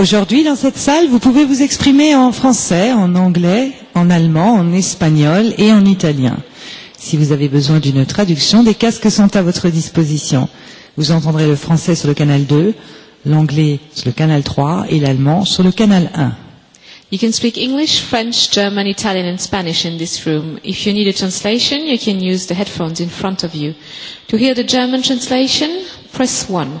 Aujourd'hui, dans cette salle, vous pouvez vous exprimer en français, en anglais, en allemand, en espagnol et en italien. Si vous avez besoin d'une traduction, des casques sont à votre disposition. Vous entendrez le français sur le canal 2, l'anglais sur le canal 3 et l'allemand sur le canal 1. You can speak English, French, German, Italian and Spanish in this room. If you need a translation, you can use the headphones in front of you. To hear the German translation, press 1.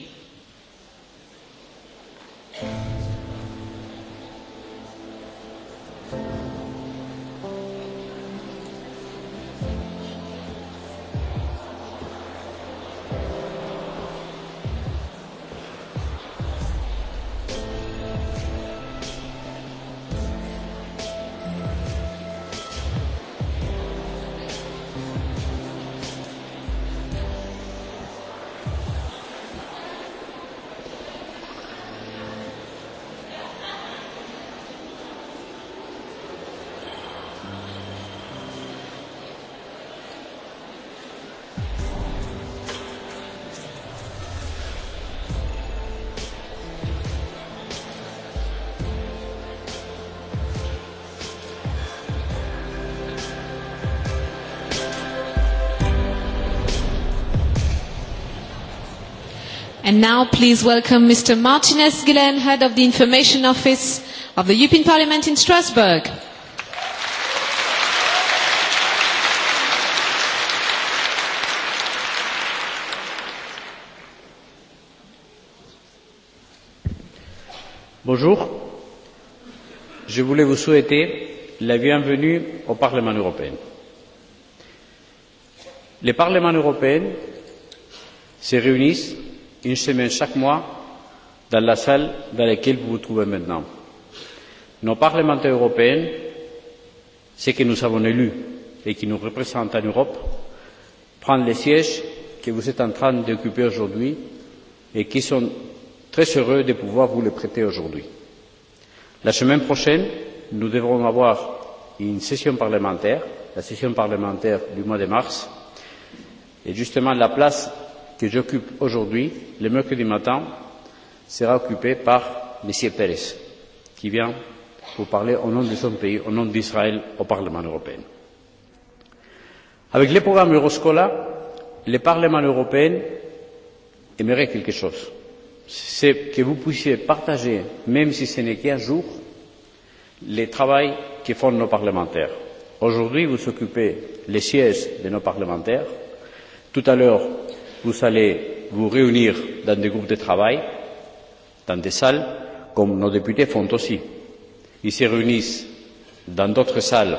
now please welcome Mr. Martinez Gillen, Head of the Information Office of the European Parliament in Strasbourg. Bonjour. Je voulais vous souhaiter la bienvenue au Parlement européen. Le Parlement européen se réunissent une semaine chaque mois dans la salle dans laquelle vous vous trouvez maintenant. Nos parlementaires européens, ceux que nous avons élus et qui nous représentent en Europe, prennent les sièges que vous êtes en train d'occuper aujourd'hui et qui sont très heureux de pouvoir vous les prêter aujourd'hui. La semaine prochaine, nous devrons avoir une session parlementaire, la session parlementaire du mois de mars, et justement la place que j'occupe aujourd'hui, le mercredi matin, sera occupé par M. Pérez, qui vient pour parler au nom de son pays, au nom d'Israël, au Parlement européen. Avec le programme Euroscola, le Parlement européen aimerait quelque chose. C'est que vous puissiez partager, même si ce n'est qu'un jour, les travail que font nos parlementaires. Aujourd'hui, vous occupez les sièges de nos parlementaires. Tout à l'heure, vous allez vous réunir dans des groupes de travail, dans des salles, comme nos députés font aussi. Ils se réunissent dans d'autres salles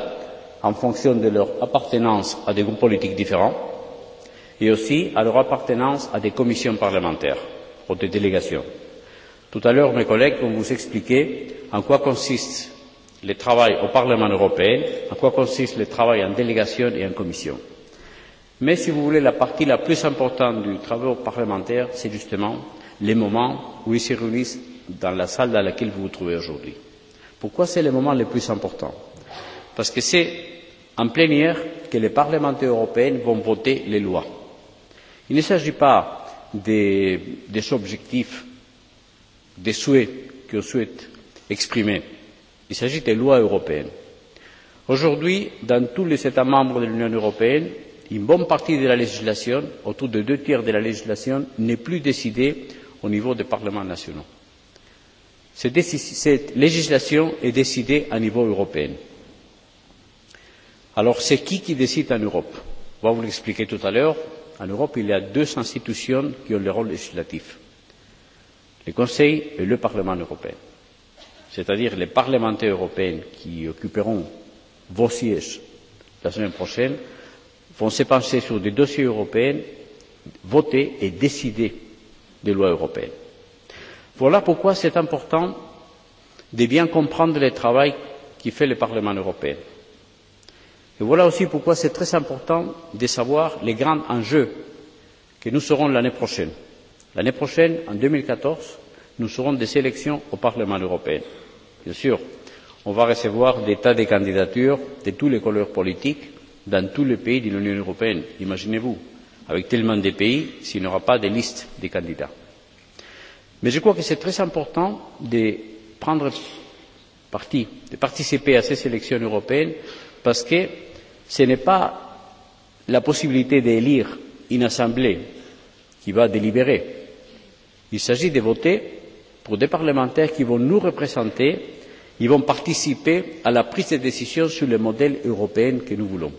en fonction de leur appartenance à des groupes politiques différents et aussi à leur appartenance à des commissions parlementaires ou des délégations. Tout à l'heure, mes collègues vont vous expliquer en quoi consiste le travail au Parlement européen, en quoi consiste le travail en délégation et en commission. Mais si vous voulez, la partie la plus importante du travail parlementaire, c'est justement les moments où ils se réunissent dans la salle dans laquelle vous vous trouvez aujourd'hui. Pourquoi c'est le moment le plus important Parce que c'est en plénière que les parlementaires européens vont voter les lois. Il ne s'agit pas des, des objectifs, des souhaits que souhaite exprimer. Il s'agit des lois européennes. Aujourd'hui, dans tous les États membres de l'Union européenne, une bonne partie de la législation, autour de deux tiers de la législation, n'est plus décidée au niveau des parlements nationaux. Cette législation est décidée au niveau européen. Alors c'est qui qui décide en Europe On va vous l'expliquer tout à l'heure. En Europe, il y a deux institutions qui ont le rôle législatif. Le Conseil et le Parlement européen. C'est-à-dire les parlementaires européens qui occuperont vos sièges la semaine prochaine On se pencher sur des dossiers européens, voter et décider des lois européennes. Voilà pourquoi c'est important de bien comprendre le travail qui fait le Parlement européen. Et voilà aussi pourquoi c'est très important de savoir les grands enjeux que nous serons l'année prochaine. L'année prochaine, en 2014, nous serons des élections au Parlement européen. Bien sûr, on va recevoir des tas de candidatures de tous les couleurs politiques dans tous les pays de l'Union européenne. Imaginez-vous, avec tellement de pays, s'il n'y aura pas de liste de candidats. Mais je crois que c'est très important de prendre parti, de participer à ces élections européennes, parce que ce n'est pas la possibilité d'élire une assemblée qui va délibérer. Il s'agit de voter pour des parlementaires qui vont nous représenter, qui vont participer à la prise de décision sur le modèle européen que nous voulons.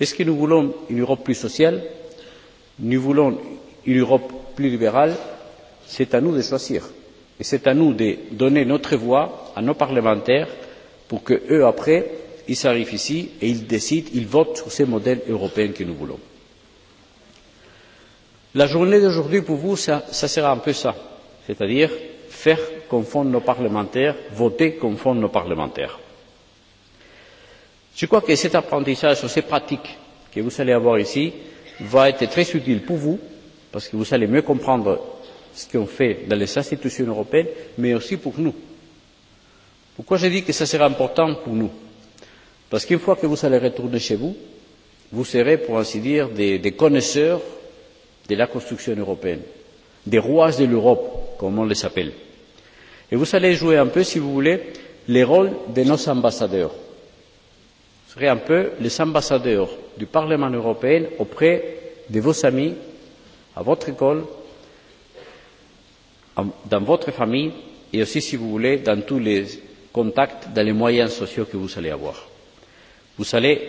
Est-ce que nous voulons une Europe plus sociale Nous voulons une Europe plus libérale C'est à nous de choisir. Et c'est à nous de donner notre voix à nos parlementaires pour que après, ils arrivent ici et ils décident, ils votent sur ce modèle européen que nous voulons. La journée d'aujourd'hui, pour vous, ça sera un peu ça. C'est-à-dire faire confondre nos parlementaires, voter confondre nos parlementaires. Je crois que cet apprentissage sur ces pratiques que vous allez avoir ici va être très utile pour vous, parce que vous allez mieux comprendre ce qu'on fait dans les institutions européennes, mais aussi pour nous. Pourquoi je dis que ça sera important pour nous Parce qu'une fois que vous allez retourner chez vous, vous serez, pour ainsi dire, des connaisseurs de la construction européenne, des rois de l'Europe, comme on les appelle. Et vous allez jouer un peu, si vous voulez, les rôles de nos ambassadeurs serez un peu les ambassadeurs du Parlement européen auprès de vos amis, à votre école, dans votre famille et aussi, si vous voulez, dans tous les contacts, dans les moyens sociaux que vous allez avoir. Vous allez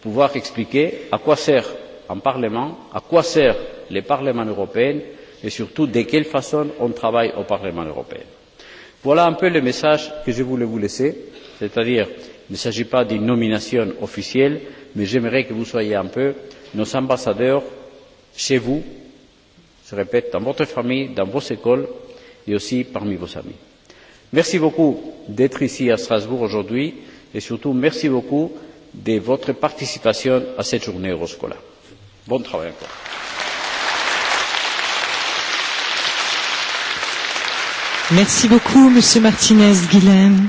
pouvoir expliquer à quoi sert un Parlement, à quoi sert le Parlement européen et surtout de quelle façon on travaille au Parlement européen. Voilà un peu le message que je voulais vous laisser, c'est-à-dire Il ne s'agit pas d'une nomination officielle, mais j'aimerais que vous soyez un peu nos ambassadeurs chez vous, je répète, dans votre famille, dans vos écoles et aussi parmi vos amis. Merci beaucoup d'être ici à Strasbourg aujourd'hui et surtout merci beaucoup de votre participation à cette journée Euroscola. Bon travail encore. Merci beaucoup, Monsieur Martinez Guilhem.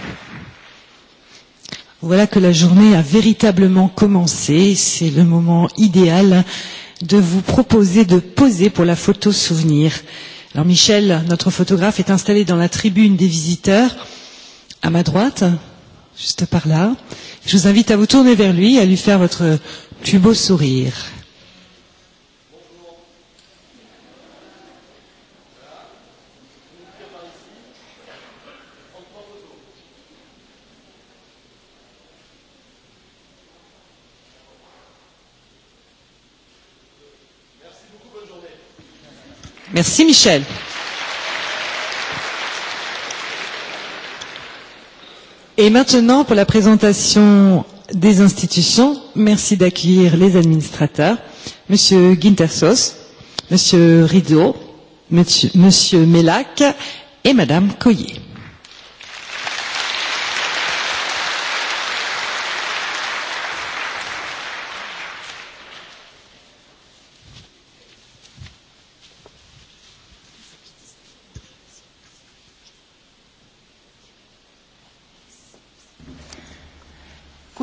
Voilà que la journée a véritablement commencé. C'est le moment idéal de vous proposer de poser pour la photo souvenir. Alors Michel, notre photographe, est installé dans la tribune des visiteurs, à ma droite, juste par là. Je vous invite à vous tourner vers lui et à lui faire votre plus beau sourire. Merci Michel. Et maintenant, pour la présentation des institutions, merci d'accueillir les administrateurs, Monsieur Gintersos, Monsieur Rideau, Monsieur Mellac et Madame Coyer.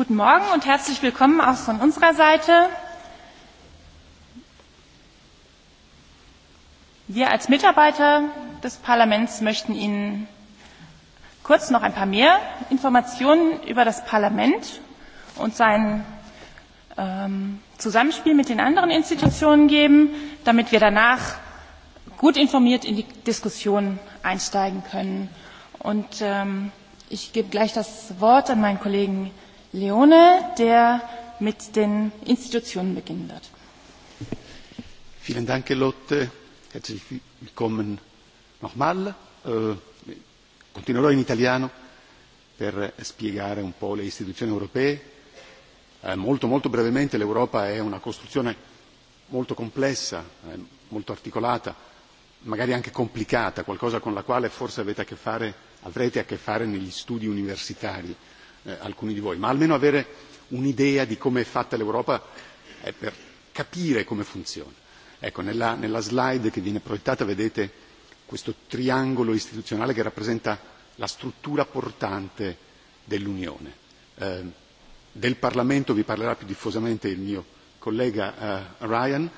Guten Morgen und herzlich willkommen auch von unserer Seite. Wir als Mitarbeiter des Parlaments möchten Ihnen kurz noch ein paar mehr Informationen über das Parlament und sein Zusammenspiel mit den anderen Institutionen geben, damit wir danach gut informiert in die Diskussion einsteigen können. Und ich gebe gleich das Wort an meinen Kollegen Leone, der mit den Institutionen beginnen Vielen Dank, Lotte. Herzlich willkommen nochmal. Continuerò in italiano per spiegare un po' le istituzioni europee. Molto, molto brevemente, l'Europa è una costruzione molto complessa, molto articolata, magari anche complicata, qualcosa con la quale forse avete a che fare, avrete a che fare negli studi universitari alcuni di voi ma almeno avere un'idea di come è fatta l'Europa è per capire come funziona. Ecco, nella slide che viene proiettata vedete questo triangolo istituzionale che rappresenta la struttura portante dell'Unione. Del Parlamento vi parlerà più diffusamente il mio collega Ryan.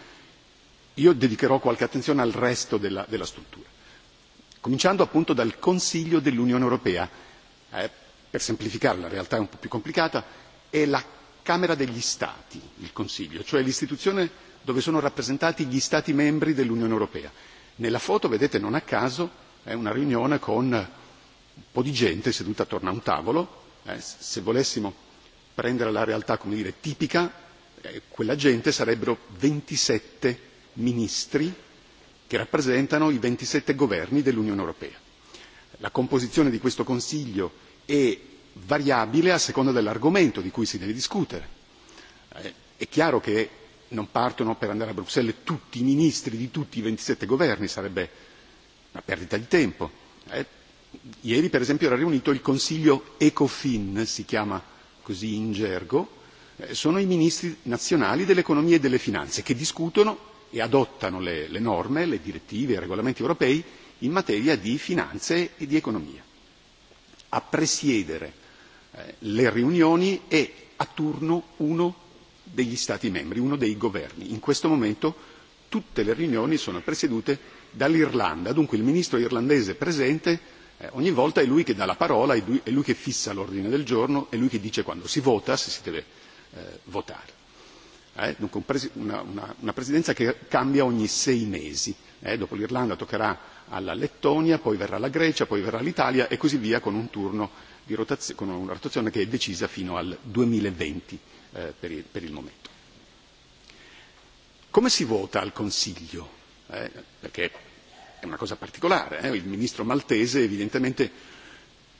Io dedicherò qualche attenzione al resto della struttura. Cominciando appunto dal Consiglio dell'Unione Europea per semplificare la realtà è un po' più complicata è la camera degli stati il consiglio cioè l'istituzione dove sono rappresentati gli stati membri dell'unione europea. nella foto vedete non a caso è una riunione con un po' di gente seduta attorno a un tavolo se volessimo prendere la realtà come dire tipica quella gente sarebbero 27 ministri che rappresentano i 27 governi dell'unione europea. la composizione di questo consiglio è variabile a seconda dell'argomento di cui si deve discutere. È chiaro che non partono per andare a Bruxelles tutti i ministri di tutti i 27 governi, sarebbe una perdita di tempo. Ieri, per esempio, era riunito il Consiglio ECOFIN, si chiama così in gergo, sono i ministri nazionali dell'economia e delle finanze che discutono e adottano le norme, le direttive e i regolamenti europei in materia di finanze e di economia a presiedere le riunioni è a turno uno degli Stati membri, uno dei governi. In questo momento tutte le riunioni sono presiedute dall'Irlanda, dunque il ministro irlandese presente ogni volta è lui che dà la parola, è lui che fissa l'ordine del giorno, è lui che dice quando si vota, se si deve votare. Dunque una presidenza che cambia ogni sei mesi. Dopo l'Irlanda toccherà alla Lettonia, poi verrà la Grecia, poi verrà l'Italia e così via con un turno una rotazione che è decisa fino al 2020 per il momento. Come si vota al Consiglio? Perché è una cosa particolare, il ministro maltese evidentemente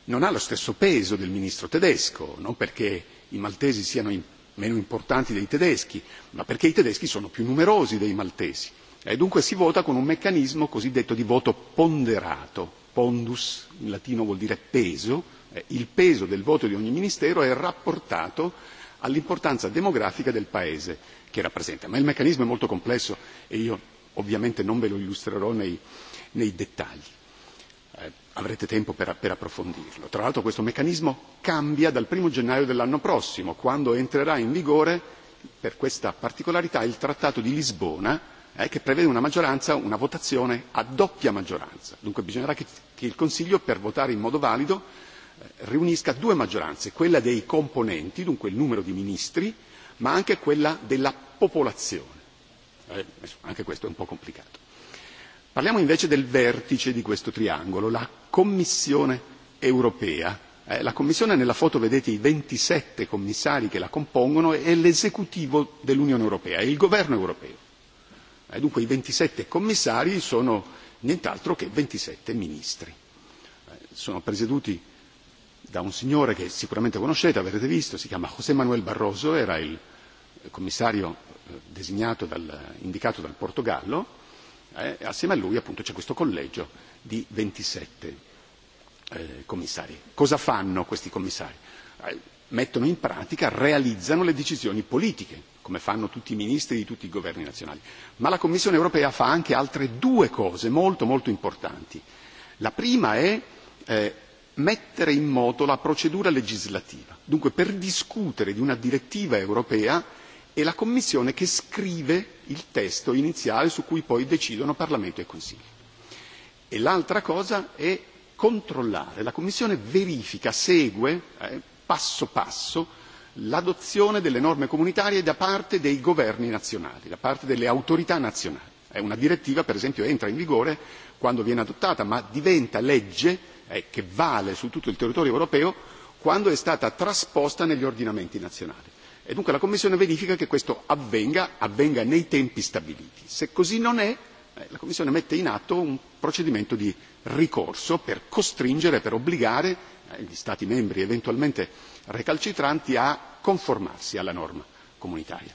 non ha lo stesso peso del ministro tedesco, non perché i maltesi siano meno importanti dei tedeschi, ma perché i tedeschi sono più numerosi dei maltesi E dunque si vota con un meccanismo cosiddetto di voto ponderato. Pondus in latino vuol dire peso. Il peso del voto di ogni ministero è rapportato all'importanza demografica del paese che rappresenta. Ma il meccanismo è molto complesso e io ovviamente non ve lo illustrerò nei dettagli. Avrete tempo per approfondirlo. Tra l'altro questo meccanismo cambia dal primo gennaio dell'anno prossimo, quando entrerà in vigore, per questa particolarità, il Trattato di Lisbona che prevede una maggioranza, una votazione a doppia maggioranza. Dunque bisognerà che il Consiglio, per votare in modo valido, riunisca due maggioranze, quella dei componenti, dunque il numero di ministri, ma anche quella della popolazione. Anche questo è un po' complicato. Parliamo invece del vertice di questo triangolo, la Commissione europea. La Commissione nella foto vedete i 27 commissari che la compongono, è l'esecutivo dell'Unione europea, è il governo europeo E dunque i 27 commissari sono nient'altro che 27 ministri. Sono presieduti da un signore che sicuramente conoscete, avrete visto, si chiama José Manuel Barroso, era il commissario designato, indicato dal Portogallo, e assieme a lui appunto c'è questo collegio di 27 commissari. Cosa fanno questi commissari? Mettono in pratica, realizzano le decisioni politiche come fanno tutti i ministri di tutti i governi nazionali. Ma la Commissione europea fa anche altre due cose molto molto importanti. La prima è mettere in moto la procedura legislativa. Dunque per discutere di una direttiva europea è la Commissione che scrive il testo iniziale su cui poi decidono Parlamento e Consiglio. E l'altra cosa è controllare. La Commissione verifica, segue passo passo l'adozione delle norme comunitarie da parte dei governi nazionali, da parte delle autorità nazionali. È Una direttiva, per esempio, entra in vigore quando viene adottata, ma diventa legge che vale su tutto il territorio europeo quando è stata trasposta negli ordinamenti nazionali. E dunque la Commissione verifica che questo avvenga, avvenga nei tempi stabiliti. Se così non è, la Commissione mette in atto un procedimento di ricorso per costringere, per obbligare gli Stati membri eventualmente recalcitranti a conformarsi alla norma comunitaria.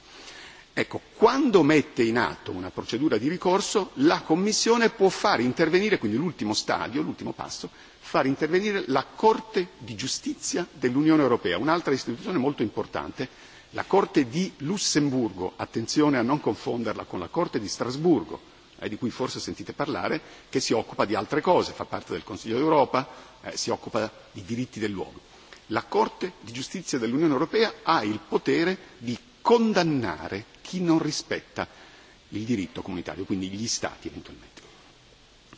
Ecco, quando mette in atto una procedura di ricorso, la Commissione può far intervenire, quindi l'ultimo stadio, l'ultimo passo, far intervenire la Corte di giustizia dell'Unione europea, un'altra istituzione molto importante, la Corte di Lussemburgo, attenzione a non confonderla con la Corte di Strasburgo, di cui forse sentite parlare, che si occupa di altre cose, fa parte del Consiglio d'Europa, si occupa di diritti dell'uomo la Corte di giustizia dell'Unione europea ha il potere di condannare chi non rispetta il diritto comunitario, quindi gli Stati eventualmente.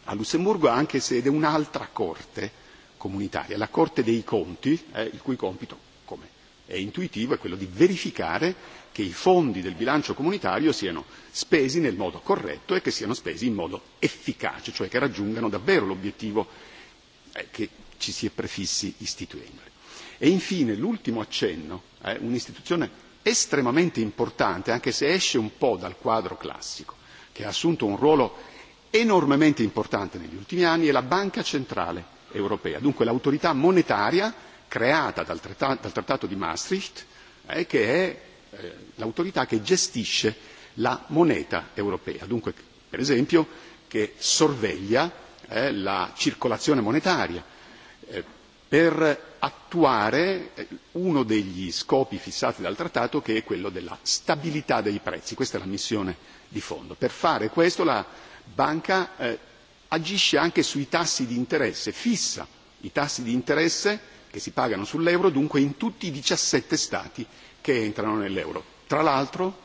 A Lussemburgo ha anche sede un'altra Corte comunitaria, la Corte dei Conti, il cui compito, come è intuitivo, è quello di verificare che i fondi del bilancio comunitario siano spesi nel modo corretto e che siano spesi in modo efficace, cioè che raggiungano davvero l'obiettivo che ci si è prefissi istituendoli. E infine l'ultimo accenno, è un'istituzione estremamente importante, anche se esce un po' dal quadro classico, che ha assunto un ruolo enormemente importante negli ultimi anni, è la Banca Centrale Europea, dunque l'autorità monetaria creata dal Trattato di Maastricht, che è l'autorità che gestisce la moneta europea, dunque per esempio che sorveglia la circolazione monetaria, per attuare uno degli scopi fissati dal trattato che è quello della stabilità dei prezzi. Questa è la missione di fondo. Per fare questo la banca agisce anche sui tassi di interesse, fissa i tassi di interesse che si pagano sull'euro dunque in tutti i 17 Stati che entrano nell'euro. Tra l'altro,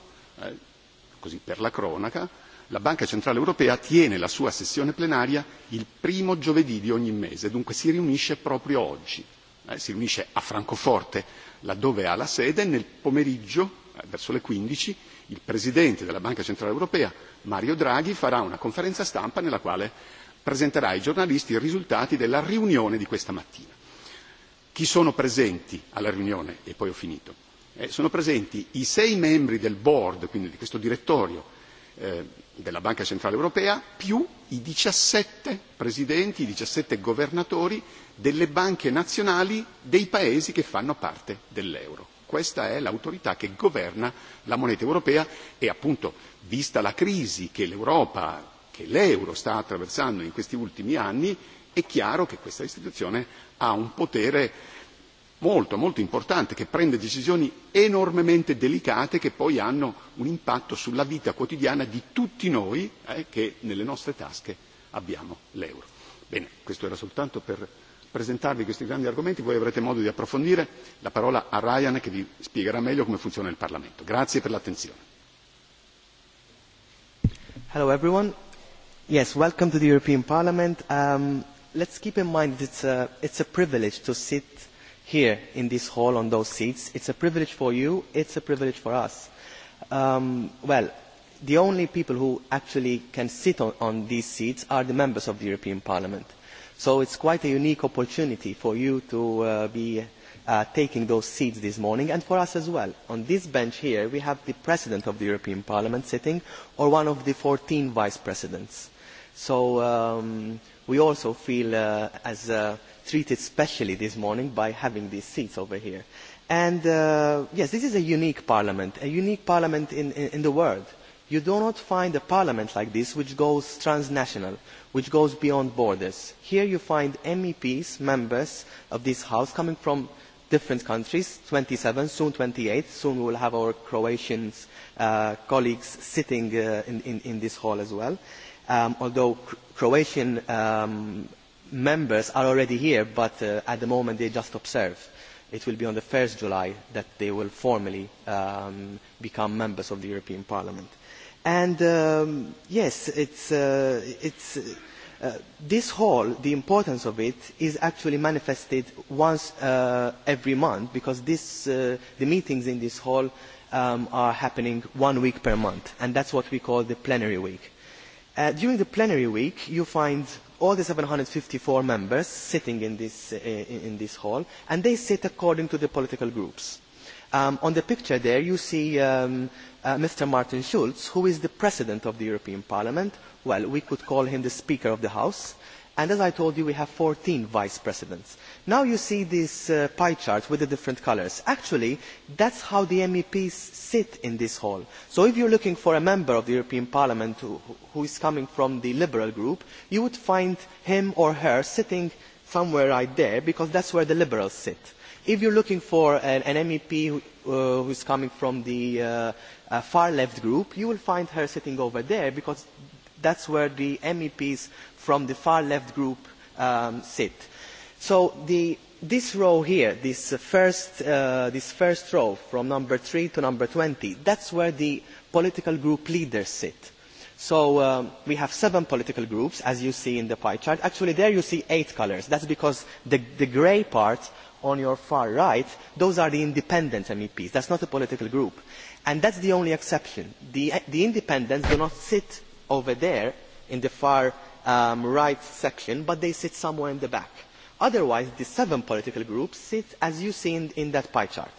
così per la cronaca, la Banca Centrale Europea tiene la sua sessione plenaria il primo giovedì di ogni mese, dunque si riunisce proprio oggi, si riunisce a Francoforte, laddove ha la sede, nel pomeriggio, verso le 15, il Presidente della Banca Centrale Europea, Mario Draghi, farà una conferenza stampa nella quale presenterà ai giornalisti i risultati della riunione di questa mattina. Chi sono presenti alla riunione? E poi ho finito. Sono presenti i sei membri del board, quindi di questo direttorio, della Banca Centrale Europea più i 17 presidenti, i 17 governatori delle banche nazionali dei paesi che fanno parte dell'euro. Questa è l'autorità che governa la moneta europea e appunto, vista la crisi che l'Europa, che l'euro sta attraversando in questi ultimi anni, è chiaro che questa istituzione ha un potere molto molto importante che prende decisioni enormemente delicate che poi hanno un impatto sulla vita quotidiana di tutti noi eh, che nelle nostre tasche abbiamo l'euro. Bene, questo era soltanto per presentarvi questi grandi argomenti, voi avrete modo di approfondire, la parola a Ryan che vi spiegherà meglio come funziona il Parlamento. Grazie per l'attenzione. Hello everyone. Yes, welcome to the European Parliament. Um, let's keep in mind it's a, it's a privilege to sit here in this hall on those seats. It's a privilege for you. It's a privilege for us. Well, the only people who actually can sit on these seats are the members of the European Parliament. So it's quite a unique opportunity for you to be taking those seats this morning and for us as well. On this bench here we have the President of the European Parliament sitting or one of the 14 Vice Presidents. So we also feel as treated specially this morning by having these seats over here. And yes, this is a unique parliament, a unique parliament in the world. You do not find a parliament like this which goes transnational, which goes beyond borders. Here you find MEPs, members of this House, coming from different countries, 27, soon 28. Soon we will have our Croatian colleagues sitting in this hall as well, although Croatian members are already here but at the moment they just observe. it will be on one july that they will formally become members of the european parliament. and yes this hall the importance of it is actually manifested once every month because the meetings in this hall are happening one week per month and that's what we call the plenary week. during the plenary week you find all the 754 members sitting in this hall, and they sit according to the political groups. On the picture there you see Mr. Martin Schulz, who is the President of the European Parliament. Well, we could call him the Speaker of the House and as i told you we have 14 vice presidents now you see these pie charts with the different colours actually that's how the meps sit in this hall so if you are looking for a member of the european parliament who is coming from the liberal group you would find him or her sitting somewhere right there because that that's where the liberals sit if you are looking for an mep who is coming from the far left group you will find her sitting over there because that that's where the meps from the far left group sit. So this row here, this first row from number 3 to number 20, that's where the political group leaders sit. So we have seven political groups, as you see in the pie chart. Actually, there you see eight colors. That's because the grey part on your far right, those are the independent MEPs. That's not a political group. And that's the only exception. The independents do not sit over there in the far right section, but they sit somewhere in the back. Otherwise, the seven political groups sit, as you see in that pie chart.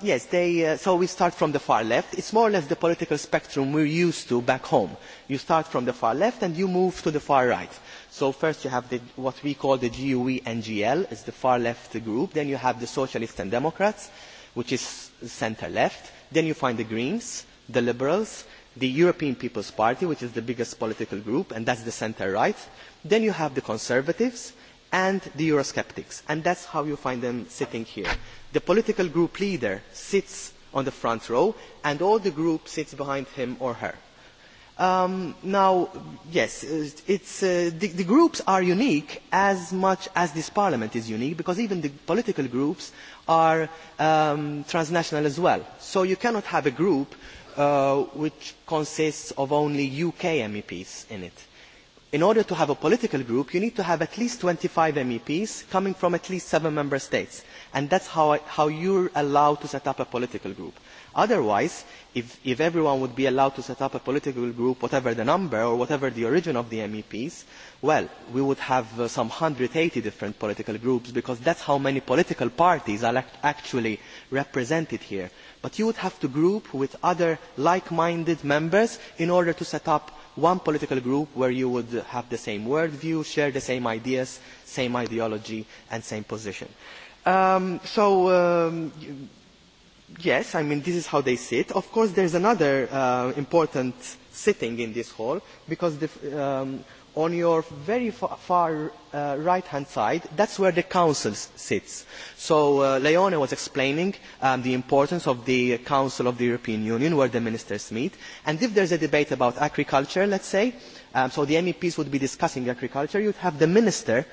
Yes, they so we start from the far left. It's more or less the political spectrum we're used to back home. You start from the far left and you move to the far right. So first you have what we call the GUE NGL, it's the far left group. Then you have the Socialists and Democrats, which is centre left. Then you find the Greens, the Liberals the European People's Party, which is the biggest political group, and that's the centre-right. Then you have the Conservatives and the Eurosceptics, and that's how you find them sitting here. The political group leader sits on the front row, and all the group sits behind him or her. Now, yes, the groups are unique as much as this Parliament is unique, because even the political groups are transnational as well. So you cannot have a group which consists of only UK MEPs in it. In order to have a political group, you need to have at least 25 MEPs coming from at least seven member states. And that's how you are allowed to set up a political group. Otherwise, if everyone would be allowed to set up a political group, whatever the number or whatever the origin of the MEPs, well, we would have some 180 different political groups because that's how many political parties are actually represented here but you would have to group with other like-minded members in order to set up one political group where you would have the same worldview, share the same ideas, same ideology and same position. So, yes, I mean, this is how they sit. Of course, there's another important sitting in this hall because the on your very far right hand side that's where the council sits so leone was explaining the importance of the council of the european union where the ministers meet and if there's a debate about agriculture let's say so the meps would be discussing agriculture you would have the minister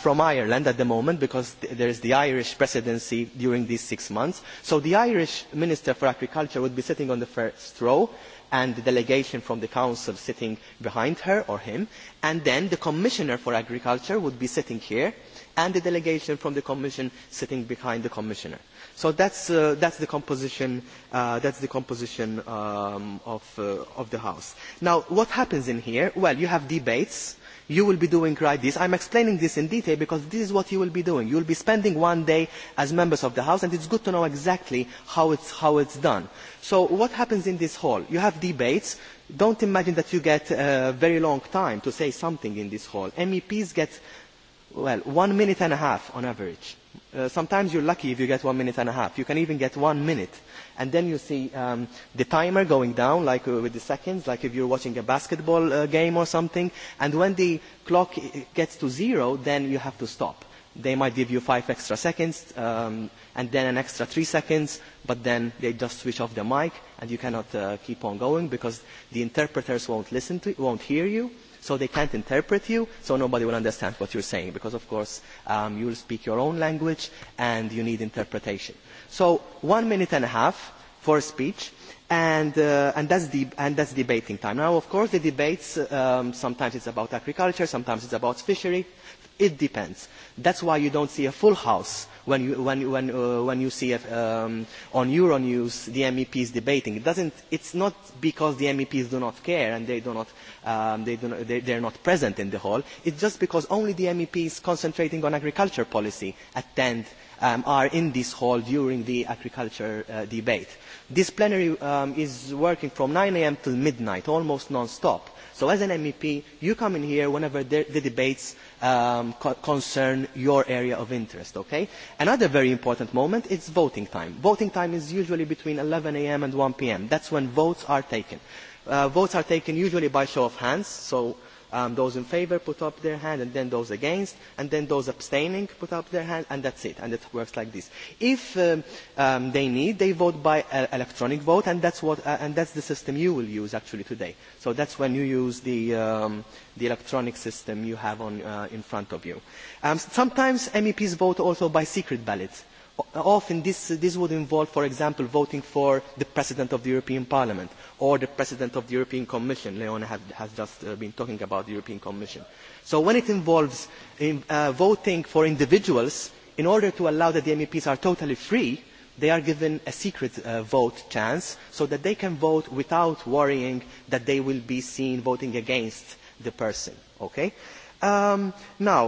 from ireland at the moment because there is the irish presidency during these six months so the irish minister for agriculture would be sitting on the first row and the delegation from the council sitting behind her or him and then the commissioner for agriculture would be sitting here and the delegation from the commission sitting behind the commissioner. so that's the composition of the house. now what happens in here? well you have debates you will be doing right this. I'm explaining this in detail because this is what you will be doing. You will be spending one day as members of the House and it's good to know exactly how it's, how it's done. So what happens in this hall? You have debates. Don't imagine that you get a very long time to say something in this hall. MEPs get, well, one minute and a half on average sometimes you're lucky if you get one minute and a half. You can even get one minute. And then you see the timer going down, like with the seconds, like if you're watching a basketball game or something. And when the clock gets to zero, then you have to stop. They might give you five extra seconds and then an extra three seconds, but then they just switch off the mic and you cannot keep on going because the interpreters won't listen to, won't hear you so they can't interpret you, so nobody will understand what you're saying because, of course, you will speak your own language and you need interpretation. So one minute and a half for a speech and that's debating time. Now, of course, the debates, sometimes it's about agriculture, sometimes it's about fishery It depends. That's why you don't see a full house when you see on Euronews the MEPs debating. It doesn't. It's not because the MEPs do not care and they are not present in the hall. It's just because only the MEPs concentrating on agriculture policy attend are in this hall during the agriculture debate. This plenary is working from 9 a.m. till midnight, almost non-stop. So as an MEP, you come in here whenever the debates concern your area of interest. Another very important moment is voting time. Voting time is usually between 11 a.m. and 1 p.m. That's when votes are taken. Votes are taken usually by show of hands, so Those in favour put up their hand, and then those against, and then those abstaining put up their hand, and that's it. And it works like this. If they need, they vote by electronic vote, and that's what and that's the system you will use actually today. So that's when you use the the electronic system you have on in front of you. Sometimes MEPs vote also by secret ballot Often this would involve, for example, voting for the President of the European Parliament or the President of the European Commission. Leona has just been talking about the European Commission. So when it involves voting for individuals, in order to allow that the MEPs are totally free, they are given a secret vote chance so that they can vote without worrying that they will be seen voting against the person. Now,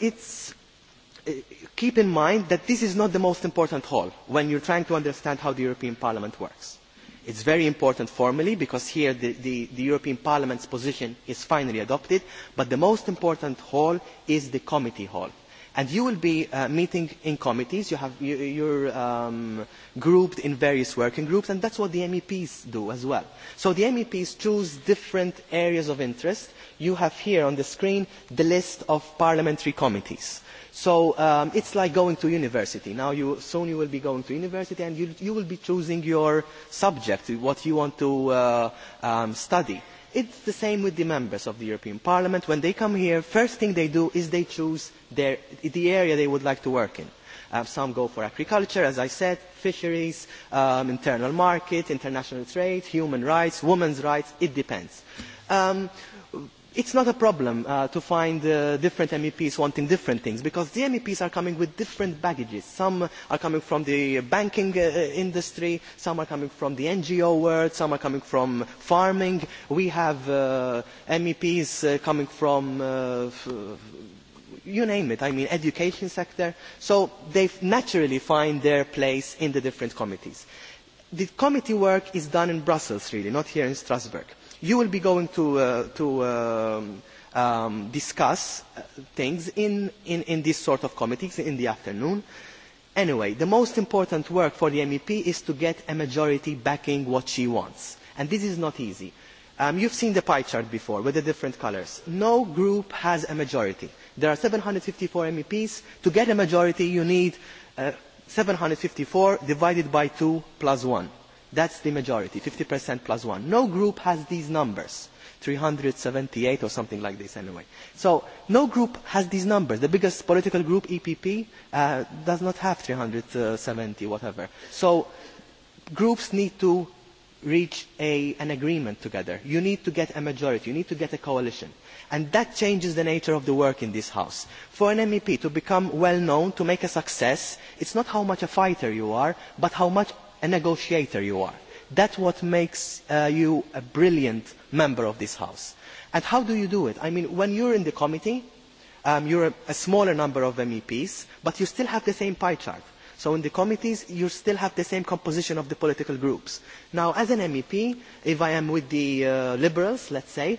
it's keep in mind that this is not the most important hall when you are trying to understand how the European Parliament works. It is very important formally because here the European Parliament's position is finally adopted, but the most important hall is the committee hall and you will be meeting in committees you have you're grouped in various working groups and that's what the meps do as well so the meps choose different areas of interest you have here on the screen the list of parliamentary committees so it's like going to university now you soon you will be going to university and you will be choosing your subject what you want to study It is the same with the members of the European Parliament. When they come here, the first thing they do is they choose the area they would like to work in. Some go for agriculture, as I said, fisheries, internal market, international trade, human rights, women's rights. It depends. It's not a problem to find different MEPs wanting different things, because the MEPs are coming with different baggages. Some are coming from the banking industry, some are coming from the NGO world, some are coming from farming. We have MEPs coming from, you name it, I mean, education sector. So they naturally find their place in the different committees. The committee work is done in Brussels, really, not here in Strasbourg you will be going to discuss things in this sort of committees in the afternoon. Anyway, the most important work for the MEP is to get a majority backing what she wants. And this is not easy. You've seen the pie chart before with the different colours. No group has a majority. There are 754 MEPs. To get a majority, you need 754 divided by 2 plus 1. That's the majority, 50% plus one. No group has these numbers, 378 or something like this anyway. So no group has these numbers. The biggest political group, EPP, does not have 370, whatever. So groups need to reach an agreement together. You need to get a majority. You need to get a coalition. And that changes the nature of the work in this House. For an MEP to become well known, to make a success, it's not how much a fighter you are, but how much a negotiator you are. That's what makes you a brilliant member of this House. And how do you do it? I mean, when you're in the committee, you're a smaller number of MEPs, but you still have the same pie chart. So in the committees, you still have the same composition of the political groups. Now, as an MEP, if I am with the Liberals, let's say,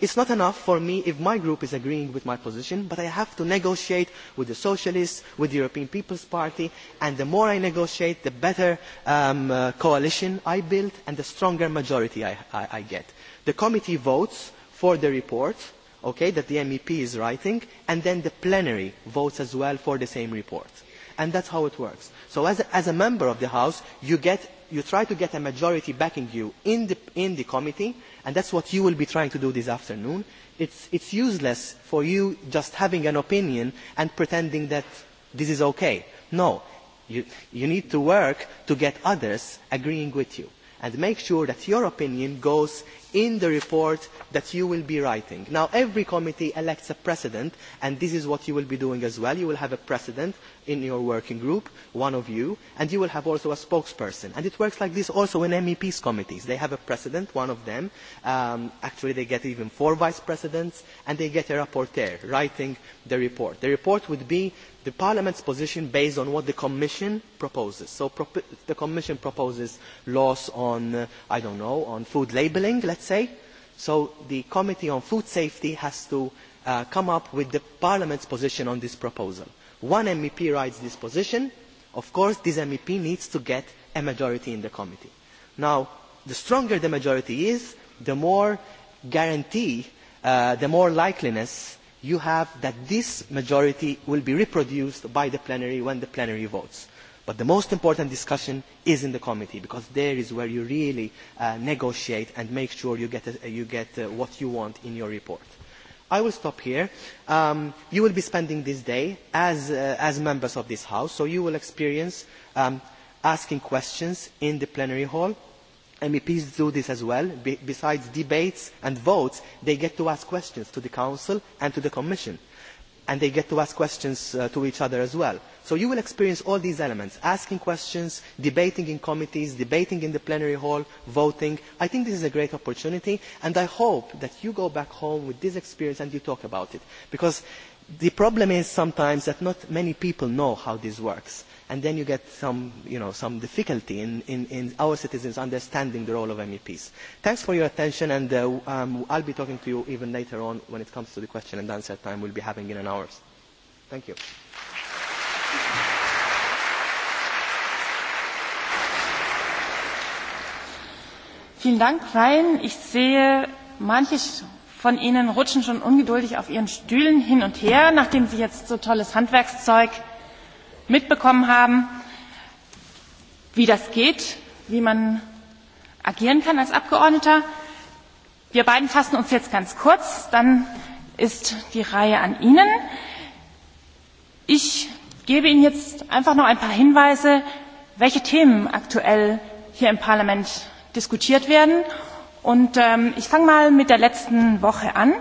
It's not enough for me if my group is agreeing with my position, but I have to negotiate with the Socialists, with the European People's Party, and the more I negotiate, the better coalition I build and the stronger majority I get. The committee votes for the report that the MEP is writing, and then the plenary votes as well for the same report. And that's how it works. So as a member of the House, you try to get a majority backing you in the committee, and is what you will be trying to do this afternoon. It is useless for you just having an opinion and pretending that this is okay. No, you, need to work to get others agreeing with you and make sure that your opinion goes in the report that you will be writing. Now, every committee elects a president, and this is what you will be doing as well. You will have a president in your working group, one of you, and you will have also a spokesperson. And it works like this also in MEPs' committees. They have a president, one of them. Actually, they get even four vice presidents, and they get a rapporteur writing the report. The report would be the Parliament's position based on what the Commission proposes. So the Commission proposes laws on, I don't know, on food labelling, let's say. So the Committee on Food Safety has to come up with the Parliament's position on this proposal one mep writes this position of course this mep needs to get a majority in the committee. now the stronger the majority is the more guarantee the more likeliness you have that this majority will be reproduced by the plenary when the plenary votes. But the most important discussion is in the committee because there is where you really negotiate and make sure you get what you want in your report. I will stop here. You will be spending this day as members of this House, so you will experience asking questions in the plenary hall. MEPs do this as well. Besides debates and votes, they get to ask questions to the Council and to the Commission. And they get to ask questions to each other as well. So you will experience all these elements, asking questions, debating in committees, debating in the plenary hall, voting. I think this is a great opportunity, and I hope that you go back home with this experience and you talk about it. Because the problem is sometimes that not many people know how this works. And then you get some, you know, some difficulty in, our citizens understanding the role of MEPs. Thanks for your attention, and uh, um, I'll be talking to you even later on when it comes to the question and answer time we'll be having in an hour. Thank you. Vielen Dank, Ryan. Ich sehe, manche von Ihnen rutschen schon ungeduldig auf Ihren Stühlen hin und her, nachdem Sie jetzt so tolles Handwerkszeug mitbekommen haben, wie das geht, wie man agieren kann als Abgeordneter. Wir beiden fassen uns jetzt ganz kurz, dann ist die Reihe an Ihnen. Ich gebe Ihnen jetzt einfach noch ein paar Hinweise, welche Themen aktuell hier im Parlament diskutiert werden. Und ich fange mal mit der letzten Woche an.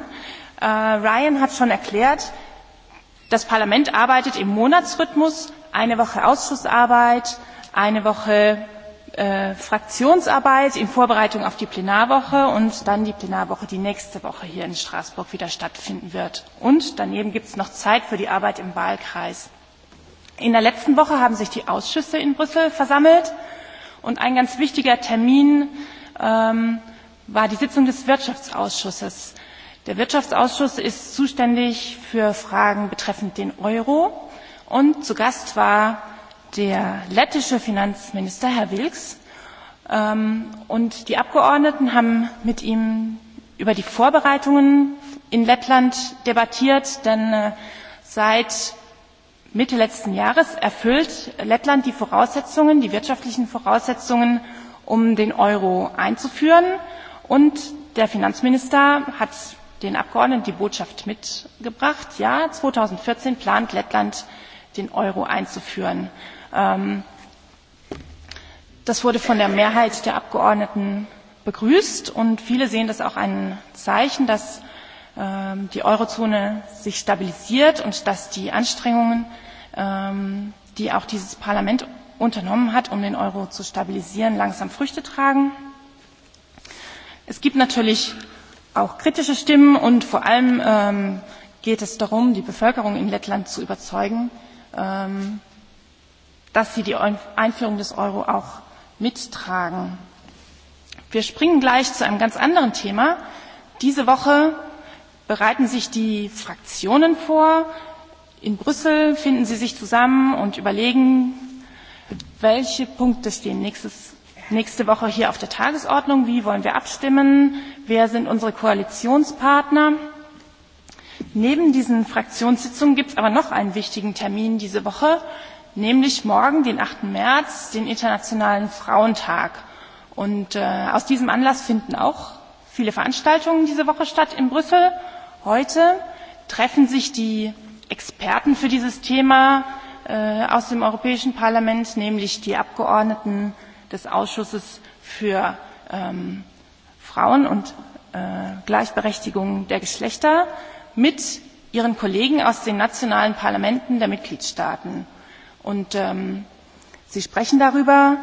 Ryan hat schon erklärt, das Parlament arbeitet im Monatsrhythmus, eine Woche Ausschussarbeit, eine Woche Fraktionsarbeit in Vorbereitung auf die Plenarwoche und dann die Plenarwoche, die nächste Woche hier in Straßburg wieder stattfinden wird. Und daneben gibt es noch Zeit für die Arbeit im Wahlkreis. In der letzten Woche haben sich die Ausschüsse in Brüssel versammelt und ein ganz wichtiger Termin war die Sitzung des Wirtschaftsausschusses. Der Wirtschaftsausschuss ist zuständig für Fragen betreffend den Euro und zu Gast war der lettische Finanzminister, Herr Wilks. Und die Abgeordneten haben mit ihm über die Vorbereitungen in Lettland debattiert, denn seit Mitte letzten Jahres erfüllt Lettland die Voraussetzungen, die wirtschaftlichen Voraussetzungen, um den Euro einzuführen. Und der Finanzminister hat den Abgeordneten die Botschaft mitgebracht, ja, 2014 plant Lettland, den Euro einzuführen. Das wurde von der Mehrheit der Abgeordneten begrüßt und viele sehen das auch ein Zeichen, dass die Eurozone sich stabilisiert und dass die Anstrengungen, die auch dieses Parlament unternommen hat, um den Euro zu stabilisieren, langsam Früchte tragen. Es gibt natürlich auch kritische Stimmen und vor allem geht es darum, die Bevölkerung in Lettland zu überzeugen, dass sie die Einführung des Euro auch mittragen. Wir springen gleich zu einem ganz anderen Thema. Diese Woche bereiten sich die Fraktionen vor. In Brüssel finden sie sich zusammen und überlegen, welche Punkte stehen nächste Woche hier auf der Tagesordnung, wie wollen wir abstimmen, wer sind unsere Koalitionspartner. Neben diesen Fraktionssitzungen gibt es aber noch einen wichtigen Termin diese Woche, nämlich morgen, den 8. März, den Internationalen Frauentag. Und aus diesem Anlass finden auch viele Veranstaltungen diese Woche statt in Brüssel. Heute treffen sich die Experten für dieses Thema aus dem Europäischen Parlament, nämlich die Abgeordneten des Ausschusses für Frauen und Gleichberechtigung der Geschlechter mit ihren Kollegen aus den nationalen Parlamenten der Mitgliedstaaten. Und sie sprechen darüber,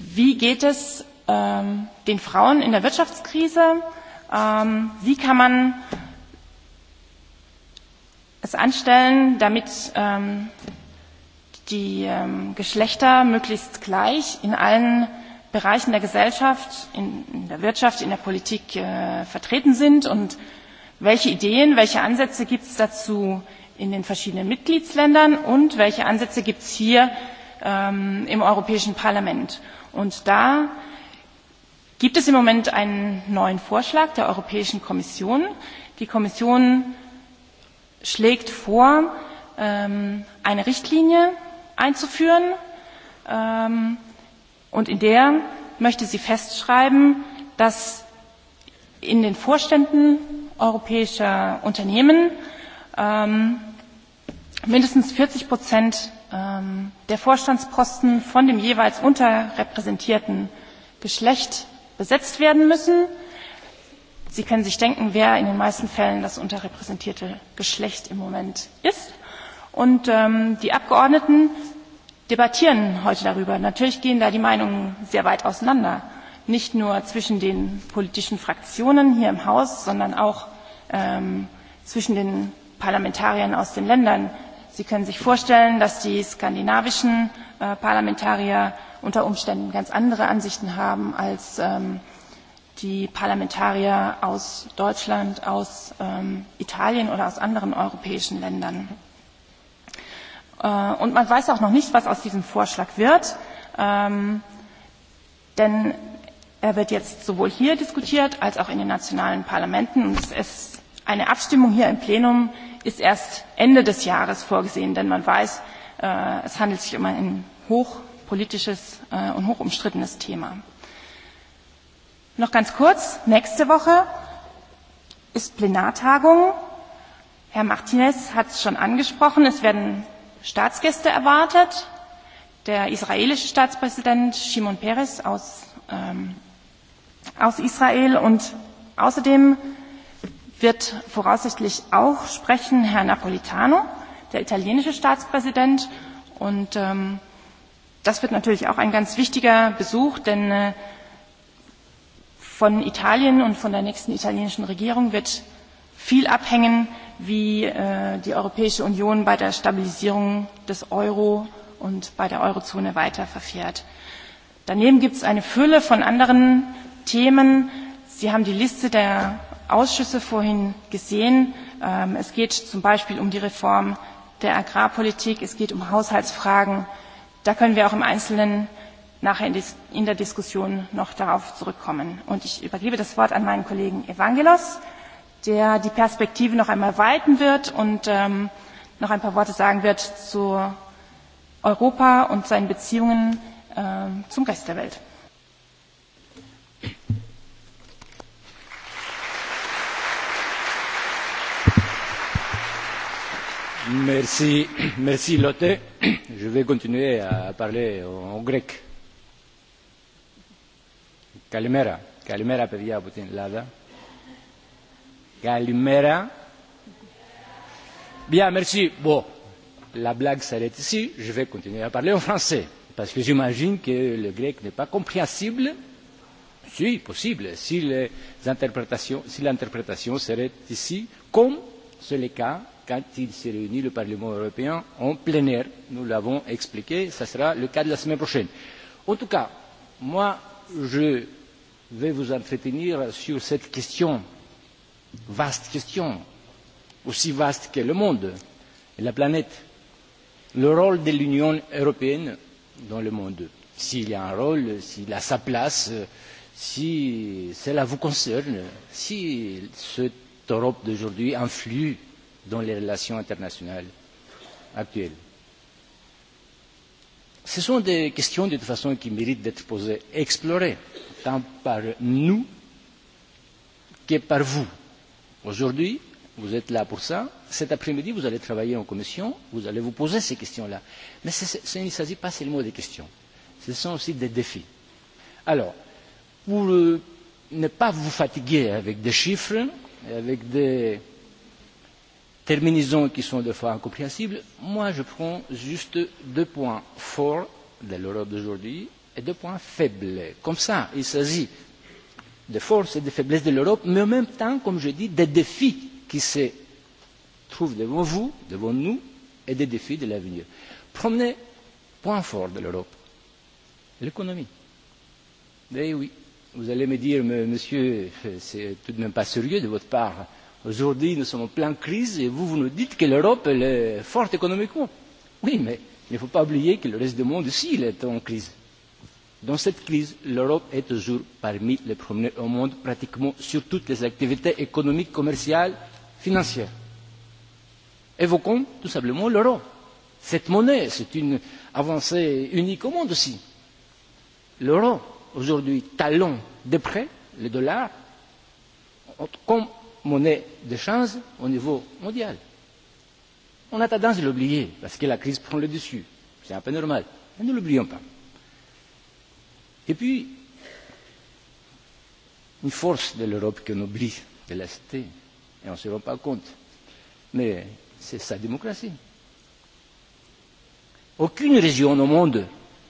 wie geht es den Frauen in der Wirtschaftskrise, Wie kann man es anstellen, damit die Geschlechter möglichst gleich in allen Bereichen der Gesellschaft, in der Wirtschaft, in der Politik vertreten sind und welche Ideen, welche Ansätze gibt es dazu in den verschiedenen Mitgliedsländern und welche Ansätze gibt es hier im Europäischen Parlament. Und da gibt es im Moment einen neuen Vorschlag der Europäischen Kommission. Die Kommission schlägt vor, eine Richtlinie einzuführen und in der möchte sie festschreiben, dass in den Vorständen europäischer Unternehmen mindestens 40 der Vorstandsposten von dem jeweils unterrepräsentierten Geschlecht besetzt werden müssen. Sie können sich denken, wer in den meisten Fällen das unterrepräsentierte Geschlecht im Moment ist. Und die Abgeordneten debattieren heute darüber. Natürlich gehen da die Meinungen sehr weit auseinander, nicht nur zwischen den politischen Fraktionen hier im Haus, sondern auch zwischen den Parlamentariern aus den Ländern. Sie können sich vorstellen, dass die skandinavischen Parlamentarier unter Umständen ganz andere Ansichten haben als die Parlamentarier aus Deutschland, aus Italien oder aus anderen europäischen Ländern. Und man weiß auch noch nicht, was aus diesem Vorschlag wird, denn er wird jetzt sowohl hier diskutiert als auch in den nationalen Parlamenten. Und eine Abstimmung hier im Plenum ist erst Ende des Jahres vorgesehen, denn man weiß, es handelt sich um ein hoch politisches und hochumstrittenes Thema. Noch ganz kurz, nächste Woche ist Plenartagung. Herr Martinez hat es schon angesprochen, es werden Staatsgäste erwartet. Der israelische Staatspräsident Shimon Peres aus Israel und außerdem wird voraussichtlich auch sprechen Herr Napolitano, der italienische Staatspräsident. Und das wird natürlich auch ein ganz wichtiger Besuch, denn von Italien und von der nächsten italienischen Regierung wird viel abhängen, wie die Europäische Union bei der Stabilisierung des Euro und bei der Eurozone weiter verfährt. Daneben gibt es eine Fülle von anderen Themen. Sie haben die Liste der Ausschüsse vorhin gesehen. Es geht zum Beispiel um die Reform der Agrarpolitik, es geht um Haushaltsfragen, Da können wir auch im Einzelnen nachher in der Diskussion noch darauf zurückkommen. Und ich übergebe das Wort an meinen Kollegen Evangelos, der die Perspektive noch einmal weiten wird und noch ein paar Worte sagen wird zu Europa und seinen Beziehungen zum Rest der Welt. Merci, merci Lotte. Je vais continuer à parler en grec. Καλημέρα. Καλημέρα παιδιά από την Ελλάδα. Καλημέρα. Bien, merci. Bon, la blague s'arrête ici. Je vais continuer à parler en français. Parce que j'imagine que le grec n'est pas compréhensible. Si, possible, si l'interprétation si serait ici, comme c'est le cas quand il se réunit le Parlement européen en plénière, Nous l'avons expliqué, ce sera le cas de la semaine prochaine. En tout cas, moi, je vais vous entretenir sur cette question, vaste question, aussi vaste que le monde et la planète, le rôle de l'Union européenne dans le monde. S'il y a un rôle, s'il a sa place, si cela vous concerne, si cette Europe d'aujourd'hui influe dans les relations internationales actuelles. Ce sont des questions de toute façon qui méritent d'être posées, explorées, tant par nous que par vous. Aujourd'hui, vous êtes là pour ça. Cet après-midi, vous allez travailler en commission, vous allez vous poser ces questions-là. Mais ce ne s'agit pas seulement des questions, ce sont aussi des défis. Alors, pour ne pas vous fatiguer avec des chiffres, avec des terminaisons qui sont des fois incompréhensibles, moi je prends juste deux points forts de l'Europe d'aujourd'hui et deux points faibles. Comme ça, il s'agit des forces et des faiblesses de l'Europe, mais en même temps, comme je dis, des défis qui se trouvent devant vous, devant nous, et des défis de l'avenir. Premier point fort de l'Europe, l'économie. vous allez me dire, monsieur, c'est tout de même pas sérieux de votre part Aujourd'hui, nous sommes en pleine crise et vous, vous nous dites que l'Europe est forte économiquement. Oui, mais il ne faut pas oublier que le reste du monde aussi est en crise. Dans cette crise, l'Europe est toujours parmi les premiers au monde pratiquement sur toutes les activités économiques, commerciales, financières. Évoquons tout simplement l'euro. Cette monnaie, c'est une avancée unique au monde aussi. L'euro, aujourd'hui, talon de près, le dollar, comme monnaie d'échange au niveau mondial. On a tendance à l'oublier parce que la crise prend le dessus. C'est un peu normal. Mais ne l'oublions pas. Et puis, une force de l'Europe qu'on oublie de la cité, et on ne se rend pas compte, mais c'est sa démocratie. Aucune région au monde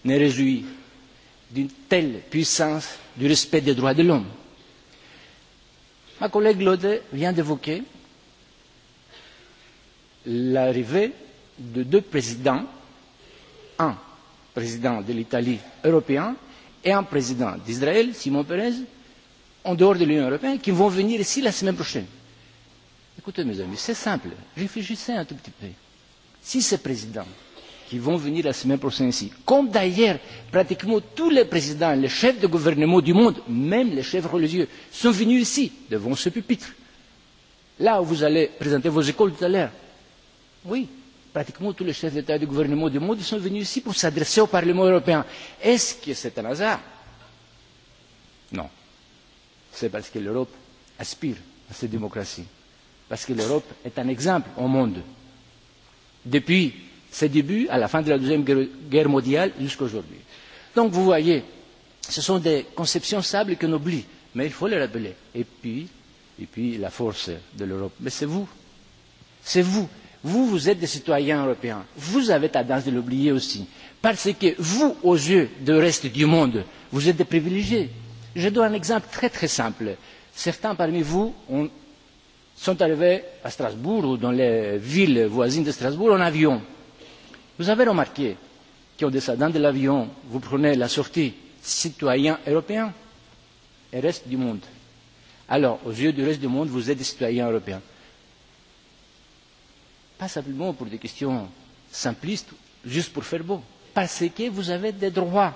n'est réjouie d'une telle puissance du respect des droits de l'homme. Ma collègue Lode vient d'évoquer l'arrivée de deux présidents, un président de l'Italie européen et un président d'Israël, Simon Perez, en dehors de l'Union européenne, qui vont venir ici la semaine prochaine. Écoutez, mes amis, c'est simple. Réfléchissez un tout petit peu. Si ces présidents qui vont venir la semaine prochaine ici. Comme d'ailleurs, pratiquement tous les présidents, les chefs de gouvernement du monde, même les chefs religieux, sont venus ici, devant ce pupitre. Là où vous allez présenter vos écoles tout à l'heure. Oui, pratiquement tous les chefs d'État et de gouvernement du monde sont venus ici pour s'adresser au Parlement européen. Est-ce que c'est un hasard Non. C'est parce que l'Europe aspire à cette démocratie. Parce que l'Europe est un exemple au monde. Depuis ses débuts à la fin de la Deuxième Guerre mondiale jusqu'à aujourd'hui. Donc vous voyez, ce sont des conceptions sables qu'on oublie, mais il faut les rappeler. Et puis, et puis la force de l'Europe. Mais c'est vous. C'est vous. Vous, vous êtes des citoyens européens. Vous avez tendance de l'oublier aussi. Parce que vous, aux yeux du reste du monde, vous êtes des privilégiés. Je donne un exemple très très simple. Certains parmi vous sont arrivés à Strasbourg ou dans les villes voisines de Strasbourg en avion. Vous avez remarque qu'en descendant de l'avion, vous prenez la sortie citoyen européen et reste du monde. Alors, aux yeux du reste du monde, vous êtes des citoyens européens. Pas simplement pour des questions simplistes, juste pour faire beau. Parce que vous avez des droits.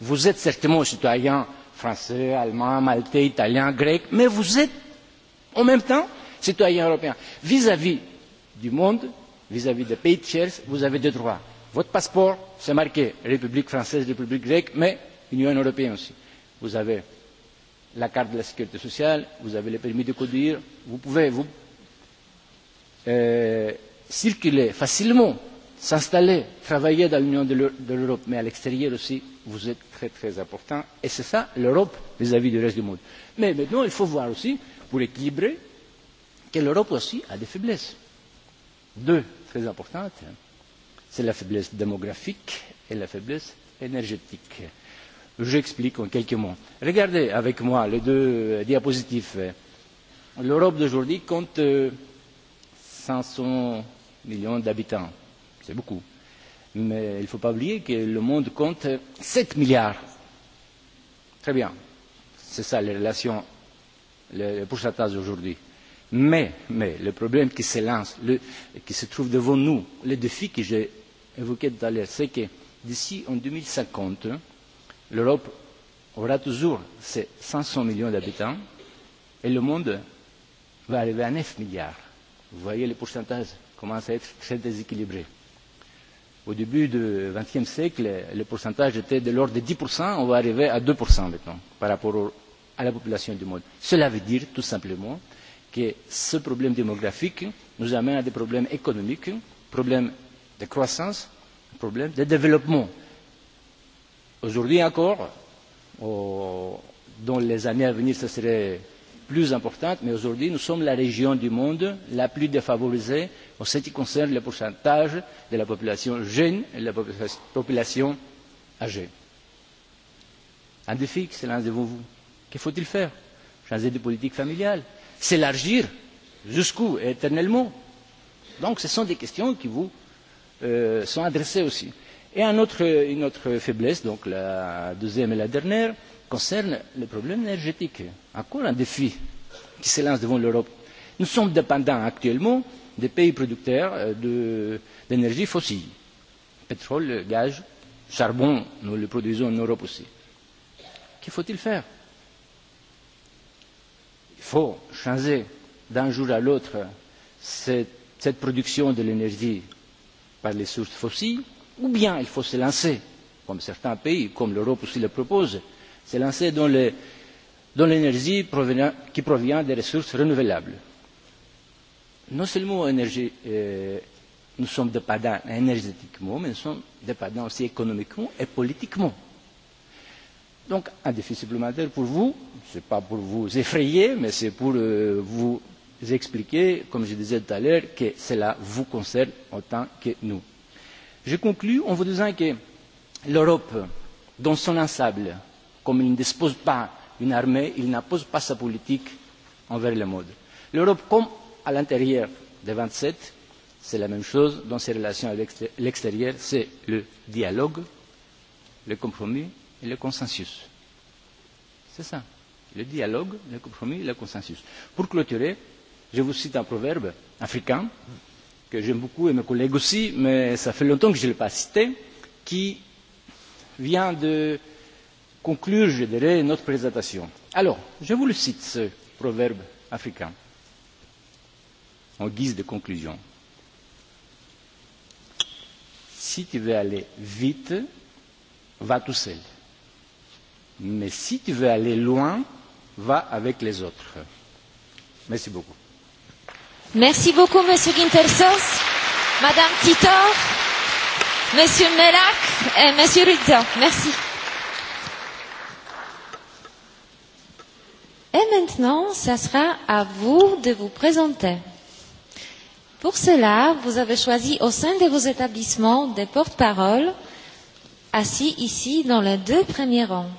Vous êtes certainement citoyen français, allemand, maltais, italien, grec, mais vous êtes en même temps citoyen européen. Vis-à-vis du monde vis-à-vis des pays tiers, vous avez des droits. Votre passeport, c'est marqué République française, République grecque, mais Union européenne aussi. Vous avez la carte de la sécurité sociale, vous avez le permis de conduire, vous pouvez vous circuler facilement, s'installer, travailler dans l'Union de l'Europe, mais à l'extérieur aussi, vous êtes très très important. Et c'est ça l'Europe vis-à-vis du reste du monde. Mais maintenant, il faut voir aussi, pour équilibrer, que l'Europe aussi a des faiblesses. Deux très importante, c'est la faiblesse démographique et la faiblesse énergétique. J'explique en quelques mots. Regardez avec moi les deux diapositives. L'Europe d'aujourd'hui compte 500 millions d'habitants. C'est beaucoup. Mais il ne faut pas oublier que le monde compte 7 milliards. Très bien. C'est ça les relations, le pourcentage aujourd'hui. Mais le problème qui se trouve devant nous, le défi que j'ai évoqué tout à l'heure, c'est que d'ici en 2050, l'Europe aura toujours ses 500 millions d'habitants et le monde va arriver à 9 milliards. Vous voyez, le pourcentage commence à être très déséquilibré. Au début du XXe siècle, le pourcentage était de l'ordre de 10%, on va arriver à 2% maintenant par rapport à la population du monde. Cela veut dire tout simplement que ce problème démographique nous amène à des problèmes économiques, problèmes de croissance, problèmes de développement. Aujourd'hui encore, dans les années à venir, ce serait plus important, mais aujourd'hui, nous sommes la région du monde la plus défavorisée en ce qui concerne le pourcentage de la population jeune et de la population âgée. Un défi, se lance devant vous. Que faut-il faire Changer de politique familiale s'élargir jusqu'où et éternellement? donc ce sont des questions qui vous sont adressées aussi. et une autre faiblesse donc la deuxième et la dernière concerne le problème énergétique encore un défi qui se lance devant l'europe. nous sommes dépendants actuellement des pays producteurs d'énergie fossile pétrole gaz charbon nous le produisons en europe aussi. que faut il faire? Il faut changer d'un jour à l'autre cette production de l'énergie par les sources fossiles, ou bien il faut se lancer, comme certains pays, comme l'Europe aussi le propose, se lancer dans l'énergie qui provient des ressources renouvelables. Non seulement nous sommes dépendants énergétiquement, mais nous sommes dépendants aussi économiquement et politiquement. Donc un défi supplémentaire pour vous, ce n'est pas pour vous effrayer, mais c'est pour vous expliquer, comme je disais tout à l'heure, que cela vous concerne autant que nous. Je conclus en vous disant que l'Europe, dans son ensemble, comme elle ne dispose pas d'une armée, il n'impose pas sa politique envers le monde. L'Europe, comme à l'intérieur des vingt sept, c'est la même chose dans ses relations avec l'extérieur, c'est le dialogue, le compromis et le consensus. C'est ça. Le dialogue, le compromis et le consensus. Pour clôturer, je vous cite un proverbe africain que j'aime beaucoup et mes collègues aussi, mais ça fait longtemps que je ne l'ai pas cité, qui vient de conclure, je dirais, notre présentation. Alors, je vous le cite, ce proverbe africain, en guise de conclusion. Si tu veux aller vite, va tout seul mais si tu veux aller loin, va avec les autres. Merci beaucoup. Merci beaucoup, Monsieur Gintersos, Madame Titor, Monsieur Merak et Monsieur Rizzo. Merci. Et maintenant, ce sera à vous de vous présenter. Pour cela, vous avez choisi au sein de vos établissements des porte-paroles assis ici dans les deux premiers rangs.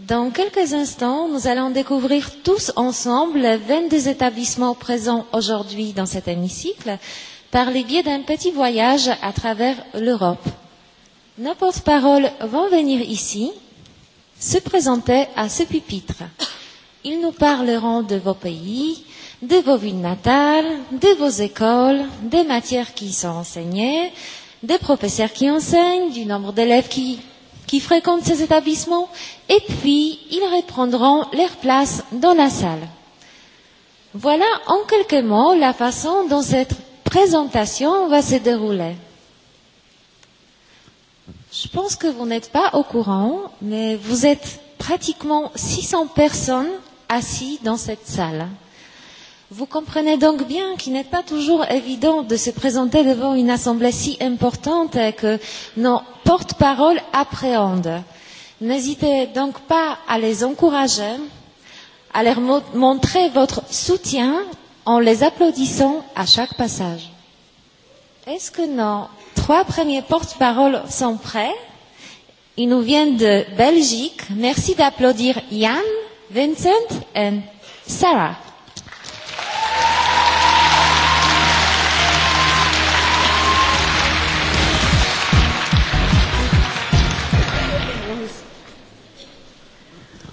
Dans quelques instants, nous allons découvrir tous ensemble 22 établissements présents aujourd'hui dans cet hémicycle par le biais d'un petit voyage à travers l'Europe. Nos porte-paroles vont venir ici se présenter à ce pupitre. Ils nous parleront de vos pays, de vos villes natales, de vos écoles, des matières qui y sont enseignées, des professeurs qui enseignent, du nombre d'élèves qui qui fréquentent ces établissements et puis ils reprendront leur place dans la salle. Voilà en quelques mots la façon dont cette présentation va se dérouler. Je pense que vous n'êtes pas au courant, mais vous êtes pratiquement 600 personnes assises dans cette salle. Vous comprenez donc bien qu'il n'est pas toujours évident de se présenter devant une assemblée si importante et que nos porte-paroles appréhendent. N'hésitez donc pas à les encourager, à leur montrer votre soutien en les applaudissant à chaque passage. Est-ce que nos trois premiers porte-paroles sont prêts Ils nous viennent de Belgique. Merci d'applaudir Jan, Vincent et Sarah.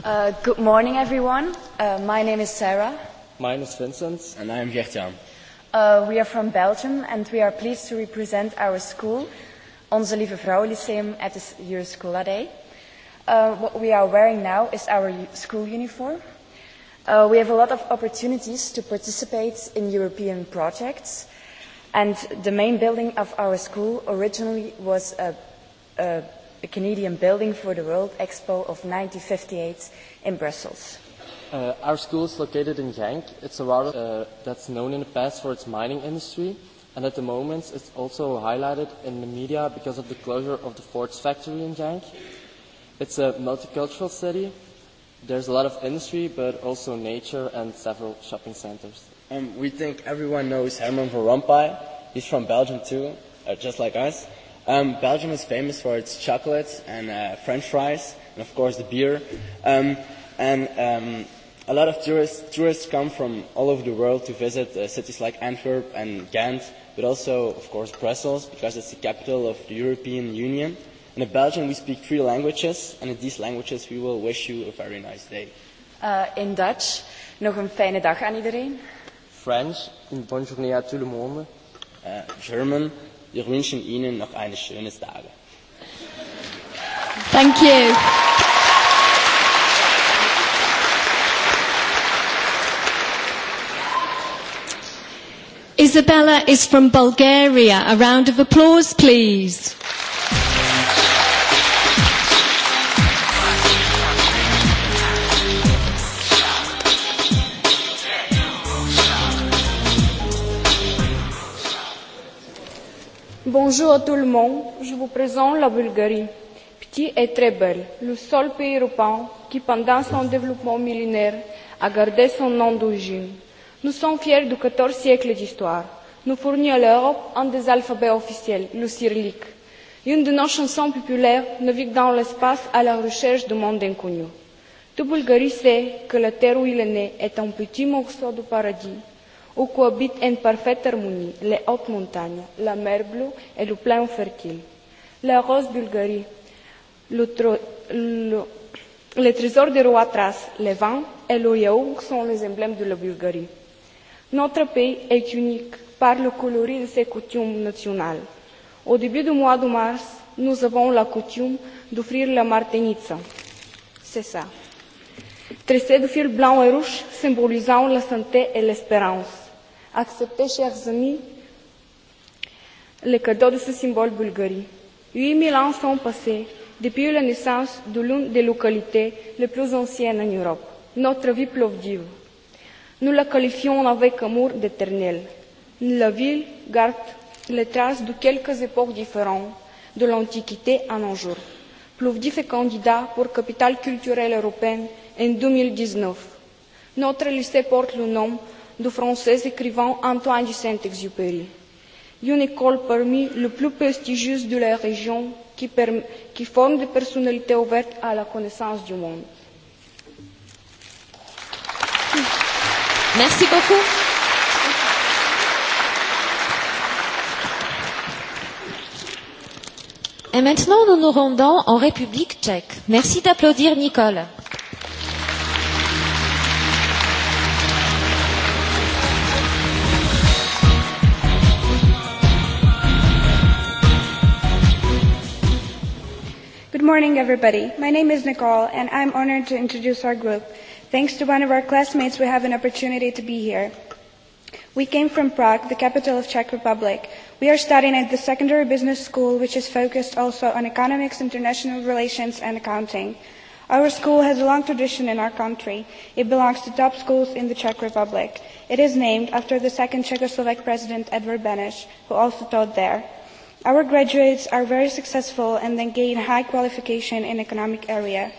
Good morning, everyone. My name is Sarah. Mine is Vincent. And I am Gertjan. We are from Belgium and we are pleased to represent our school, Onze Lieve Lyceum, at this year's School Day. What we are wearing now is our school uniform. We have a lot of opportunities to participate in European projects and the main building of our school originally was a the Canadian building for the World Expo of 1958 in Brussels. Our school is located in Genk. It's a water that's known in the past for its mining industry, and at the moment it's also highlighted in the media because of the closure of the Ford's factory in Genk. It's a multicultural city. There's a lot of industry, but also nature and several shopping centers. Um, we think everyone knows Herman Van Rompuy. He's from Belgium too, just like us Um, Belgium is famous for its chocolates and uh, French fries, and of course the beer. Um, and um, a lot of tourists, tourists come from all over the world to visit uh, cities like Antwerp and Ghent, but also, of course, Brussels, because it's the capital of the European Union. And in Belgium, we speak three languages, and in these languages, we will wish you a very nice day. Uh, in Dutch, nog een fijne dag aan iedereen. French, une bonne journée à tout le monde. Uh, German, Wir wünschen Ihnen noch ein schönes Tage. Thank you. Isabella is from Bulgaria. A round of applause, please. Bonjour à tout le monde, je vous présente la Bulgarie, petit et très belle, le seul pays européen qui, pendant son développement millénaire, a gardé son nom d'origine. Nous sommes fiers de 14 siècles d'histoire. Nous fournit à l'Europe un des alphabets officiels, le cyrillique. Une de nos chansons populaires navigue dans l'espace à la recherche du monde inconnu. Tout Bulgarie sait que la terre où il est né est un petit morceau de paradis où cohabitent en parfaite harmonie les hautes montagnes, la mer bleue et le plain fertile. La rose Bulgarie, le trésor de roi Thrace, le vin et le yaourt sont les emblèmes de la Bulgarie. Notre pays est unique par le coloris de ses coutumes nationales. Au début du mois de mars, nous avons la coutume d'offrir la martenitsa. C'est ça. Tressé de fil blanc et rouge, symbolisant la santé et l'espérance. Acceptez, chers amis, le cadeau de ce symbole Bulgarie. 8000 ans sont passés depuis la naissance de l'une des localités les plus anciennes en Europe, notre ville Plovdiv. Nous la qualifions avec amour d'éternel. La ville garde les traces de quelques époques différentes de l'Antiquité à nos jours. Plovdiv est candidat pour capitale culturelle européenne en 2019. Notre lycée porte le nom du français écrivain Antoine de Saint-Exupéry. Une école parmi les plus prestigieuses de la région qui forme des personnalités ouvertes à la connaissance du monde. Merci beaucoup. Et maintenant, nous nous rendons en République tchèque. Merci d'applaudir Nicole. morning, everybody. My name is Nicole, and I'm honored to introduce our group. Thanks to one of our classmates, we have an opportunity to be here. We came from Prague, the capital of Czech Republic. We are studying at the secondary business school, which is focused also on economics, international relations, and accounting. Our school has a long tradition in our country. It belongs to top schools in the Czech Republic. It is named after the second Czechoslovak president, Edvard Beneš, who also taught there. Our graduates are very successful and they gain high qualification in economic area.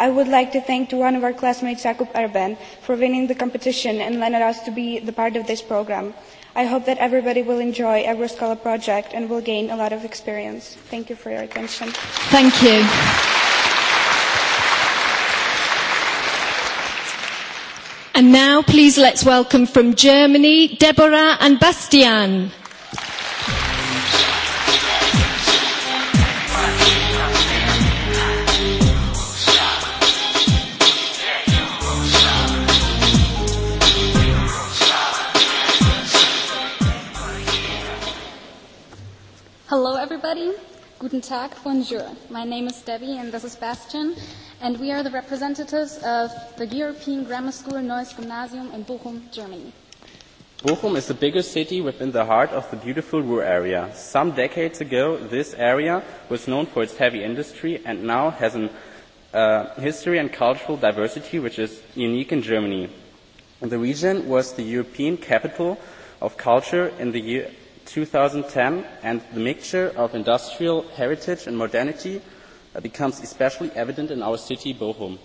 I would like to thank to one of our classmates, Jakub Erben, for winning the competition and letting us to be the part of this program. I hope that everybody will enjoy Scholar project and will gain a lot of experience. Thank you for your attention. Thank you. And now please let's welcome from Germany, Deborah and Bastian. everybody. Guten Tag, bonjour. My name is Debbie and this is Bastian, and we are the representatives of the European Grammar School Neues Gymnasium in Bochum, Germany. Bochum is the biggest city within the heart of the beautiful Ruhr area. Some decades ago, this area was known for its heavy industry and now has an history and cultural diversity which is unique in Germany. The region was the European capital of culture in the year 2010 and the mixture of industrial heritage and modernity becomes especially evident in our city, Bochum.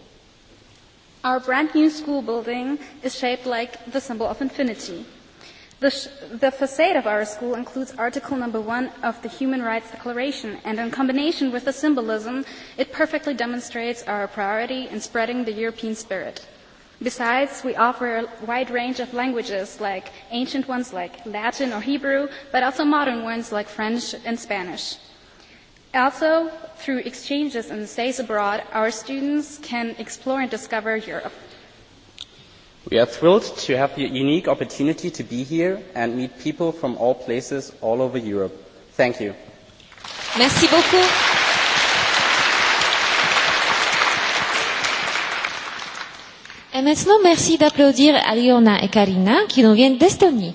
Our brand new school building is shaped like the symbol of infinity. The facade of our school includes Article Number 1 of the Human Rights Declaration, and in combination with the symbolism, it perfectly demonstrates our priority in spreading the European spirit. Besides, we offer a wide range of languages, like ancient ones like Latin or Hebrew, but also modern ones like French and Spanish. Also, through exchanges and stays abroad, our students can explore and discover Europe. We are thrilled to have the unique opportunity to be here and meet people from all places all over Europe. Thank you. Merci beaucoup. Et maintenant, merci d'applaudir Aliona et Karina qui nous viennent d'Estonie.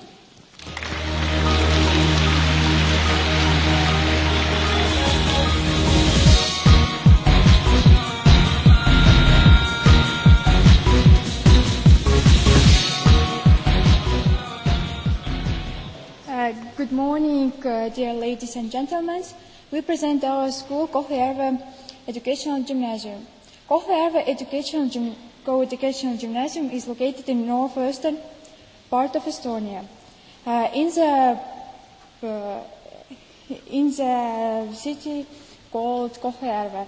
Good morning, dear ladies and gentlemen. We present our school, kohtla Educational Gymnasium. kohtla Educational Gymnasium co-educational gymnasium is located in northwestern part of Estonia. In the in the city called Kohjärve.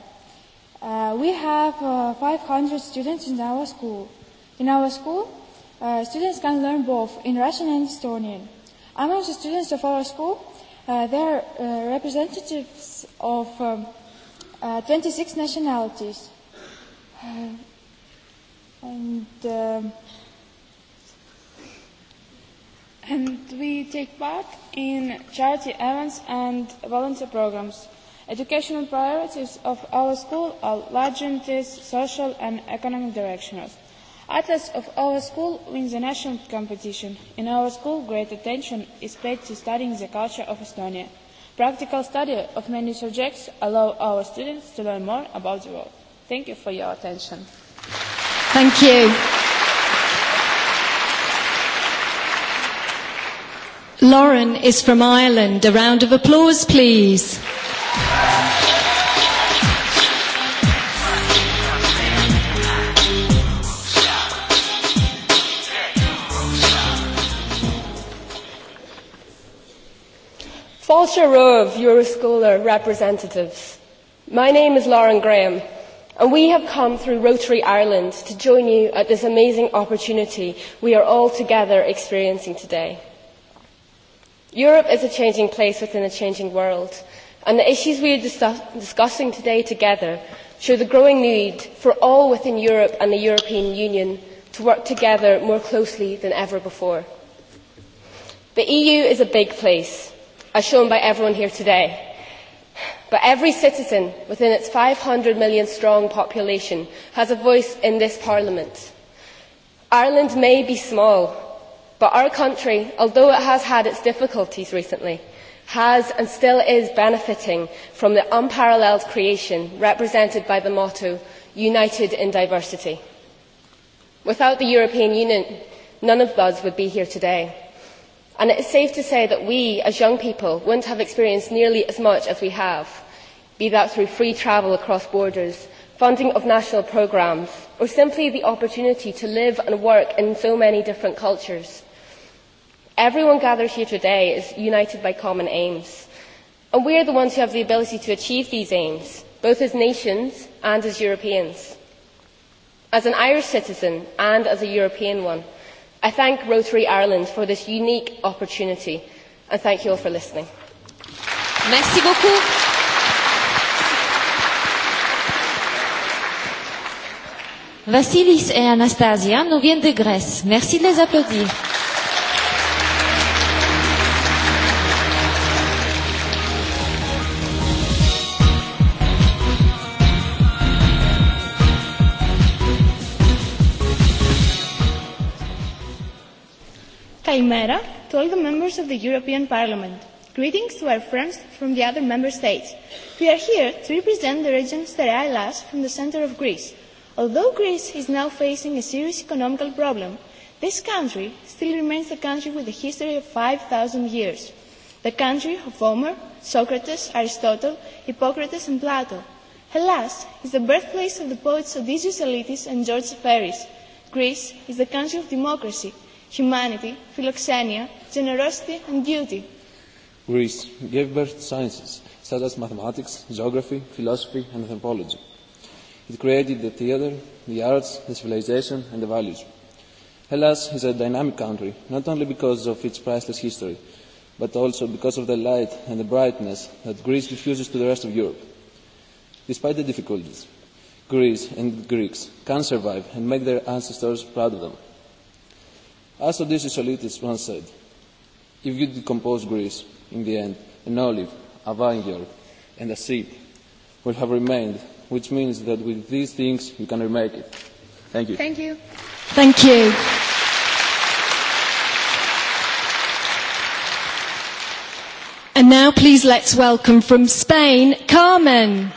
Uh, We have 500 students in our school. In our school, uh students can learn both in Russian and Estonian. Among the students of our school, there are representatives of uh 26 nationalities and and we take part in charity events and volunteer programs. Educational priorities of our school are largest social and economic directionals. Atlas of our school wins the national competition. In our school, great attention is paid to studying the culture of Estonia. Practical study of many subjects allow our students to learn more about the world. Thank you for your attention. Thank you. Lauren is from Ireland. A round of applause, please. False row of Euroscholar representatives. My name is Lauren Graham and we have come through rotary ireland to join you at this amazing opportunity we are all together experiencing today. europe is a changing place within a changing world and the issues we are discussing today together show the growing need for all within europe and the european union to work together more closely than ever before. the eu is a big place as shown by everyone here today but every citizen within its 500 million strong population has a voice in this parliament. ireland may be small but our country although it has had its difficulties recently has and still is benefiting from the unparalleled creation represented by the motto united in diversity'. without the european union none of us would be here today and it is safe to say that we as young people will not have experienced nearly as much as we have be that through free travel across borders funding of national programmes or simply the opportunity to live and work in so many different cultures. everyone gathered here today is united by common aims and we are the ones who have the ability to achieve these aims both as nations and as europeans. as an irish citizen and as a european one I thank Rotary Ireland for this unique opportunity and thank you all for listening. Merci beaucoup. et Anastasia nous viennent de Grèce. Merci de les applaudir. Καλημέρα to all the members of the European Parliament. Greetings to our friends from the other member states. We are here to represent the region Sterealas from the center of Greece. Although Greece is now facing a serious economical problem, this country still remains the country with a history of 5,000 years. The country of Homer, Socrates, Aristotle, Hippocrates and Plato. Hellas is the birthplace of the poets Odysseus Elitis and George Ferris. Greece is the country of democracy, humanity, philoxenia, generosity and duty. Greece gave birth to sciences such as mathematics, geography, philosophy and anthropology. It created the theatre, the arts, the civilization and the values. Hellas is a dynamic country, not only because of its priceless history, but also because of the light and the brightness that Greece diffuses to the rest of Europe. Despite the difficulties, Greece and Greeks can survive and make their ancestors proud of them. As Odysseus Solitis once said, if you decompose Greece in the end, an olive, a vineyard, and a seed will have remained, which means that with these things you can remake it. Thank you. Thank you. Thank you. And now please let's welcome from Spain, Carmen.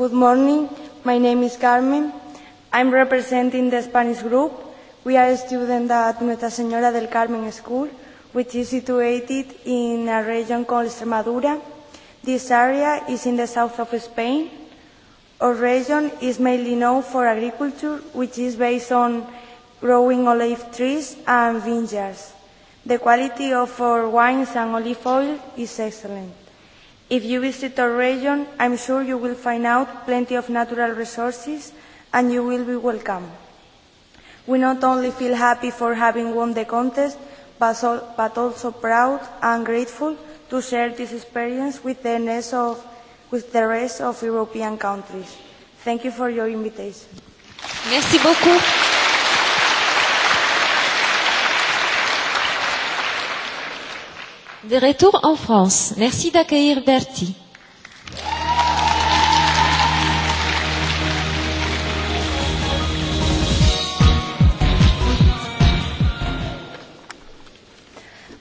Good morning. My name is Carmen. I'm representing the Spanish group. We are a student at Nuestra Señora del Carmen School, which is situated in a region called Extremadura. This area is in the south of Spain. Our region is mainly known for agriculture, which is based on growing olive trees and vineyards. The quality of our wines and olive oil is excellent. If you visit our region, I'm sure you will find out plenty of natural resources and you will be welcome. We not only feel happy for having won the contest, but also proud and grateful to share this experience with the rest of, with the rest of European countries. Thank you for your invitation. Merci beaucoup. de retour en France. Merci d'accueillir Berti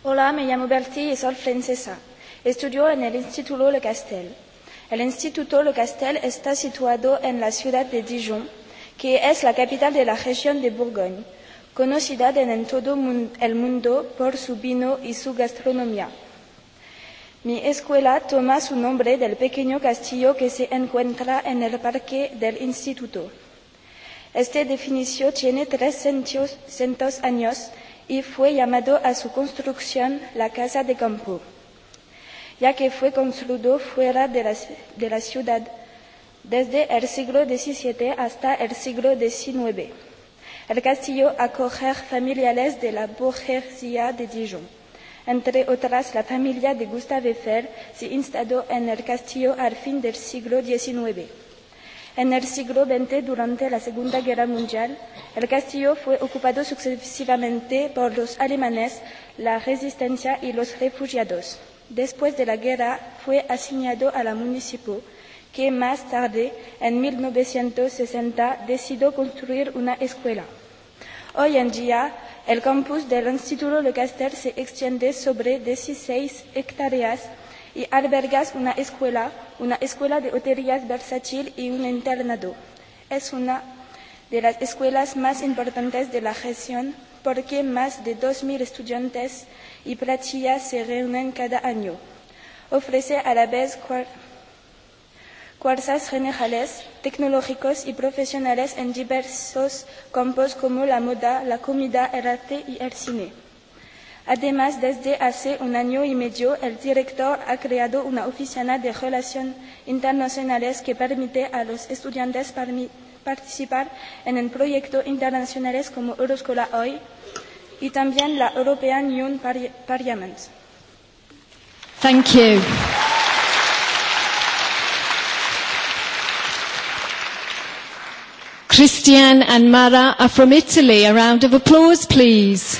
Hola, me llamo Berti y soy francesa. Estudio en el Instituto Le Castel. El Instituto Le Castel está situado en la ciudad de Dijon, que es la capital de la región de Bourgogne conocida en todo el mundo por su vino y su gastronomía. Mi escuela toma su nombre del pequeño castillo que se encuentra en el parque del instituto. Este edificio tiene 300 años y fue llamado a su construcción la Casa de Campo, ya que fue construido fuera de la ciudad desde el siglo XVII hasta el siglo XIX. El Castillo a correr familiares de la burguesía de Dijon. Entre otras, la familia de Gustave Eiffel se instaló en el Castillo al fin del siglo XIX. En el siglo XX, durante la Segunda Guerra Mundial, el castillo fue ocupado sucesivamente por los alemanes, la resistencia y los refugiados. Después de la guerra, fue asignado a la municipalidad que más tarde, en 1960, decidió construir una escuela. Hoy en día, el campus del Instituto Castel se extiende sobre 16 hectáreas y alberga una escuela, una escuela de hoterías versátil y un internado. Es una de las escuelas más importantes de la región porque más de 2.000 estudiantes y platillas se reúnen cada año. Ofrece a la vez cuarzas generales, tecnológicos y profesionales en diversos campos como la moda, la comida, el arte y el cine. Además, desde hace un año y medio, el director ha creado una oficina de relaciones internacionales que permite a los estudiantes participar en proyectos internacionales como Euroscola Hoy y también la European Union Parliament. Thank you. Christiane and Mara are from Italy. A round of applause, please.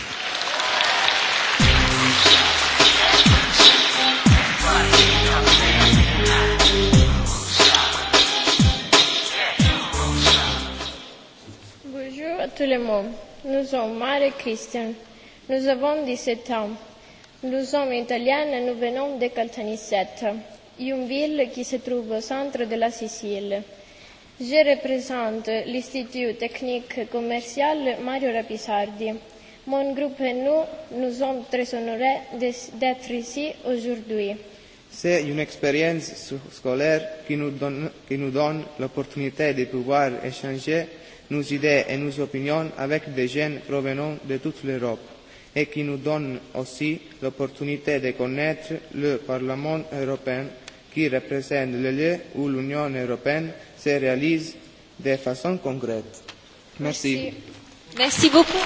Bonjour à tout le monde. Nous sommes Mara et Christian. Nous avons 17 ans. Nous sommes italiens et nous venons de Caltanissette, une ville qui se trouve au centre de la Sicile. Je représente l'Institut technique commercial Mario Rapisardi. Mon groupe et nous, nous sommes très honorés d'être ici aujourd'hui. C'est une expérience scolaire qui nous donne, donne l'opportunité de pouvoir échanger nos idées et nos opinions avec des jeunes provenant de toute l'Europe et qui nous donne aussi l'opportunité de connaître le Parlement européen qui représente le lieu où l'Union européenne se réalise de façon concrète. Merci. Merci beaucoup.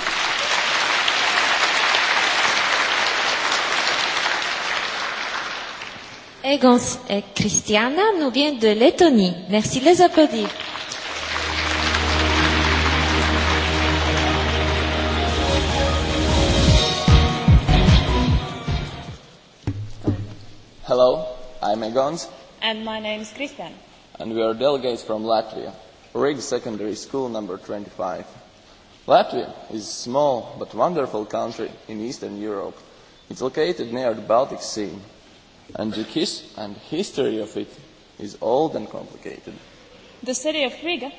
Egons et Christiana nous viennent de Lettonie. Merci de les applaudir. I'm Egons. And my name is Christian. And we are delegates from Latvia, Riga Secondary School number 25. Latvia is a small but wonderful country in Eastern Europe. It's located near the Baltic Sea, and the his and history of it is old and complicated. The city of Riga,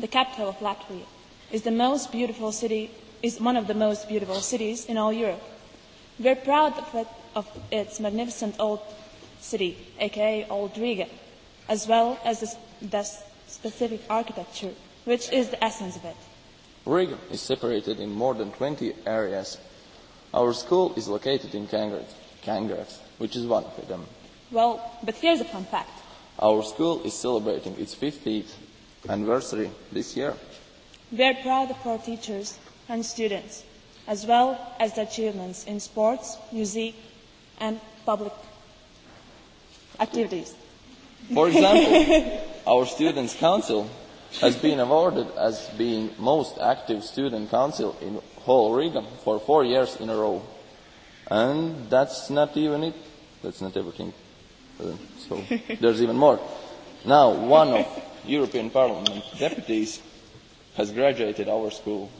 the capital of Latvia, is the most beautiful city is one of the most beautiful cities in all Europe. We are proud of its magnificent old city, aka Old Riga, as well as the specific architecture, which is the essence of it. Riga is separated in more than 20 areas. Our school is located in Kangaras, which is one of them. Well, but here's a fun fact. Our school is celebrating its 50th anniversary this year. We are proud of our teachers and students, as well as the achievements in sports, music, and public activities. For example, our Students' Council has been awarded as being most active student council in whole Riga for four years in a row. And that's not even it. That's not everything. So there's even more. Now, one of European Parliament deputies has graduated our school.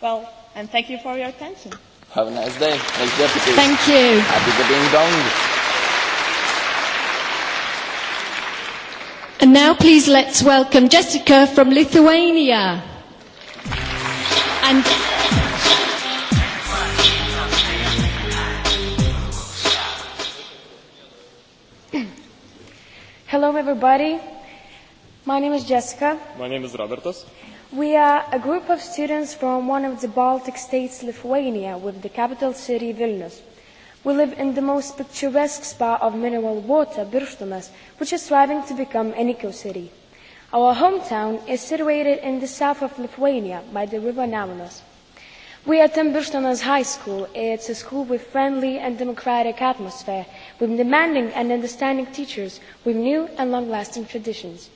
Well, and thank you for your attention. Have a nice day, nice deputies. Thank you. Happy to being done. now please let's welcome Jessica from Lithuania. And Hello everybody. My name is Jessica. My name is Robertos. We are a group of students from one of the Baltic states Lithuania with the capital city Vilnius. We live in the most picturesque spa of mineral water, Birchtumas, which is striving to become an eco-city. Our hometown is situated in the south of Lithuania by the river Nemunas. We attend Birchtumas High School. It's a school with friendly and democratic atmosphere, with demanding and understanding teachers, with new and long-lasting traditions.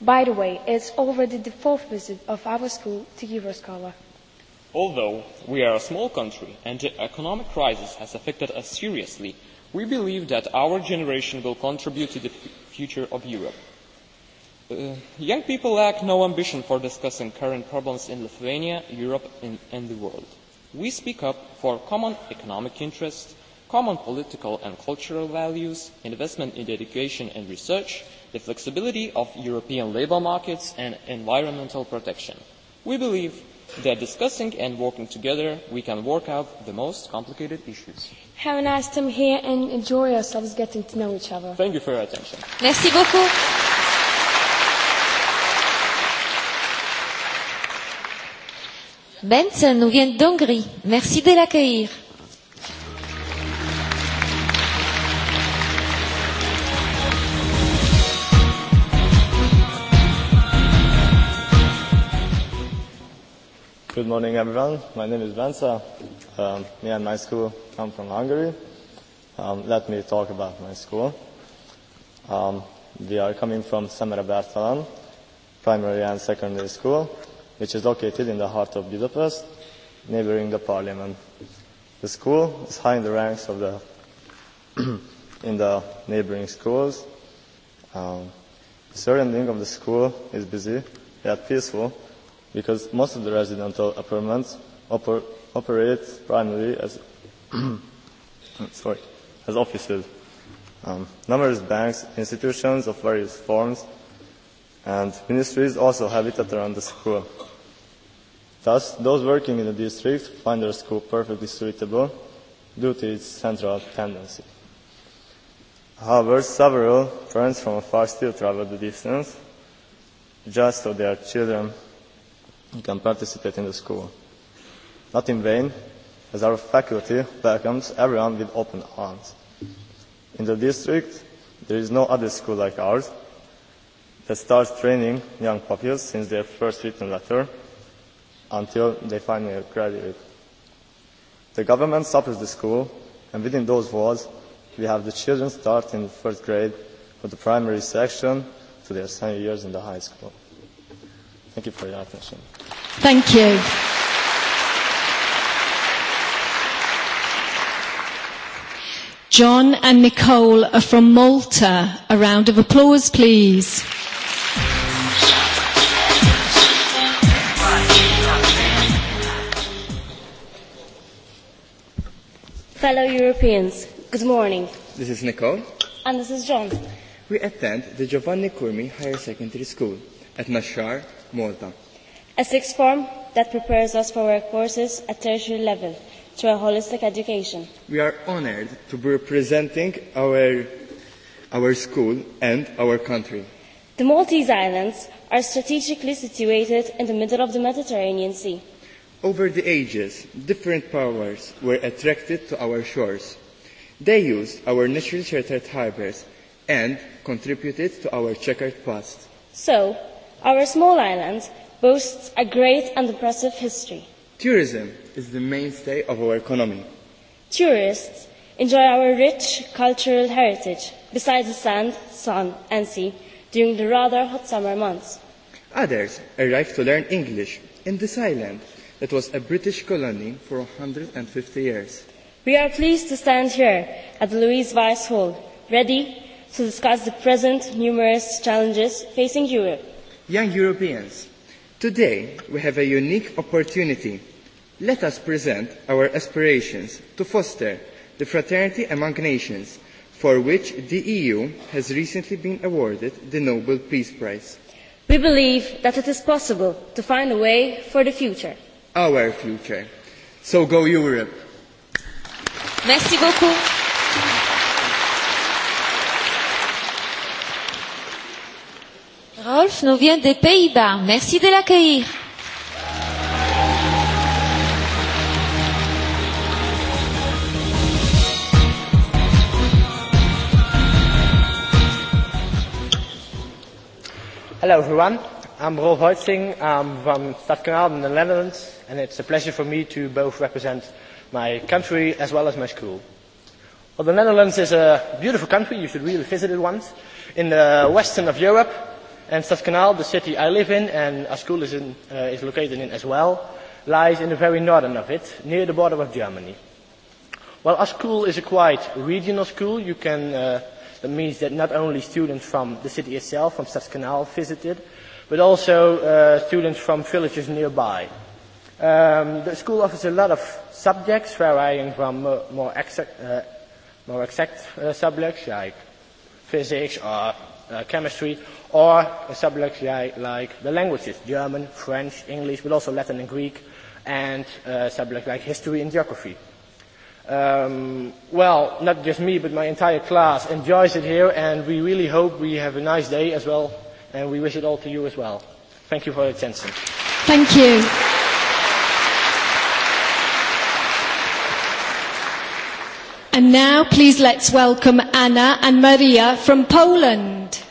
By the way, it's already the fourth visit of our school to Euroscholar. Although we are a small country and the economic crisis has affected us seriously, we believe that our generation will contribute to the future of Europe. Young people lack no ambition for discussing current problems in Lithuania, Europe and the world. We speak up for common economic interests, common political and cultural values, investment in education and research, the flexibility of European labour markets and environmental protection. We believe They are discussing and working together we can work out the most complicated issues. Have a nice time here and enjoy yourselves getting to know each other. Thank you for your attention. Merci beaucoup. Benson nous vient d'Hongrie. Merci de l'accueillir. Good morning, everyone. My name is Vansa. Me and my school come from Hungary. Let me talk about my school. We are coming from Samara Bertalan Primary and Secondary School, which is located in the heart of Budapest, neighboring the Parliament. The school is high in the ranks of the in the neighboring schools. The surrounding of the school is busy yet peaceful because most of the residential apartments operate primarily as sorry as offices. Numerous banks, institutions of various forms and ministries also habitat around the school. Thus, those working in the district find their school perfectly suitable due to its central tendency. However, several parents from afar still travel the distance just so their children You can participate in the school. Not in vain, as our faculty welcomes everyone with open arms. In the district, there is no other school like ours that starts training young pupils since their first written letter until they finally graduate. The government supports the school, and within those walls, we have the children start in first grade from the primary section to their senior years in the high school. Thank you for your attention. Thank you. John and Nicole are from Malta. A round of applause, please. Fellow Europeans, good morning. This is Nicole. And this is John. We attend the Giovanni Curmi Higher Secondary School at Nashar, Malta. A sixth form that prepares us for our courses at tertiary level through a holistic education. We are honoured to be representing our, our school and our country. The Maltese Islands are strategically situated in the middle of the Mediterranean Sea. Over the ages, different powers were attracted to our shores. They used our naturally sheltered harbors and contributed to our checkered past. So, our small island boasts a great and impressive history. Tourism is the mainstay of our economy. Tourists enjoy our rich cultural heritage, besides the sand, sun and sea, during the rather hot summer months. Others arrive to learn English in this island that was a British colony for 150 years. We are pleased to stand here at the Louise Weiss Hall, ready to discuss the present numerous challenges facing Europe. Young Europeans Today, we have a unique opportunity. Let us present our aspirations to foster the fraternity among nations, for which the EU has recently been awarded the Nobel Peace Prize. We believe that it is possible to find a way for the future. Our future. So go Europe. Merci beaucoup. Rolf nous vient des Pays-Bas. Merci de l'accueillir. Hello everyone, I'm Rolf Heutzing. I'm from in the Netherlands and it's a pleasure for me to both represent my country as well as my school. Well the Netherlands is a beautiful country, you should really visit it once, in the western of Europe And Saskanaal, the city I live in and our school is, in, uh, is located in as well, lies in the very northern of it, near the border of Germany. Well, our school is a quite regional school. You can, uh, that means that not only students from the city itself, from visit visited, but also uh, students from villages nearby. Um, the school offers a lot of subjects varying from more, more exact, uh, more exact uh, subjects like physics or chemistry or a subject like the languages, German, French, English, but also Latin and Greek, and a subject like history and geography. Well, not just me, but my entire class enjoys it here, and we really hope we have a nice day as well, and we wish it all to you as well. Thank you for your attention. Thank you. And now please let's welcome Anna and Maria from Poland.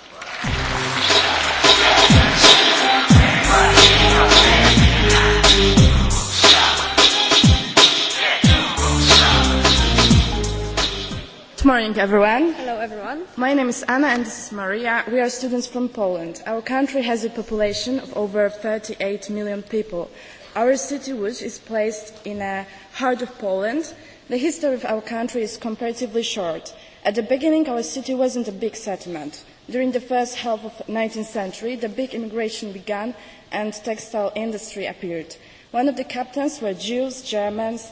Good morning everyone. Hello everyone. My name is Anna and this is Maria. We are students from Poland. Our country has a population of over 38 million people. Our city which is placed in the heart of Poland The history of our country is comparatively short. At the beginning, our city wasn't a big settlement. During the first half of the 19th century, the big immigration began and textile industry appeared. One of the captains were Jews, Germans,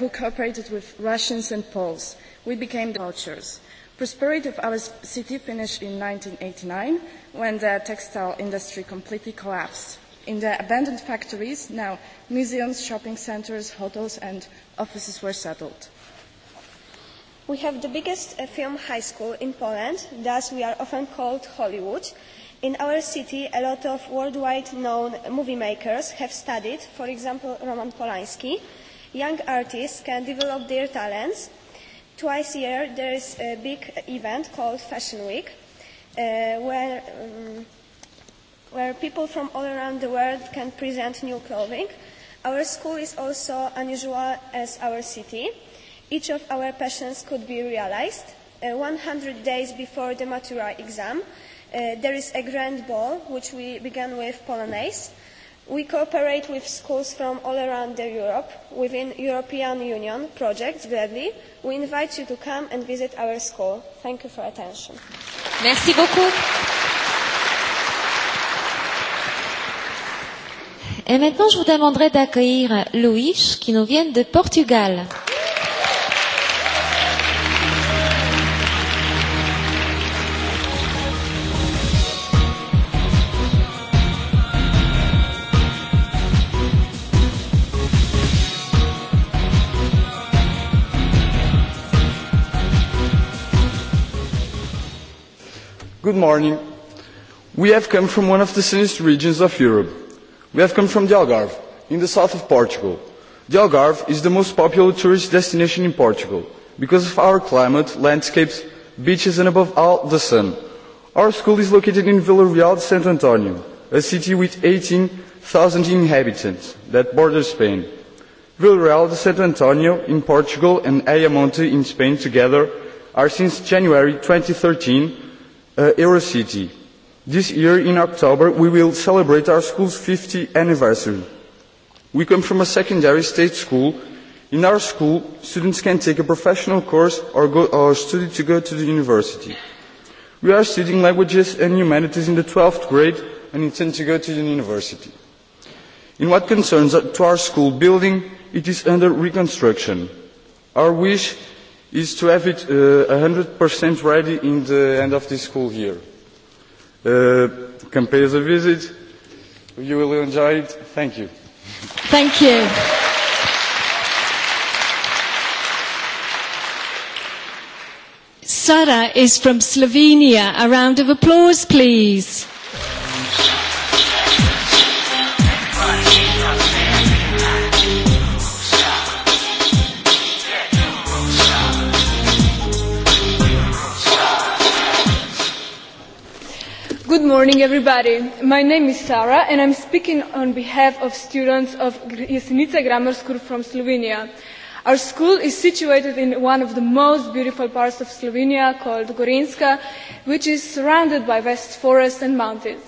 who cooperated with Russians and Poles. We became the cultures. Prosperity of our city finished in 1989 when the textile industry completely collapsed in the abandoned factories, now museums, shopping centers, hotels and offices were settled. We have the biggest film high school in Poland, thus we are often called Hollywood. In our city, a lot of worldwide known movie makers have studied, for example, Roman Polanski. Young artists can develop their talents. Twice a year there is a big event called Fashion Week, where where people from all around the world can present new clothing. Our school is also unusual as our city. Each of our passions could be realized. 100 days before the Matura exam, there is a grand ball, which we began with Polonaise. We cooperate with schools from all around Europe within European Union projects gladly. We invite you to come and visit our school. Thank you for attention. Merci beaucoup. Et maintenant, je vous demanderai d'accueillir Luís, qui nous vient de Portugal. Good morning. We have come from one of the sinister regions of Europe We have come from the Algarve, in the south of Portugal. The Algarve is the most popular tourist destination in Portugal because of our climate, landscapes, beaches and above all the sun. Our school is located in Vila Real de Santo Antonio, a city with 18,000 inhabitants that borders Spain. Vila Real de Santo Antonio in Portugal and Ayamonte in Spain together are since January 2013 a Eurocity This year, in October, we will celebrate our school's 50th anniversary. We come from a secondary state school. In our school, students can take a professional course or study to go to the university. We are studying languages and humanities in the 12th grade and intend to go to the university. In what concerns to our school building, it is under reconstruction. Our wish is to have it 100% ready in the end of this school year. Come pay us a visit. You will enjoy it. Thank you. Thank you. Sara is from Slovenia. A round of applause, please. morning, everybody. My name is Sara, and I'm speaking on behalf of students of Jesenice Grammar School from Slovenia. Our school is situated in one of the most beautiful parts of Slovenia, called Gorinska, which is surrounded by vast forests and mountains.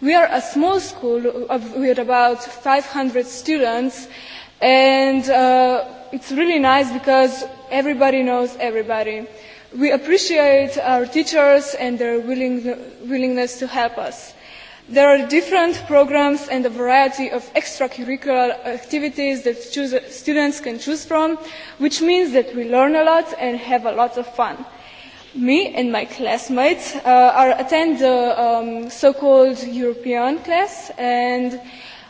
We are a small school of, with about 500 students, and uh, it's really nice because everybody knows everybody We appreciate our teachers and their willingness to help us. There are different programs and a variety of extracurricular activities that students can choose from, which means that we learn a lot and have a lot of fun. Me and my classmates attend the so-called European class, and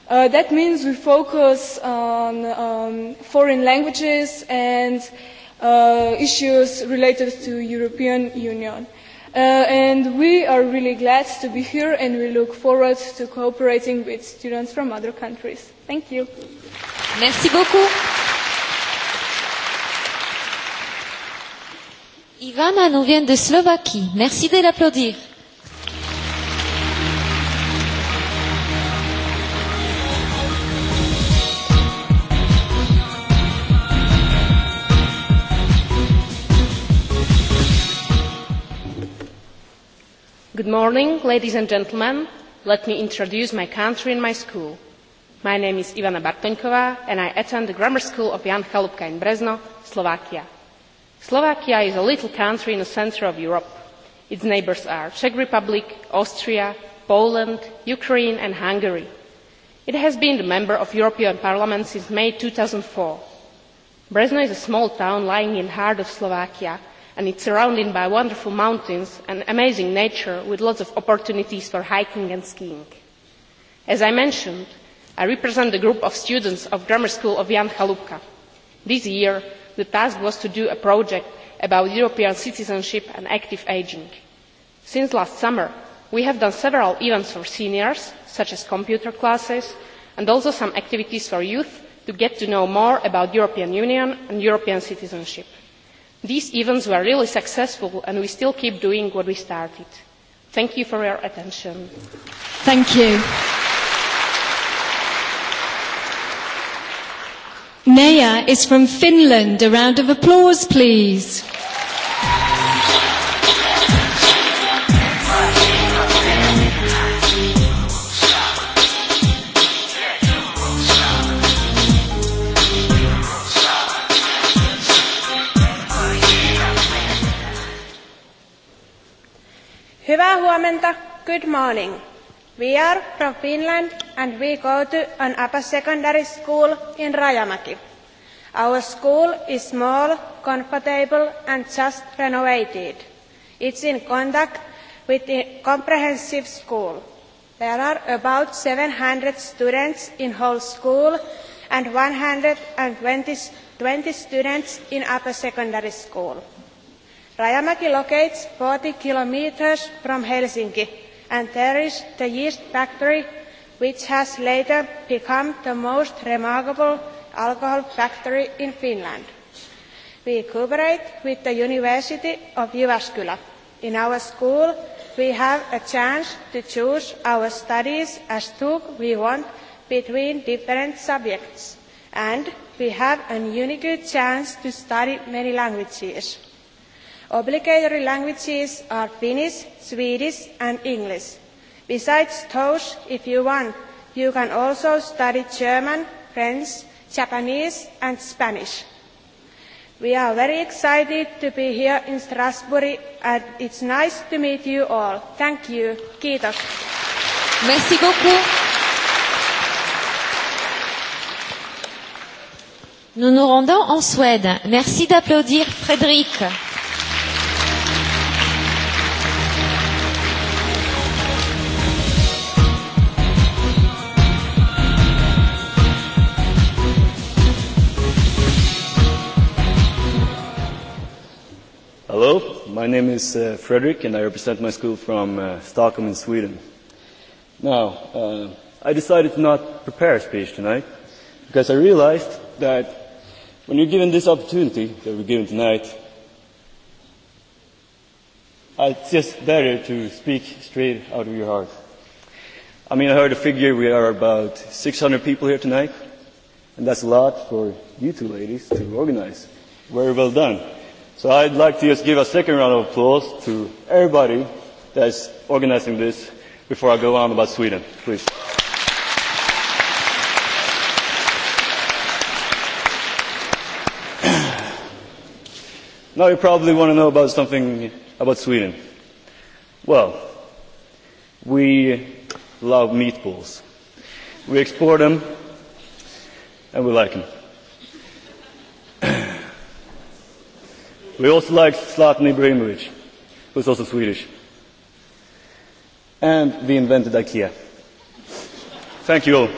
that means we focus on foreign languages and issues related to European Union. And we are really glad to be here and we look forward to cooperating with students from other countries. Thank you. Merci beaucoup. Ivana nous vient de Slovaquie. Merci de l'applaudir. Good morning, ladies and gentlemen. Let me introduce my country and my school. My name is Ivana Bartoňková and I attend the grammar school of Jan Chalupka in Brezno, Slovakia. Slovakia is a little country in the center of Europe. Its neighbors are Czech Republic, Austria, Poland, Ukraine and Hungary. It has been a member of European Parliament since May 2004. Brezno is a small town lying in the heart of Slovakia and is surrounded by wonderful mountains and amazing nature with lots of opportunities for hiking and skiing. As I mentioned, I represent the group of students of Grammar School of Jan Halupka. This year, the task was to do a project about European citizenship and active ageing. Since last summer, we have done several events for seniors, such as computer classes, and also some activities for youth to get to know more about the European Union and European citizenship. These events were really successful and we still keep doing what we started. Thank you for your attention. Thank you. Νέα is from Finland. A round of applause, please. Hyvää huomenta. Good morning. We are from Finland and we go to an upper secondary school in Rajamäki. Our school is small, comfortable and just renovated. It's in contact with a comprehensive school. There are about 700 students in whole school and 120 students in upper secondary school. Rajamäki locates 40 kilometres from Helsinki, and there is the yeast factory, which has later become the most remarkable alcohol factory in Finland. We cooperate with the University of Jyväskylä. In our school, we have a chance to choose our studies as to we want between different subjects, and we have a unique chance to study many languages. Obligatory languages are Finnish, Swedish and English. Besides Tosh, if you want, you can also study German, French, Japanese and Spanish. We are very excited to be here in Strasbourg and it's nice to meet you all. Thank you. Kiitos. Merci Nous nous rendons en Suède. Merci d'applaudir Frédéric. Hello, my name is Frederick and I represent my school from Stockholm in Sweden. Now, I decided to not prepare a speech tonight because I realized that when you're given this opportunity that we're given tonight, it's just better to speak straight out of your heart. I mean, I heard a figure we are about 600 people here tonight, and that's a lot for you two ladies to organize. Very well done. So I'd like to just give a second round of applause to everybody that's organizing this before I go on about Sweden, please. Now you probably want to know about something about Sweden. Well, we love meatballs. We export them and we like them. We also like Slatan Ibrahimovic, who is also Swedish. And we invented IKEA. Thank you all.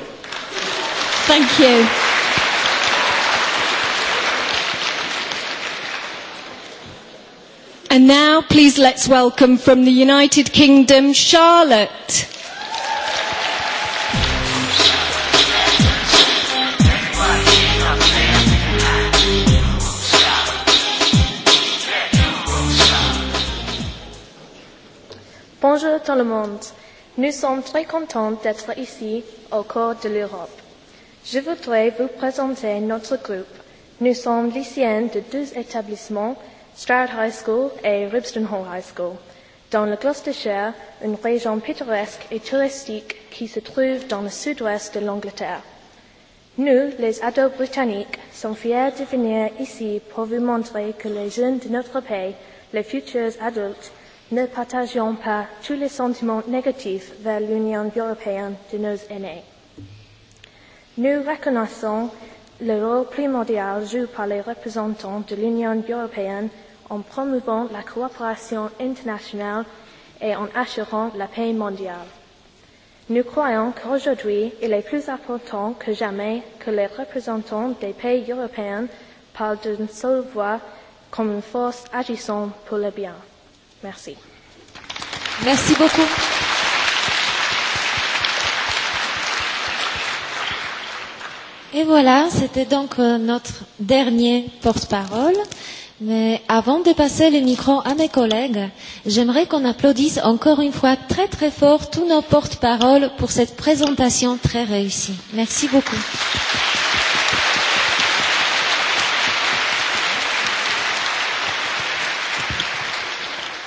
Thank you. And now please let's welcome from the United Kingdom Charlotte. Bonjour tout le monde. Nous sommes très contents d'être ici, au cœur de l'Europe. Je voudrais vous présenter notre groupe. Nous sommes lycéens de deux établissements, Stroud High School et Ribston Hall High School, dans le Gloucestershire, une région pittoresque et touristique qui se trouve dans le sud-ouest de l'Angleterre. Nous, les ados britanniques, sommes fiers de venir ici pour vous montrer que les jeunes de notre pays, les futurs adultes, ne partageons pas tous les sentiments négatifs vers l'Union européenne de nos aînés. Nous reconnaissons le rôle primordial joué par les représentants de l'Union européenne en promouvant la coopération internationale et en assurant la paix mondiale. Nous croyons qu'aujourd'hui, il est plus important que jamais que les représentants des pays européens parlent d'une seule voix comme une force agissant pour le bien. Merci. Merci beaucoup. Et voilà, c'était donc notre dernier porte-parole. Mais avant de passer le micro à mes collègues, j'aimerais qu'on applaudisse encore une fois très très fort tous nos porte-paroles pour cette présentation très réussie. Merci beaucoup.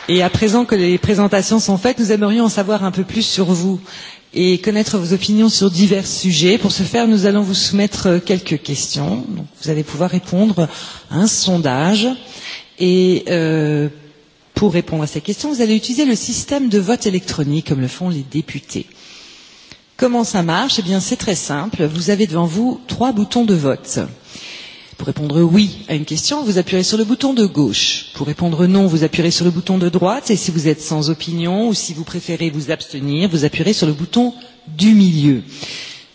Et à présent que les présentations sont faites, nous aimerions en savoir un peu plus sur vous et connaître vos opinions sur divers sujets. Pour ce faire, nous allons vous soumettre quelques questions. Donc, vous allez pouvoir répondre à un sondage. Et pour répondre à ces questions, vous allez utiliser le système de vote électronique, comme le font les députés. Comment ça marche Eh bien, c'est très simple. Vous avez devant vous trois boutons de vote. Pour répondre oui à une question, vous appuyez sur le bouton de gauche. Pour répondre non, vous appuyez sur le bouton de droite. Et si vous êtes sans opinion ou si vous préférez vous abstenir, vous appuyez sur le bouton du milieu.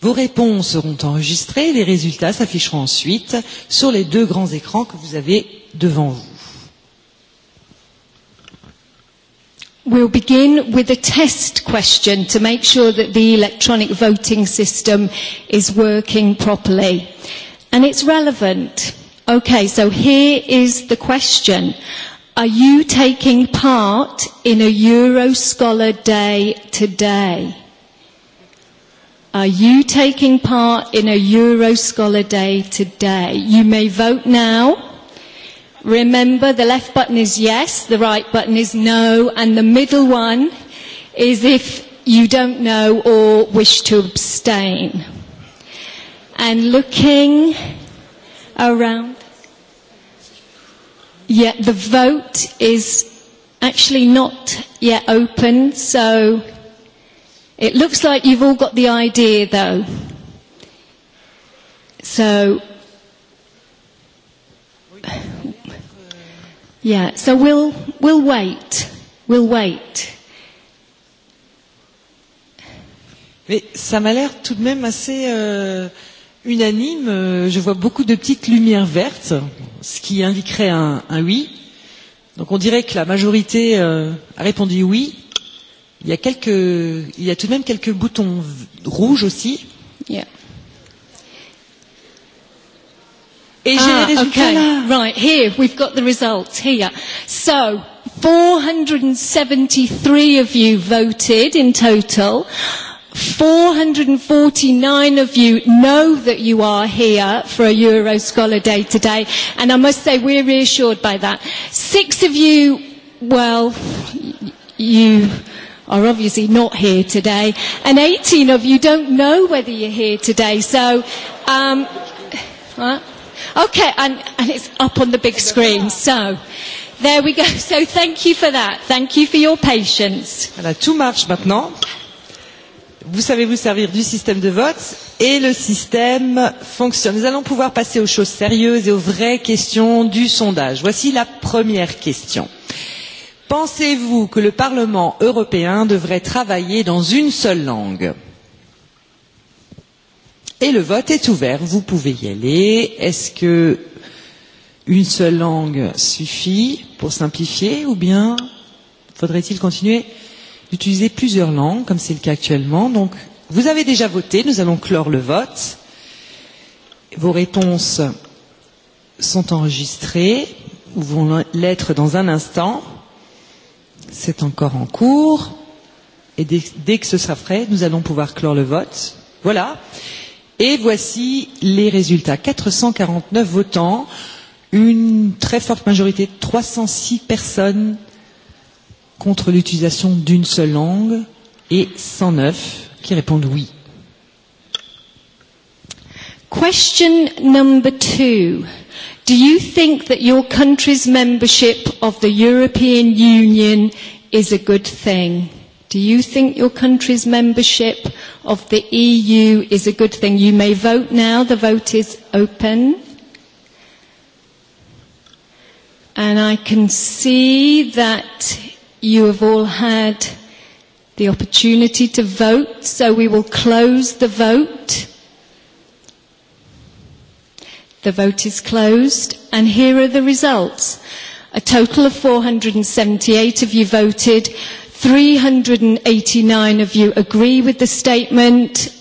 Vos réponses seront enregistrées et les résultats s'afficheront ensuite sur les deux grands écrans que vous avez devant vous. We'll begin with a test question to make sure that the electronic voting system is working properly and it's relevant. Okay, so here is the question. Are you taking part in a Euroscholar Day today? Are you taking part in a Euroscholar Day today? You may vote now. Remember, the left button is yes, the right button is no, and the middle one is if you don't know or wish to abstain and looking around. yet the vote is actually not yet open, so it looks like you've all got the idea though. So, yeah, so we'll, we'll wait. We'll wait. Mais ça m'a l'air tout de même assez unanime. Je vois beaucoup de petites lumières vertes, ce qui indiquerait un oui. Donc on dirait que la majorité a répondu oui. Il y a quelques, il y a tout de même quelques boutons rouges aussi. Et j'ai les résultats Right, here, we've got the results here. So, 473 of you voted in total. 449 of you know that you are here for a Euro Scholar Day today, and I must say we're reassured by that. Six of you, well, you are obviously not here today, and 18 of you don't know whether you're here today. So, um, okay, and, and it's up on the big screen. So. There we go. So thank you for that. Thank you for your patience. Voilà, tout marche maintenant vous savez vous servir du système de vote et le système fonctionne. Nous allons pouvoir passer aux choses sérieuses et aux vraies questions du sondage. Voici la première question. Pensez-vous que le Parlement européen devrait travailler dans une seule langue Et le vote est ouvert, vous pouvez y aller. Est-ce que une seule langue suffit pour simplifier ou bien faudrait-il continuer d'utiliser plusieurs langues, comme c'est le cas actuellement. Donc, vous avez déjà voté, nous allons clore le vote. Vos réponses sont enregistrées, ou vont l'être dans un instant. C'est encore en cours. Et dès que ce sera frais, nous allons pouvoir clore le vote. Voilà. Et voici les résultats. 449 votants, une très forte majorité, 306 personnes contre l'utilisation d'une seule langue et 109 qui répondent oui. Question number two. Do you think that your country's membership of the European Union is a good thing? Do you think your country's membership of the EU is a good thing? You may vote now. The vote is open. And I can see that You have all had the opportunity to vote, so we will close the vote. The vote is closed, and here are the results. A total of 478 of you voted. 389 of you agree with the statement.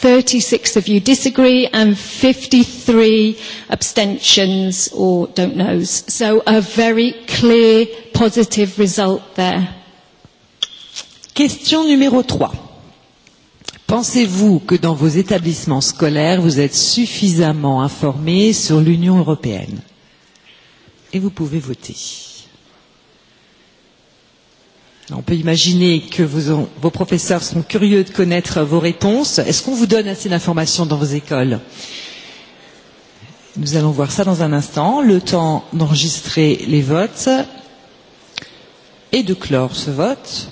36 of you disagree and 53 abstentions or don't knows. So a very clear positive result there. Question numéro 3. Pensez-vous que dans vos établissements scolaires, vous êtes suffisamment informés sur l'Union européenne Et vous pouvez voter. On peut imaginer que vos, professeurs sont curieux de connaître vos réponses. Est-ce qu'on vous donne assez d'informations dans vos écoles Nous allons voir ça dans un instant. Le temps d'enregistrer les votes et de clore ce vote.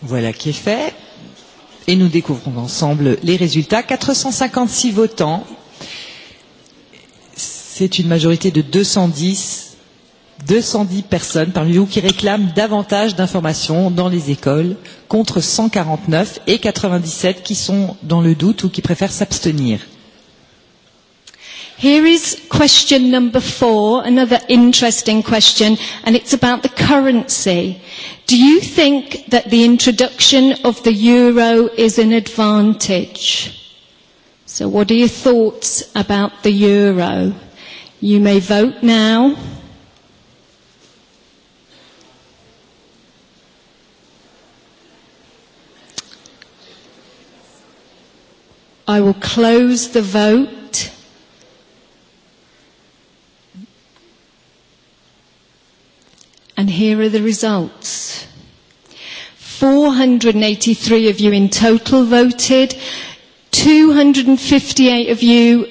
Voilà qui est fait. Et nous découvrons ensemble les résultats. 456 votants. C'est une majorité de 210 210 personnes parmi vous qui réclament davantage d'informations dans les écoles contre 149 et 97 qui sont dans le doute ou qui préfèrent s'abstenir. Here is question number four, another interesting question, and it's about the currency. Do you think that the introduction of the euro is an advantage? So what are your thoughts about the euro? You may vote now. I will close the vote. And here are the results. 483 of you in total voted. 258 of you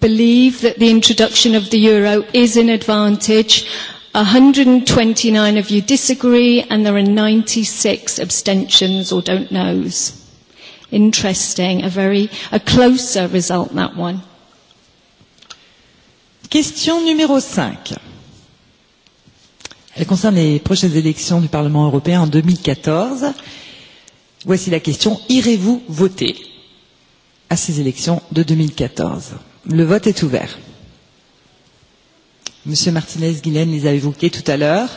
believe that the introduction of the euro is an advantage. 129 of you disagree, and there are 96 abstentions or don't knows interesting, a very a closer result that one. Question numéro 5. Elle concerne les prochaines élections du Parlement européen en 2014. Voici la question. Irez-vous voter à ces élections de 2014 Le vote est ouvert. Monsieur Martinez-Guilaine les a évoqués tout à l'heure.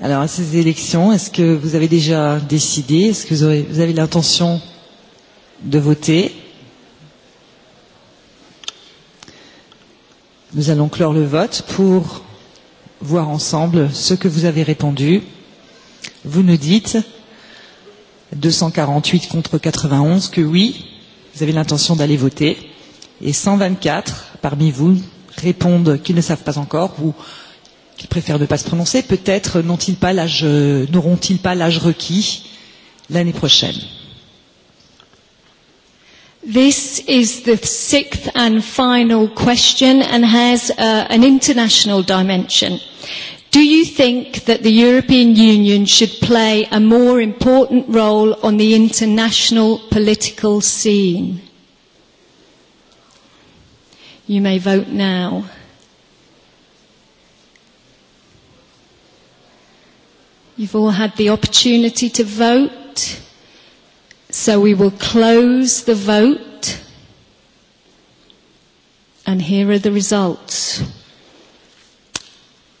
Alors, à ces élections, est-ce que vous avez déjà décidé Est-ce que vous, aurez, vous avez l'intention de voter Nous allons clore le vote pour voir ensemble ce que vous avez répondu. Vous nous dites 248 contre 91 que oui, vous avez l'intention d'aller voter. Et 124 parmi vous répondent qu'ils ne savent pas encore ou qu'ils préfèrent ne pas se prononcer. Peut-être nauront n'auront-ils pas l'âge requis l'année prochaine. This is the sixth and final question and has an international dimension. Do you think that the European Union should play a more important role on the international political scene? You may vote now. You've all had the opportunity to vote. So we will close the vote. And here are the results.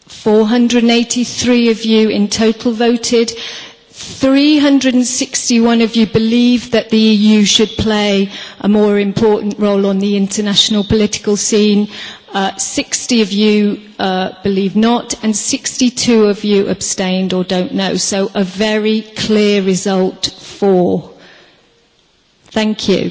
483 of you in total voted. 361 of you believe that the EU should play a more important role on the international political scene 60 of you believe not, and 62 of you abstained or don't know. So a very clear result for. Thank you.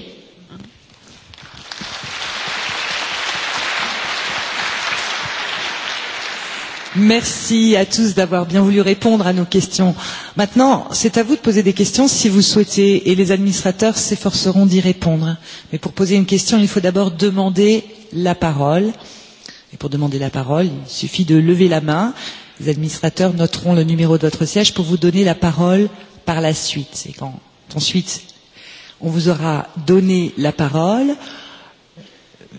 Merci à tous d'avoir bien voulu répondre à nos questions. Maintenant, c'est à vous de poser des questions si vous souhaitez, et les administrateurs s'efforceront d'y répondre. Mais pour poser une question, il faut d'abord demander la parole. Et pour demander la parole, il suffit de lever la main. Les administrateurs noteront le numéro de votre siège pour vous donner la parole par la suite. Et quand ensuite on vous aura donné la parole,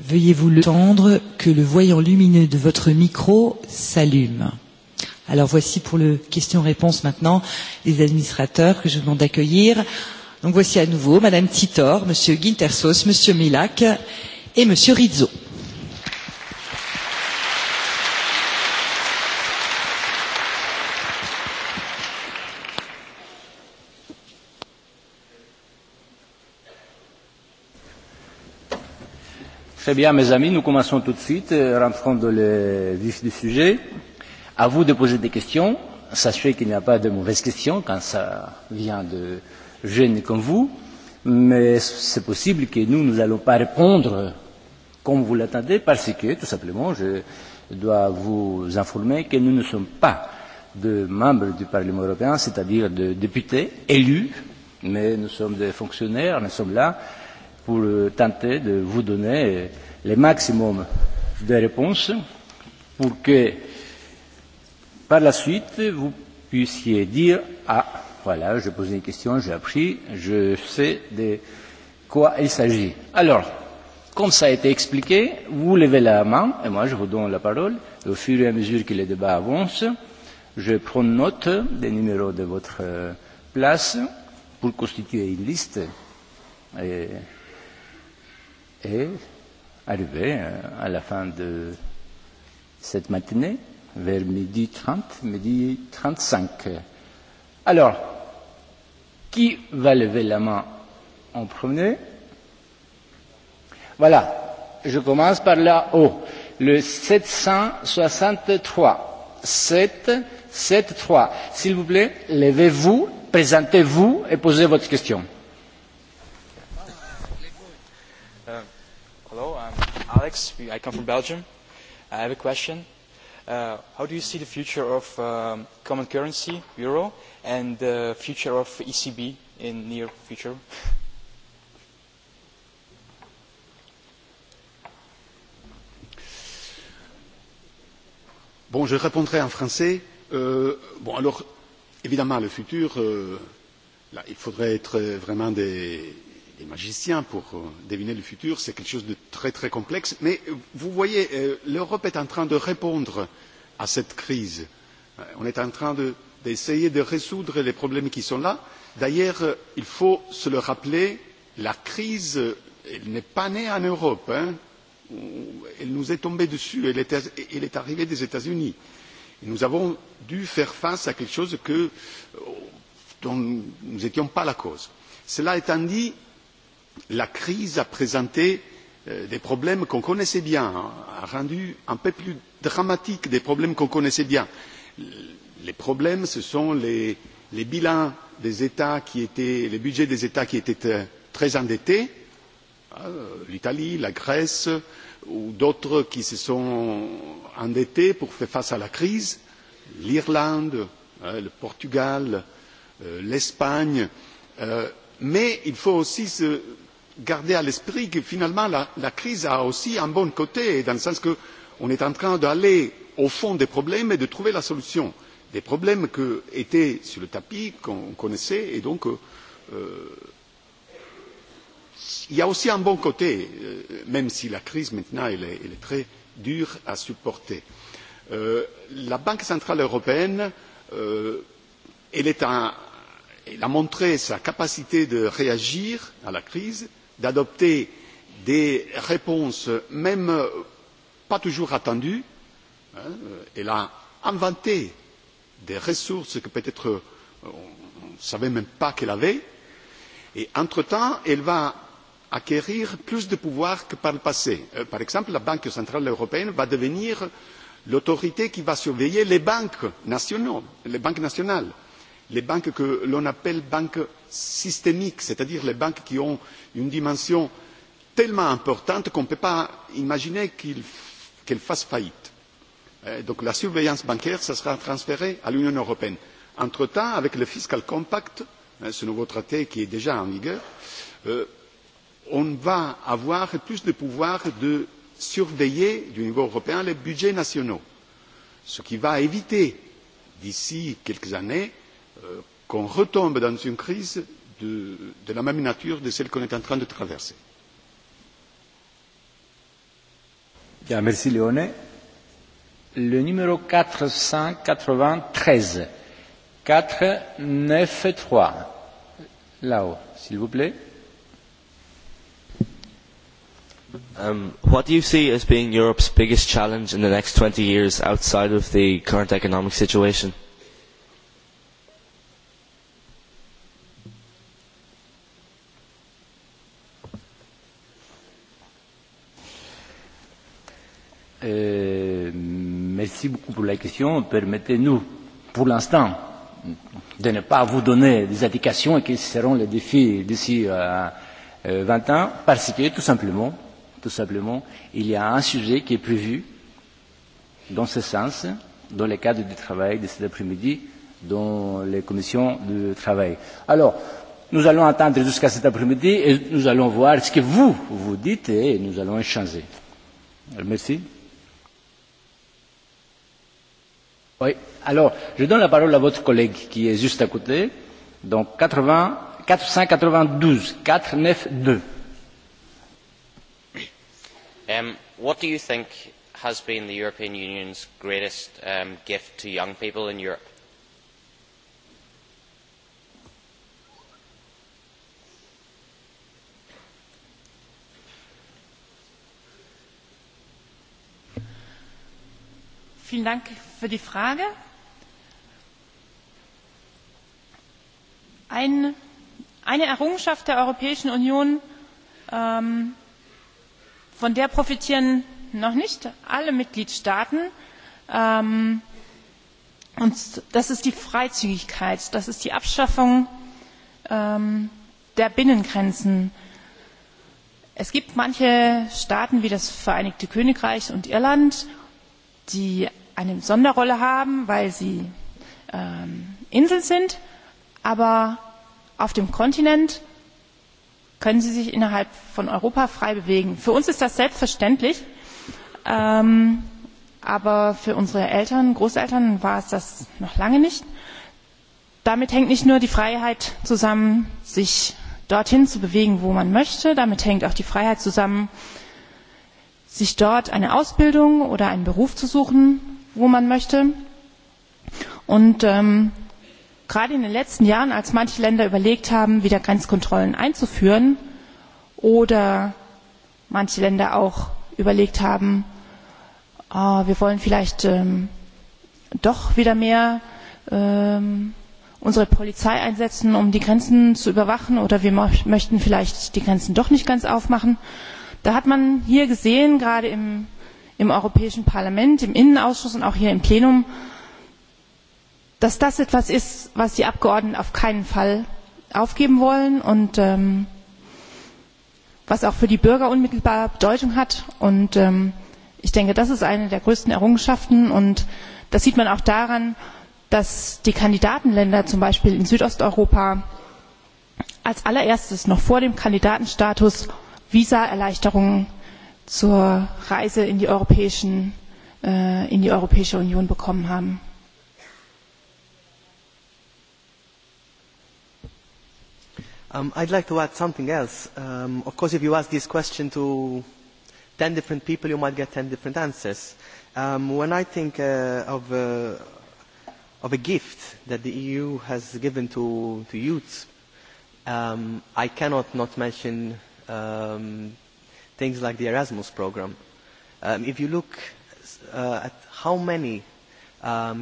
veuillez vous le tendre que le voyant lumineux de votre micro s'allume. Alors voici pour le question-réponse maintenant les administrateurs que je demande d'accueillir. Donc voici à nouveau Madame Titor, Monsieur Guintersos, Monsieur Milak et M. Rizzo. Très bien, mes amis, nous commençons tout de suite, rentrons dans le vif du sujet. À vous de poser des questions. Sachez qu'il n'y a pas de mauvaises questions quand ça vient de jeunes comme vous, mais c'est possible que nous, nous n'allons pas répondre comme vous l'attendez, parce que, tout simplement, je dois vous informer que nous ne sommes pas de membres du Parlement européen, c'est-à-dire de députés élus, mais nous sommes des fonctionnaires, nous sommes là pour tenter de vous donner le maximum de réponses pour que, par la suite, vous puissiez dire Ah, voilà, j'ai posé une question, j'ai appris, je sais de quoi il s'agit. Alors, Comme ça a été expliqué, vous levez la main et moi je vous donne la parole. Au fur et à mesure que les débats avancent, je prends note des numéros de votre place pour constituer une liste et, et arriver à la fin de cette matinée vers midi 30, midi 35. Alors, qui va lever la main en premier Voilà, je commence par là haut. Le 763. 7, 7, 3. S'il vous plaît, levez-vous, présentez-vous et posez votre question. Hello, I'm Alex. I come from Belgium. I have a question. Uh, how do you see the future of um, common currency, euro, and the future of ECB in near future? je répondrai en français. alors, évidemment, le futur, il faudrait être vraiment des magiciens pour deviner le futur. C'est quelque chose de très, très complexe. Mais vous voyez, l'Europe est en train de répondre à cette crise. On est en train d'essayer de résoudre les problèmes qui sont là. D'ailleurs, il faut se le rappeler, la crise, n'est pas née en Europe elle nous est tombée dessus, elle est arrivée des États-Unis. Nous avons dû faire face à quelque chose dont nous n'étions pas la cause. Cela étant dit, la crise a présenté des problèmes qu'on connaissait bien, a rendu un peu plus dramatique des problèmes qu'on connaissait bien. Les problèmes, ce sont les bilans des États qui étaient, les budgets des États qui étaient très endettés l'Italie, la Grèce ou d'autres qui se sont endettés pour faire face à la crise, l'Irlande, le Portugal, l'Espagne. Mais il faut aussi garder à l'esprit que finalement la crise a aussi un bon côté, dans le sens qu'on est en train d'aller au fond des problèmes et de trouver la solution. Des problèmes qui étaient sur le tapis, qu'on connaissait, et donc Il y a aussi un bon côté, même si la crise maintenant est très dure à supporter. La Banque centrale européenne elle a montré sa capacité de réagir à la crise, d'adopter des réponses même pas toujours attendues. Elle a inventé des ressources que peut être on ne savait même pas qu'elle avait et entre temps elle va acquérir plus de pouvoir que par le passé. Par exemple, la Banque centrale européenne va devenir l'autorité qui va surveiller les banques nationales, les banques nationales, les banques que l'on appelle banques systémiques, c'est-à-dire les banques qui ont une dimension tellement importante qu'on ne peut pas imaginer qu'elles fassent faillite. Donc la surveillance bancaire, ça sera transférée à l'Union européenne. Entre-temps, avec le Fiscal Compact, ce nouveau traité qui est déjà en vigueur, on va avoir plus de pouvoir de surveiller du niveau européen les budgets nationaux ce qui va éviter d'ici quelques années qu'on retombe dans une crise de la même nature que celle qu'on est en train de traverser. Merci Léoné. Le numéro 493, 493, là-haut, s'il vous plaît. What do you see as being Europe's biggest challenge in the next 20 years outside of the current economic situation? Merci beaucoup pour la question. Permettez-nous, pour l'instant, de ne pas vous donner des indications et quels seront les défis d'ici vingt 20 ans, parce que, tout simplement, tout simplement, il y a un sujet qui est prévu dans ce sens, dans le cadre du travail de cet après-midi, dans les commissions de travail. Alors, nous allons attendre jusqu'à cet après-midi et nous allons voir ce que vous, vous dites et nous allons échanger. Merci. Oui, alors, je donne la parole à votre collègue qui est juste à côté, donc 80, 492, 492 what do you think has been the european union's greatest gift to young people in europe? Vielen Dank für die Frage. Eine Errungenschaft der Europäischen Union ähm, Von der profitieren noch nicht alle Mitgliedstaaten. Und das ist die Freizügigkeit, das ist die Abschaffung der Binnengrenzen. Es gibt manche Staaten wie das Vereinigte Königreich und Irland, die eine Sonderrolle haben, weil sie Inseln sind, aber auf dem Kontinent können sie sich innerhalb von Europa frei bewegen. Für uns ist das selbstverständlich, aber für unsere Eltern, Großeltern war es das noch lange nicht. Damit hängt nicht nur die Freiheit zusammen, sich dorthin zu bewegen, wo man möchte, damit hängt auch die Freiheit zusammen, sich dort eine Ausbildung oder einen Beruf zu suchen, wo man möchte. Und gerade in den letzten Jahren, als manche Länder überlegt haben, wieder Grenzkontrollen einzuführen oder manche Länder auch überlegt haben, wir wollen vielleicht doch wieder mehr unsere Polizei einsetzen, um die Grenzen zu überwachen oder wir möchten vielleicht die Grenzen doch nicht ganz aufmachen. Da hat man hier gesehen, gerade im Europäischen Parlament, im Innenausschuss und auch hier im Plenum, dass das etwas ist, was die Abgeordneten auf keinen Fall aufgeben wollen und was auch für die Bürger unmittelbar Bedeutung hat. Und ich denke, das ist eine der größten Errungenschaften. Und das sieht man auch daran, dass die Kandidatenländer zum Beispiel in Südosteuropa als allererstes noch vor dem Kandidatenstatus Visaerleichterungen zur Reise in die Europäische Union bekommen haben. I'd like to add something else. Of course, if you ask this question to 10 different people, you might get 10 different answers. When I think of a gift that the EU has given to youth, I cannot not mention things like the Erasmus programme. If you look at how many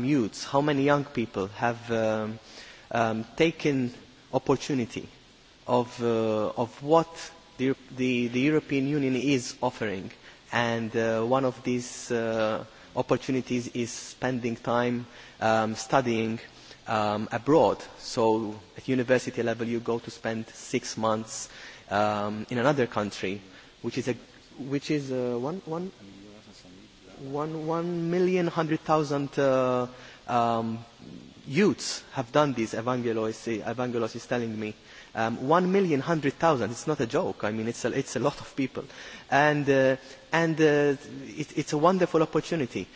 youths, how many young people have taken opportunity of what the European Union is offering and one of these opportunities is spending time studying abroad so at university level you go to spend six months in another country which is a which is one one million hundred thousand youths have done this evangelos evangelos is telling me one million hundred thousand it's not a joke i mean it's a, it's a lot of people and it, it's a wonderful opportunity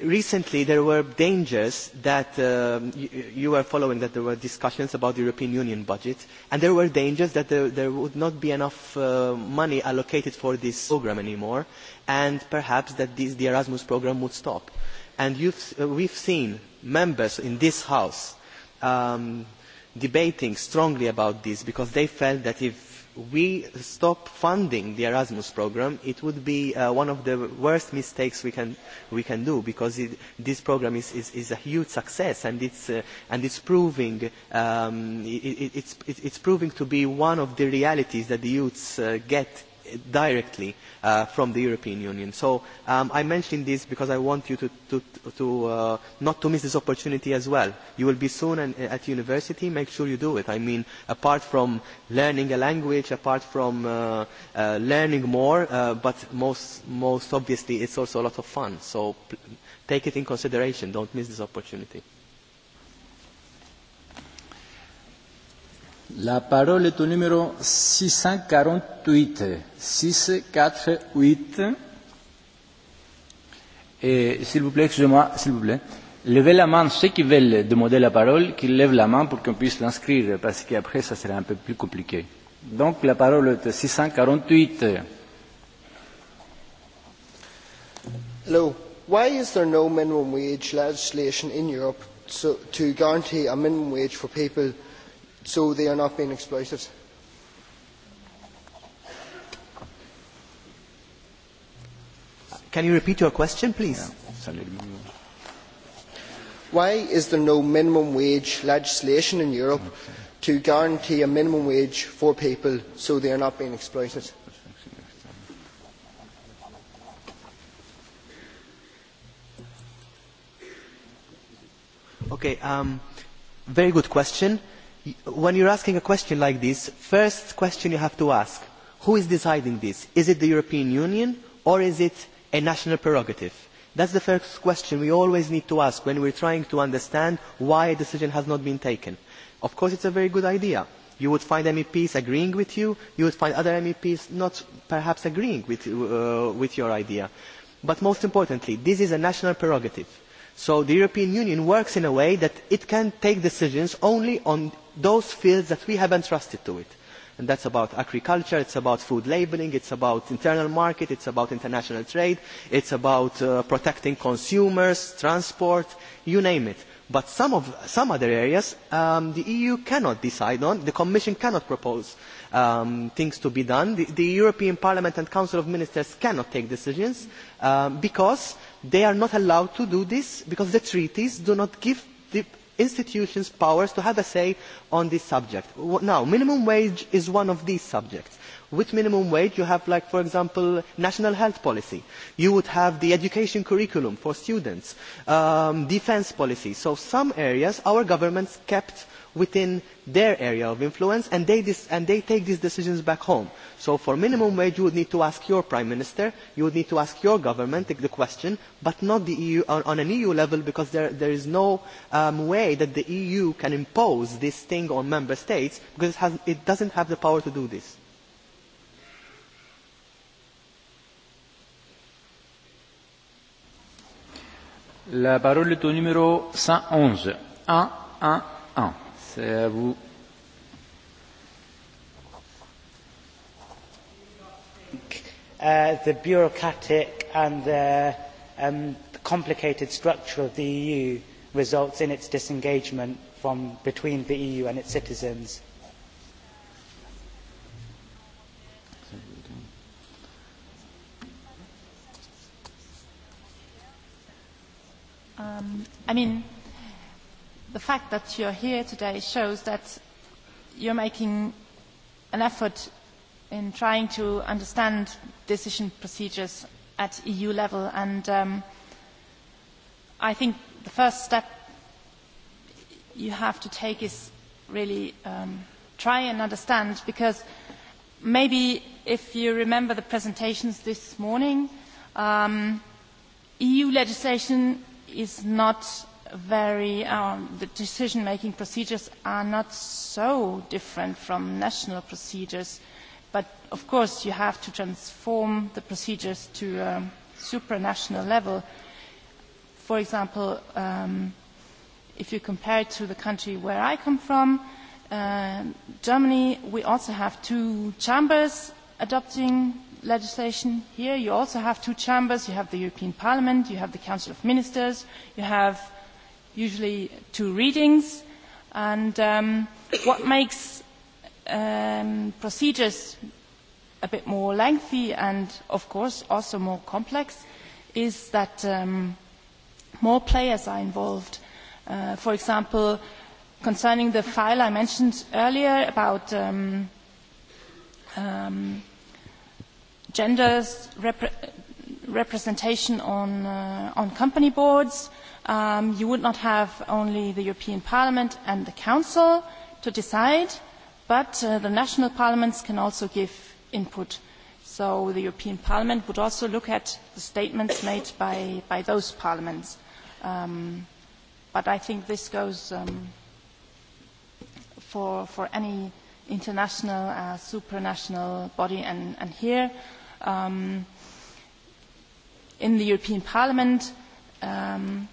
recently there were dangers that you were following that there were discussions about the european union budget and there were dangers that there would not be enough money allocated for this programme anymore and perhaps that the erasmus programme would stop and we've seen members in this house debating strongly about this because they felt that if we stop funding the Erasmus programme, it would be one of the worst mistakes we can do because this programme is a huge success and it's proving to be one of the realities that the youths get directly from the European Union. So I mentioned this because I want you to not to miss this opportunity as well. You will be soon at university. Make sure you do it. I mean, apart from learning a language, apart from learning more, but most most obviously it's also a lot of fun. So take it in consideration. Don't miss this opportunity. La parole est au numéro 648. 648. Et s'il vous plaît, excusez-moi, s'il vous plaît. Levez la main ceux qui veulent demander la parole, qu'ils lèvent la main pour qu'on puisse l'inscrire, parce qu'après, ça sera un peu plus compliqué. Donc, la parole est 648. Hello. Why is there no minimum wage legislation in Europe to guarantee a minimum wage for people so they are not being exploited. Can you repeat your question, please? Why is there no minimum wage legislation in Europe to guarantee a minimum wage for people so they are not being exploited? Okay, um, very good question when you are asking a question like this, first question you have to ask, who is deciding this? Is it the European Union or is it a national prerogative? That's the first question we always need to ask when we are trying to understand why a decision has not been taken. Of course, it's a very good idea. You would find MEPs agreeing with you. You would find other MEPs not perhaps agreeing with your idea. But most importantly, this is a national prerogative So the European Union works in a way that it can take decisions only on those fields that we have entrusted to it. And is about agriculture, it's about food labelling, it's about internal market, it's about international trade, it's about protecting consumers, transport, you name it. But some other areas the EU cannot decide on, the Commission cannot propose things to be done, the European Parliament and Council of Ministers cannot take decisions because they are not allowed to do this because the treaties do not give the institutions powers to have a say on this subject. now minimum wage is one of these subjects. With minimum wage you have like for example national health policy. You would have the education curriculum for students, defence policy. So some areas our governments kept within their area of influence and they take these decisions back home. So for minimum wage you would need to ask your Prime Minister, you would need to ask your government the question, but not the EU on an EU level because there is no way that the EU can impose this thing on Member States because it doesn't have the power to do this. La parole est au numéro 111. 1, 1, C'est à vous. The bureaucratic and the complicated structure of the EU results in its disengagement from between the EU and its citizens I mean, the fact that you're here today shows that you're making an effort in trying to understand decision procedures at EU level, and I think the first step you have to take is really try and understand, because maybe if you remember the presentations this morning, EU legislation is not very the decision making procedures are not so different from national procedures but of course you have to transform the procedures to a supranational level for example if you compare it to the country where i come from germany we also have two chambers adopting legislation here you also have two chambers you have the european parliament you have the council of ministers you have usually two readings and what makes procedures a bit more lengthy and of course also more complex is that more players are involved for example concerning the file i mentioned earlier about gender representation on company boards. You would not have only the European Parliament and the Council to decide, but the national parliaments can also give input. So the European Parliament would also look at the statements made by those parliaments. But I think this goes for any international, supranational body and here. In the European Parliament, the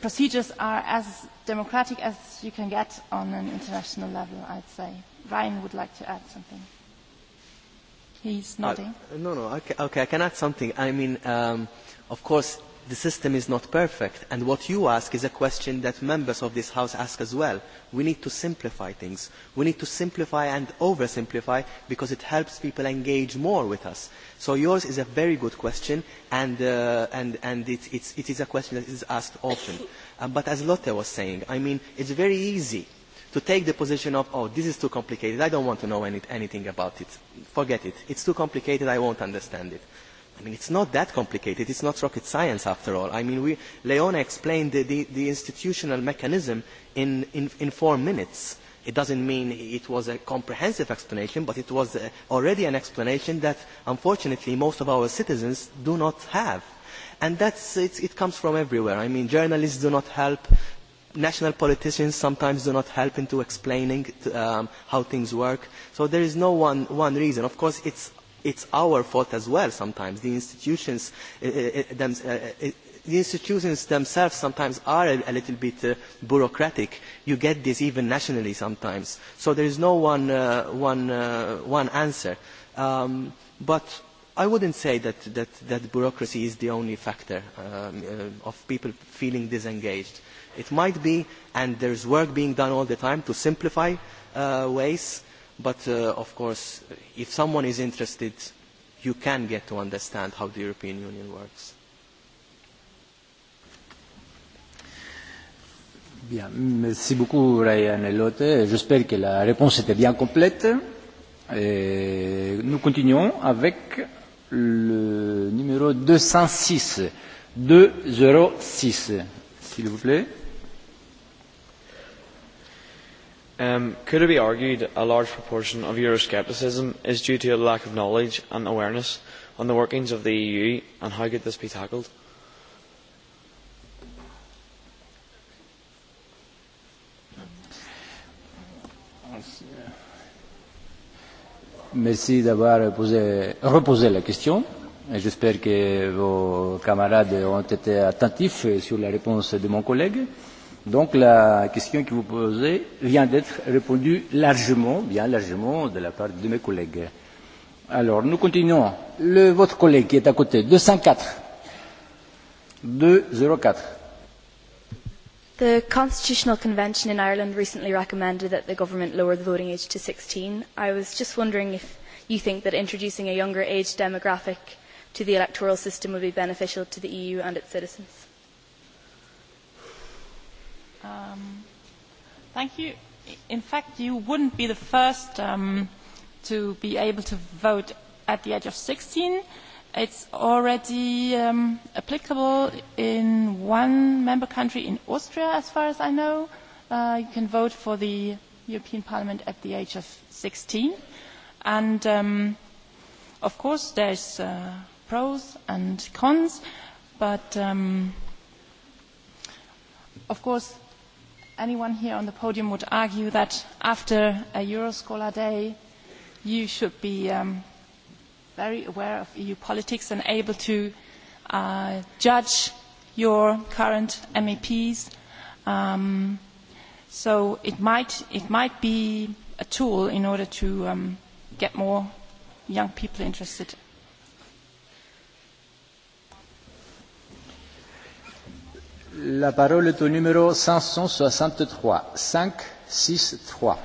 procedures are as democratic as you can get on an international level, I'd say. Ryan would like to add something. He's nodding. No, no, okay, I can add something. I mean, of course the system is not perfect and what you ask is a question that members of this house ask as well. we need to simplify things. we need to simplify and oversimplify because it helps people engage more with us. so yours is a very good question and it is a question that is asked often. but as lotte was saying i mean it is very easy to take the position of oh this is too complicated i don't want to know anything about it forget it It is too complicated i not understand it. I mean, it's not that complicated. it is not rocket science, after all. I mean, we, explained the, institutional mechanism in, four minutes. It doesn't mean it was a comprehensive explanation, but it was already an explanation that, unfortunately, most of our citizens do not have. And that's, it, comes from everywhere. I mean, journalists do not help. National politicians sometimes do not help into explaining how things work. So there is no one, one reason. Of course, it's it's our fault as well sometimes. The institutions the institutions themselves sometimes are a little bit bureaucratic. You get this even nationally sometimes. So there is no one answer. But I wouldn't say that bureaucracy is the only factor of people feeling disengaged. It might be, and there is work being done all the time to simplify ways but of course if someone is interested you can get to understand how the European Union works. Bien, merci beaucoup Ryan Lotte. J'espère que la réponse était bien complète. Et nous continuons avec le numéro 206. 206, s'il vous plaît. Could it be argued a large proportion of Euroscepticism is due to a lack of knowledge and awareness on the workings of the EU, and how could this be tackled? Merci d'avoir reposé la question. et J'espère que vos camarades ont été attentifs sur la réponse de mon collègue. Donc la question que vous posez vient d'être répondue largement, bien largement, de la part de mes collègues. Alors, nous continuons. Le, votre collègue qui est à côté, 204. 204. The Constitutional Convention in Ireland recently recommended that the government lower the voting age to 16. I was just wondering if you think that introducing a younger age demographic to the electoral system would be beneficial to the EU and its citizens. Thank you. In fact, you wouldn't be the first to be able to vote at the age of 16. It's already applicable in one member country, in Austria, as far as I know. You can vote for the European Parliament at the age of 16. And, of course, there's pros and cons, but, of course, anyone here on the podium would argue that after a Euroscholar Day you should be very aware of EU politics and able to judge your current MEPs. So it might be a tool in order to get more young people interested La parole est au numéro 563. 5, 6, 3.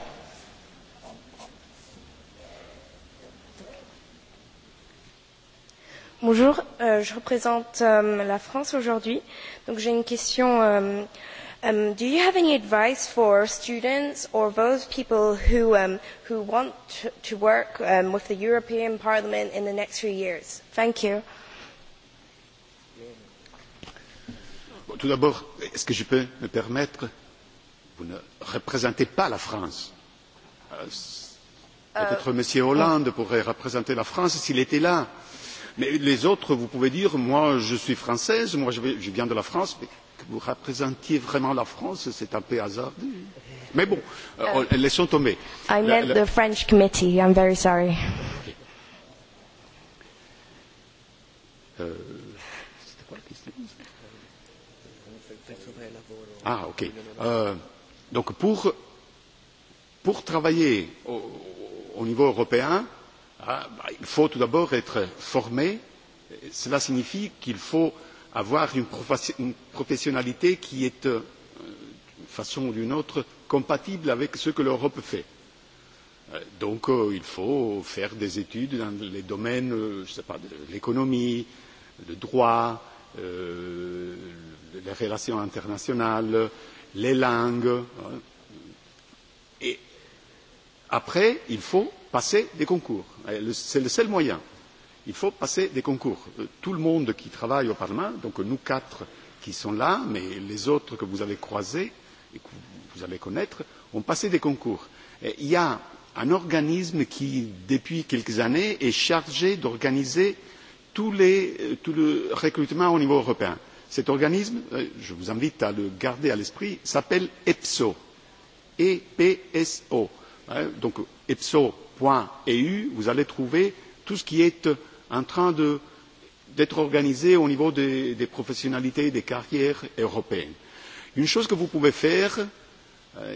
Bonjour, je représente la France aujourd'hui. Donc j'ai une question. Do you have any advice for students or those people who who want to work with the European Parliament in the next few years? Thank you. Tout d'abord, est-ce que je peux me permettre Vous ne représentez pas la France. Peut-être M. Hollande pourrait représenter la France s'il était là. Mais les autres, vous pouvez dire, moi je suis française, moi je viens de la France, mais que vous représentiez vraiment la France, c'est un peu hasardeux. Mais bon, laissons tomber. I Ah, ok. Donc, pour travailler au niveau européen, il faut tout d'abord être formé. Cela signifie qu'il faut avoir une professionnalité qui est, d'une façon ou d'une autre, compatible avec ce que l'Europe fait. Donc, il faut faire des études dans les domaines, je sais pas, de l'économie, le droit les relations internationales, les langues. Et après, il faut passer des concours. C'est le seul moyen. Il faut passer des concours. Tout le monde qui travaille au Parlement, donc nous quatre qui sont là, mais les autres que vous avez croisés et que vous allez connaître, ont passé des concours. Il y a un organisme qui, depuis quelques années, est chargé d'organiser tout le recrutement au niveau européen. Cet organisme, je vous invite à le garder à l'esprit, s'appelle EPSO. EPSO. Donc EPSO.eu, vous allez trouver tout ce qui est en train d'être organisé au niveau des professionnalités et des carrières européennes. Une chose que vous pouvez faire,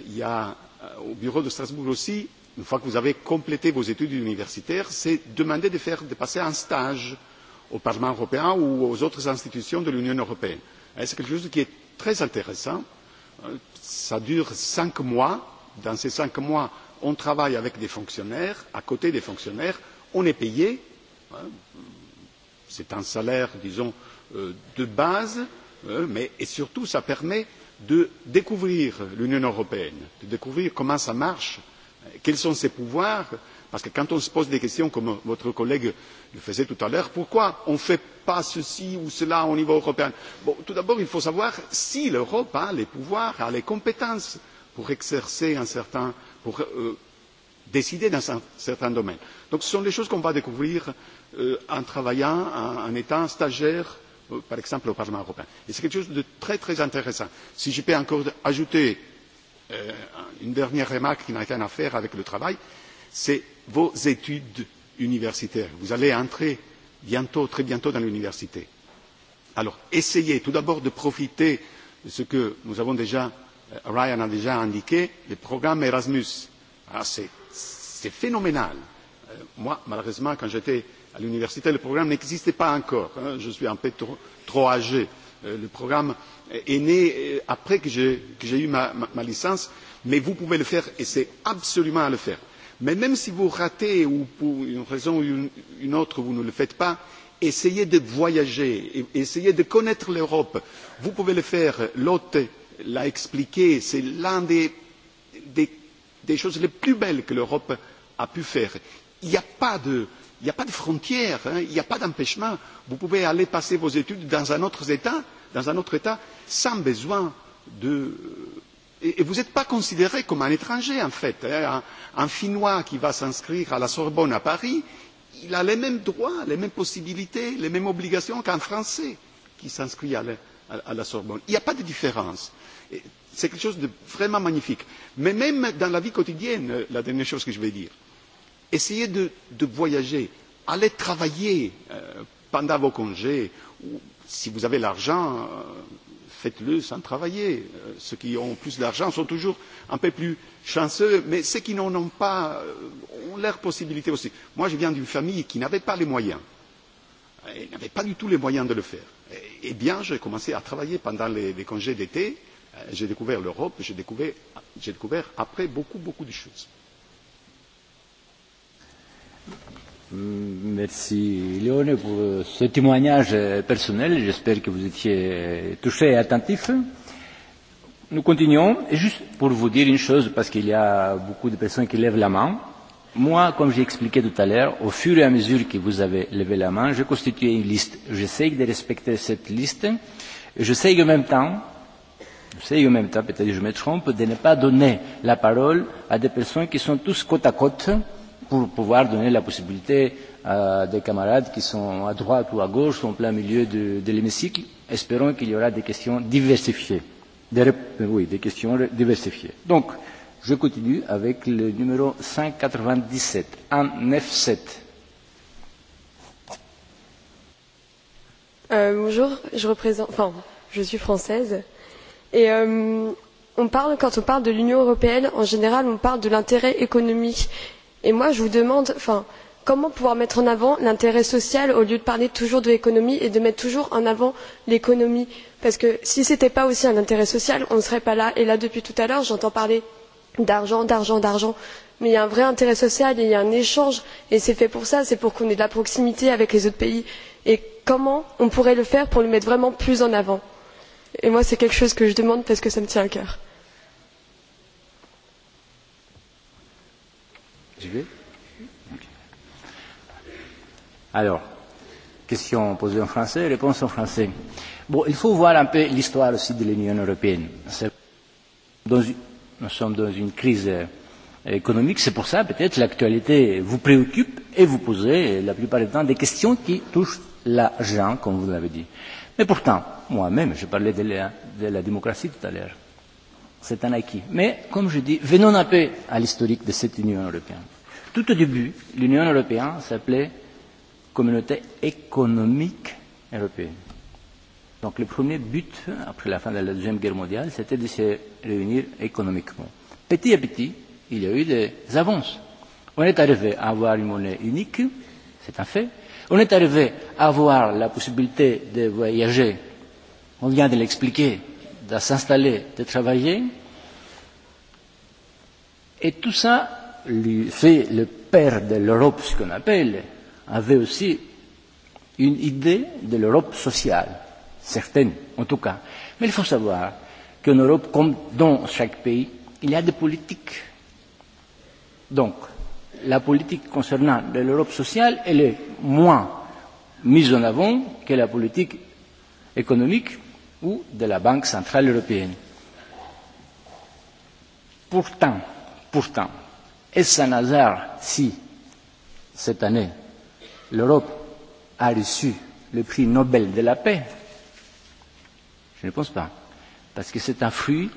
il y a au bureau de Strasbourg aussi, une fois que vous avez complété vos études universitaires, c'est demander de faire de passer un stage au Parlement européen ou aux autres institutions de l'Union européenne. C'est quelque chose qui est très intéressant. Ça dure cinq mois. Dans ces cinq mois, on travaille avec des fonctionnaires, à côté des fonctionnaires. On est payé. C'est un salaire, disons, de base. Mais surtout, ça permet de découvrir l'Union européenne, de découvrir comment ça marche, quels sont ses pouvoirs Parce que quand on se pose des questions, comme votre collègue le faisait tout à l'heure, pourquoi on ne fait pas ceci ou cela au niveau européen Tout d'abord, il faut savoir si l'Europe a les pouvoirs, a les compétences pour exercer un certain, pour décider dans un certain domaine. Donc ce sont des choses qu'on va découvrir en travaillant, en étant stagiaire, par exemple, au Parlement européen. Et c'est quelque chose de très, très intéressant. Si je peux encore ajouter une dernière remarque qui n'a rien à faire avec le travail, c'est vos études universitaires. Vous allez entrer bientôt, très bientôt dans l'université. Alors, essayez tout d'abord de profiter de ce que nous avons déjà, Ryan a déjà indiqué, le programme Erasmus. C'est phénoménal. Moi, malheureusement, quand j'étais à l'université, le programme n'existait pas encore. Je suis un peu trop âgé. Le programme est né après que j'ai eu ma licence, mais vous pouvez le faire et c'est absolument à le faire mais même si vous ratez ou pour une raison ou une autre vous ne le faites pas essayez de voyager essayez de connaître l'europe vous pouvez le faire l'hôte l'a expliqué c'est l'une des choses les plus belles que l'europe a pu faire. il n'y a pas de frontières il n'y a pas d'empêchement vous pouvez aller passer vos études dans un autre État, dans un autre état sans besoin de et vous n'êtes pas considéré comme un étranger en fait un finnois qui va s'inscrire à la sorbonne à paris il a les mêmes droits les mêmes possibilités les mêmes obligations qu'un français qui s'inscrit à la sorbonne. il n'y a pas de différence. c'est quelque chose de vraiment magnifique. mais même dans la vie quotidienne la dernière chose que je vais dire essayez de voyager allez travailler pendant vos congés ou si vous avez l'argent faites-le sans travailler. Ceux qui ont plus d'argent sont toujours un peu plus chanceux, mais ceux qui n'en ont pas ont leurs possibilités aussi. Moi, je viens d'une famille qui n'avait pas les moyens. Elle n'avait pas du tout les moyens de le faire. Eh bien, j'ai commencé à travailler pendant les congés d'été. J'ai découvert l'Europe, j'ai découvert après beaucoup, beaucoup de choses. Merci Léone pour ce témoignage personnel. J'espère que vous étiez touché et attentif. Nous continuons. Et juste pour vous dire une chose, parce qu'il y a beaucoup de personnes qui lèvent la main. Moi, comme j'ai expliqué tout à l'heure, au fur et à mesure que vous avez levé la main, j'ai constitué une liste. J'essaye de respecter cette liste. Et j'essaye en même temps, j'essaye en même temps, peut-être je me trompe, de ne pas donner la parole à des personnes qui sont tous côte à côte pour pouvoir donner la possibilité à des camarades qui sont à droite ou à gauche, en plein milieu de, de l'hémicycle. Espérons qu'il y aura des questions diversifiées. Des, oui, des questions diversifiées. Donc, je continue avec le numéro 597, 197, 7 Euh, bonjour, je représente, enfin, je suis française. Et euh, on parle, quand on parle de l'Union européenne, en général, on parle de l'intérêt économique et moi je vous demande comment pouvoir mettre en avant l'intérêt social au lieu de parler toujours de l'économie et de mettre toujours en avant l'économie parce que si ce n'était pas aussi un intérêt social on ne serait pas là et là depuis tout à l'heure j'entends parler d'argent d'argent d'argent mais il y a un vrai intérêt social il y a un échange et c'est fait pour ça c'est pour qu'on ait de la proximité avec les autres pays et comment on pourrait le faire pour le mettre vraiment plus en avant et moi c'est quelque chose que je demande parce que ça me tient à cœur. Alors, question posée en français, réponse en français. Bon, il faut voir un peu l'histoire aussi de l'Union européenne. Nous sommes dans une crise économique, c'est pour ça peut-être l'actualité vous préoccupe et vous posez la plupart du temps des questions qui touchent l'argent, comme vous l'avez dit. Mais pourtant, moi-même, je parlais de la démocratie tout à l'heure. C'est un acquis. Mais, comme je dis, venons un peu à l'historique de cette Union européenne. Tout au début, l'Union européenne s'appelait Communauté économique européenne. Donc le premier but, après la fin de la Deuxième Guerre mondiale, c'était de se réunir économiquement. Petit à petit, il y a eu des avances. On est arrivé à avoir une monnaie unique, c'est un fait. On est arrivé à avoir la possibilité de voyager, on vient de l'expliquer, de s'installer, de travailler. Et tout ça fait le père de l'Europe, ce qu'on appelle, avait aussi une idée de l'Europe sociale, certaine en tout cas. Mais il faut savoir qu'en Europe, comme dans chaque pays, il y a des politiques. Donc, la politique concernant l'Europe sociale, elle est moins mise en avant que la politique économique ou de la Banque centrale européenne. Pourtant, pourtant, Est-ce un hasard si, cette année, l'Europe a reçu le prix Nobel de la paix Je ne pense pas. Parce que c'est un fruit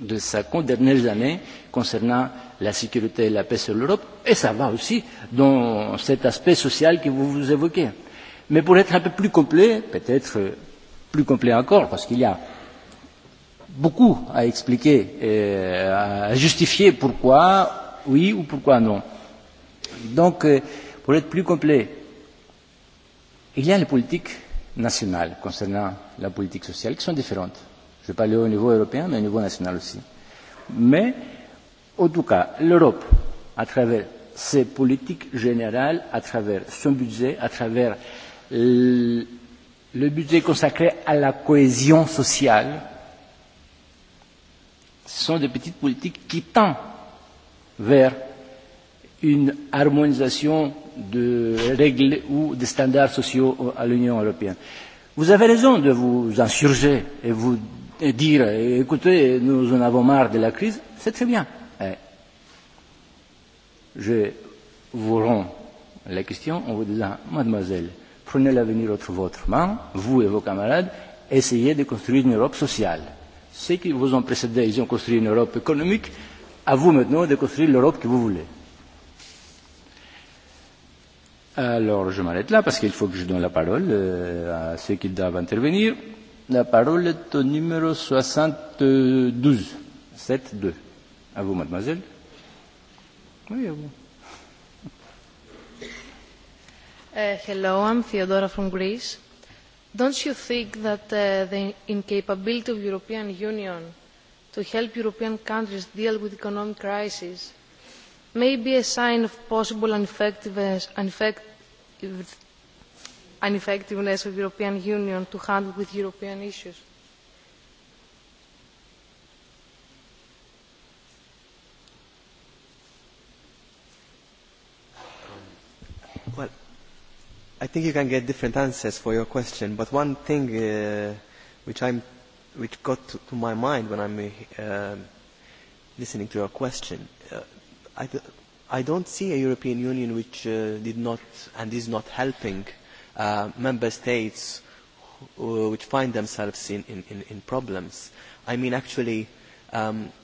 de sa dernières années concernant la sécurité et la paix sur l'Europe, et ça va aussi dans cet aspect social que vous vous évoquez. Mais pour être un peu plus complet, peut-être plus complet encore, parce qu'il y a beaucoup à expliquer, et à justifier pourquoi oui ou pourquoi non. Donc, pour être plus complet, il y a les politiques nationales concernant la politique sociale qui sont différentes. Je vais pas aller au niveau européen, mais au niveau national aussi. Mais, en tout cas, l'Europe, à travers ses politiques générales, à travers son budget, à travers le budget consacré à la cohésion sociale, ce sont des petites politiques qui tendent vers une harmonisation de règles ou de standards sociaux à l'Union européenne. Vous avez raison de vous insurger et vous dire écoutez, nous en avons marre de la crise, c'est très bien. Je vous rends la question en vous disant mademoiselle, prenez l'avenir entre votre main, vous et vos camarades, essayez de construire une Europe sociale. Ceux qui vous ont précédé, ils ont construit une Europe économique À vous maintenant de construire l'Europe que vous voulez. Alors, je m'arrête là parce qu'il faut que je donne la parole à ceux qui doivent intervenir. La parole est au numéro 72. 7-2. À vous, mademoiselle. Oui, à vous. Hello, I'm Theodora from Greece. Don't you think that the incapability of European Union to help European countries deal with economic crisis may be a sign of possible ineffectiveness of the European Union to handle with European issues. Well, I think you can get different answers for your question, but one thing which I'm which got to my mind when I'm listening to your question. I don't see a European Union which did not and is not helping member states which find themselves in problems. I mean, actually,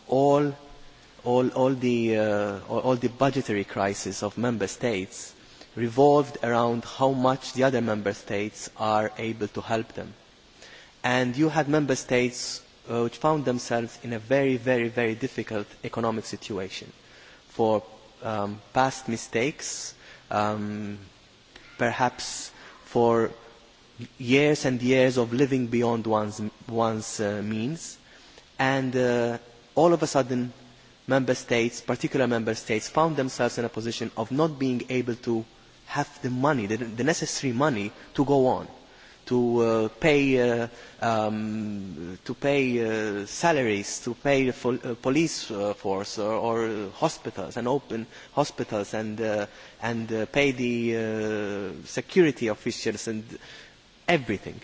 all the budgetary crisis of member states revolved around how much the other member states are able to help them and you had member states which found themselves in a very, very, very difficult economic situation for past mistakes, perhaps for years and years of living beyond one's means, and all of a sudden member states, particular member states, found themselves in a position of not being able to have the money, the necessary money, to go on to pay to pay salaries, to pay the police force or hospitals and open hospitals and and pay the security officials and everything.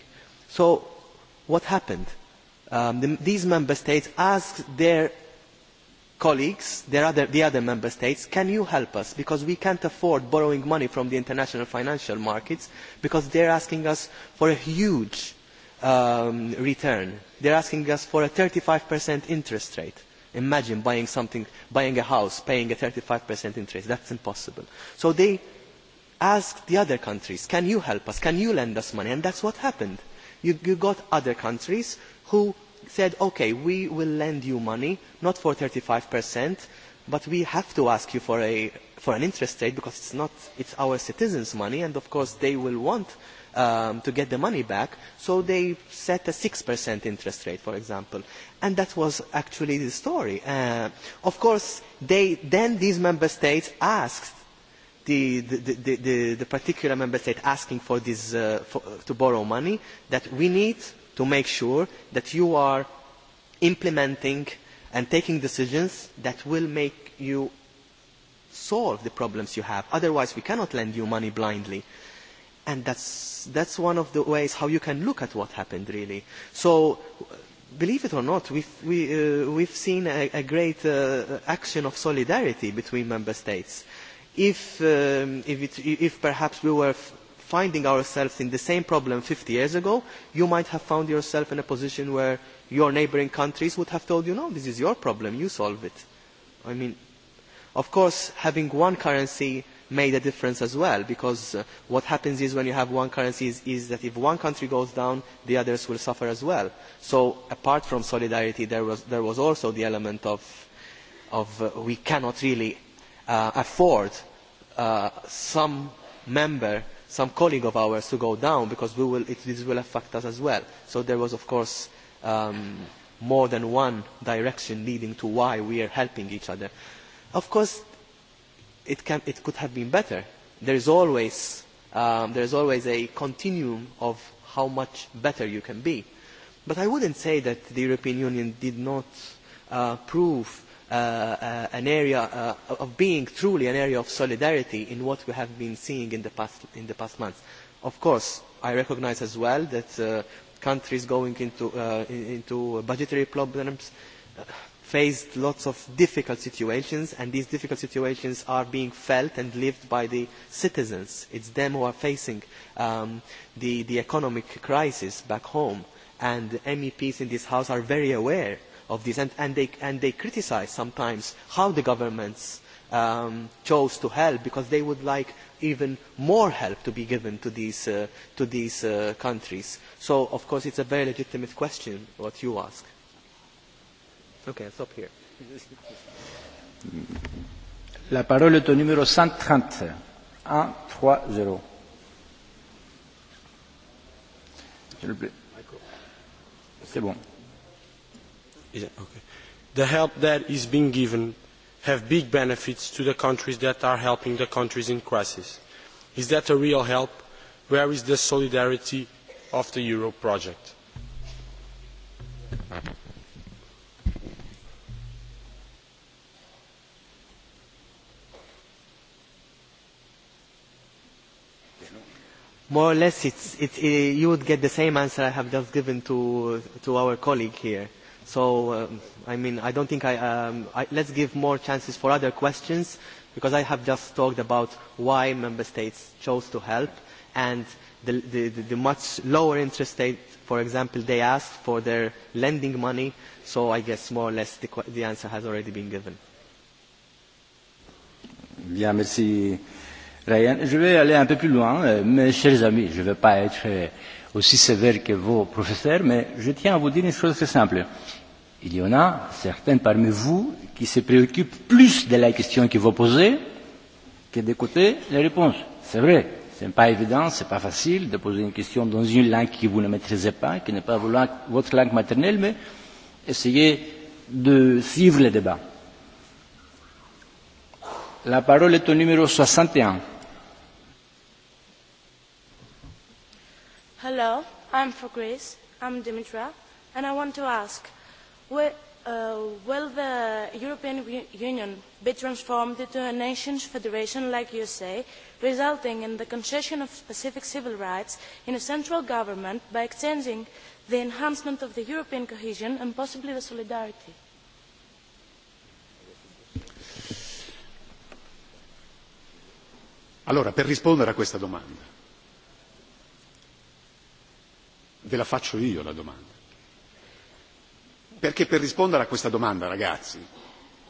So what happened? These member states asked their colleagues the other member states can you help us because we cannot afford borrowing money from the international financial markets because they are asking us for a huge return they are asking us for a thirty five interest rate. imagine buying something buying a house paying a thirty five interest that is impossible. so they asked the other countries can you help us can you lend us money and that is what happened. you got other countries who said, okay, we will lend you money, not for 35%, but we have to ask you for an interest rate because it's not it's our citizens' money, and of course they will want to get the money back, so they set a 6% interest rate, for example. And that was actually the story. Of course, then these member states asked the particular member state asking for this to borrow money that we need to make sure that you are implementing and taking decisions that will make you solve the problems you have. Otherwise, we cannot lend you money blindly. And that's, that's one of the ways how you can look at what happened, really. So, believe it or not, we've, we, uh, we've seen a, great action of solidarity between member states. If, if, if perhaps we were finding ourselves in the same problem 50 years ago, you might have found yourself in a position where your neighbouring countries would have told you, no, this is your problem, you solve it. I mean, of course, having one currency made a difference as well, because what happens is when you have one currency is that if one country goes down, the others will suffer as well. So apart from solidarity, there was also the element of we cannot really afford some member some colleague of ours to go down because we will, it, this will affect us as well. So there was, of course, more than one direction leading to why we are helping each other. Of course, it, can, it could have been better. There is always, there is always a continuum of how much better you can be. But I wouldn't say that the European Union did not prove an area of being truly an area of solidarity in what we have been seeing in the past months. Of course, I recognise as well that countries going into budgetary problems faced lots of difficult situations and these difficult situations are being felt and lived by the citizens. It's them who are facing the economic crisis back home and MEPs in this House are very aware of these and and, they criticize sometimes how the governments chose to help because they would like even more help to be given to these to these countries. So, of course, it's a very legitimate question what you ask. Okay, I'll stop here. La parole est au numéro 130. 1, 3, 0. C'est bon. The help that is being given have big benefits to the countries that are helping the countries in crisis. Is that a real help? Where is the solidarity of the Euro project? More or less, you would get the same answer I have just given to our colleague here So, I mean, I don't think I. Let's give more chances for other questions, because I have just talked about why member states chose to help and the the the much lower interest rate, for example, they asked for their lending money. So, I guess more or less the answer has already been given. Bien, merci. Ryan, je vais aller un peu plus loin, mes chers amis. Je ne vais pas être aussi sévère que vos professeurs, mais je tiens à vous dire une chose très simple Il y en a certains parmi vous qui se préoccupent plus de la question que vous posez que d'écouter les réponses. C'est vrai, ce n'est pas évident, ce n'est pas facile de poser une question dans une langue que vous ne maîtrisez pas, qui n'est pas votre langue maternelle, mais essayez de suivre le débat. La parole est au numéro 61. Hello, I'm for Greece. I'm Dimitra, and I want to ask Will the European Union be transformed into a nations federation like you say, resulting in the concession of specific civil rights in a central government by exchanging the enhancement of the European cohesion and possibly the solidarity? Allora, per rispondere a questa domanda, ve la faccio io la domanda Perché per rispondere a questa domanda, ragazzi,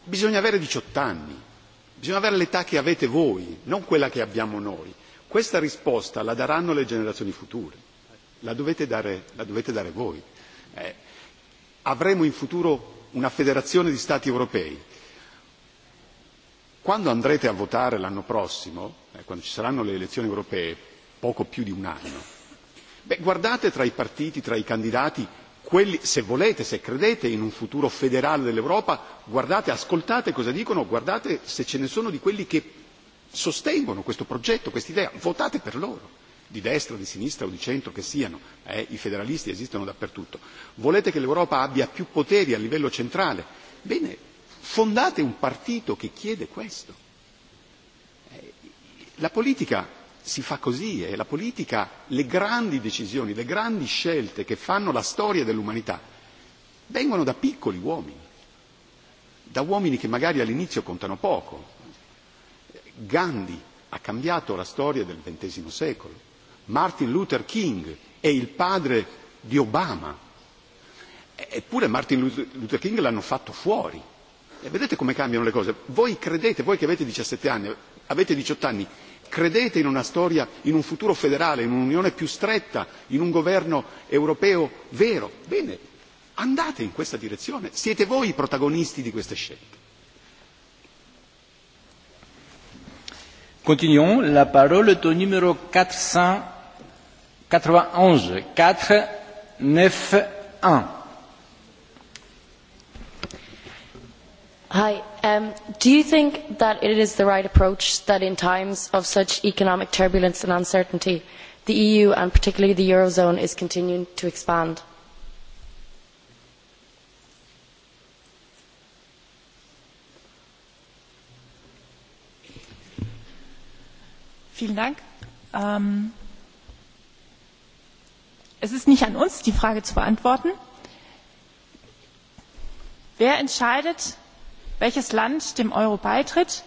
bisogna avere 18 anni, bisogna avere l'età che avete voi, non quella che abbiamo noi. Questa risposta la daranno le generazioni future, la dovete dare, la dovete dare voi. avremo in futuro una federazione di Stati europei. Quando andrete a votare l'anno prossimo, quando ci saranno le elezioni europee, poco più di un anno, beh, guardate tra i partiti, tra i candidati, se volete, se credete in un futuro federale dell'Europa, guardate, ascoltate cosa dicono, guardate se ce ne sono di quelli che sostengono questo progetto, quest'idea, votate per loro, di destra, di sinistra o di centro che siano, i federalisti esistono dappertutto. Volete che l'Europa abbia più poteri a livello centrale? Bene, fondate un partito che chiede questo. La politica si fa così e la politica, le grandi decisioni, le grandi scelte che fanno la storia dell'umanità vengono da piccoli uomini, da uomini che magari all'inizio contano poco. Gandhi ha cambiato la storia del XX secolo, Martin Luther King è il padre di Obama, eppure Martin Luther King l'hanno fatto fuori. E vedete come cambiano le cose. Voi credete, voi che avete 17 anni, avete 18 anni, credete in una storia in un futuro federale in un'unione più stretta in un governo europeo vero bene andate in questa direzione siete voi i protagonisti di queste scelte. Continuons. La parola numéro 491. Hi. Do you think that it is the right approach that in times of such economic turbulence and uncertainty, the EU and particularly the Eurozone is continuing to expand? Vielen Dank. Es ist nicht an uns, die Frage zu beantworten. Wer entscheidet, welches Land dem Euro beitritt.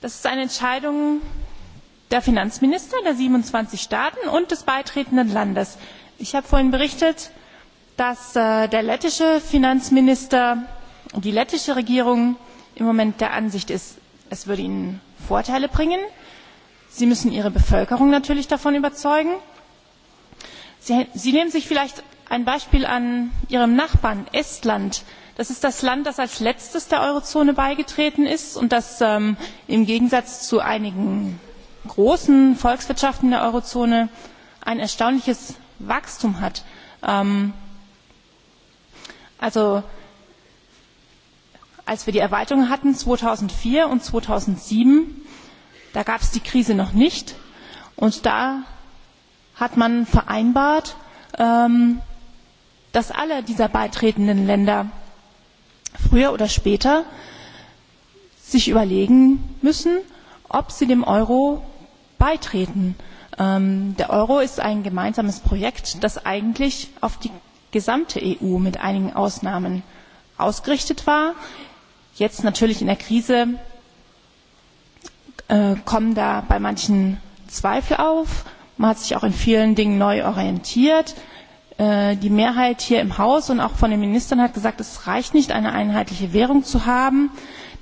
Das ist eine Entscheidung der Finanzminister der 27 Staaten und des beitretenden Landes. Ich habe vorhin berichtet, dass der lettische Finanzminister und die lettische Regierung im Moment der Ansicht ist, es würde ihnen Vorteile bringen. Sie müssen ihre Bevölkerung natürlich davon überzeugen. Sie nehmen sich vielleicht ein Beispiel an ihrem Nachbarn Estland Das ist das Land, das als letztes der Eurozone beigetreten ist und das im Gegensatz zu einigen großen Volkswirtschaften der Eurozone ein erstaunliches Wachstum hat. als wir die Erweiterung hatten 2004 und 2007, da gab es die Krise noch nicht und da hat man vereinbart, dass alle dieser beitretenden Länder früher oder später sich überlegen müssen, ob sie dem Euro beitreten. Der Euro ist ein gemeinsames Projekt, das eigentlich auf die gesamte EU mit einigen Ausnahmen ausgerichtet war. Jetzt natürlich in der Krise kommen da bei manchen Zweifel auf. Man hat sich auch in vielen Dingen neu orientiert die Mehrheit hier im Haus und auch von den Ministern hat gesagt, es reicht nicht, eine einheitliche Währung zu haben,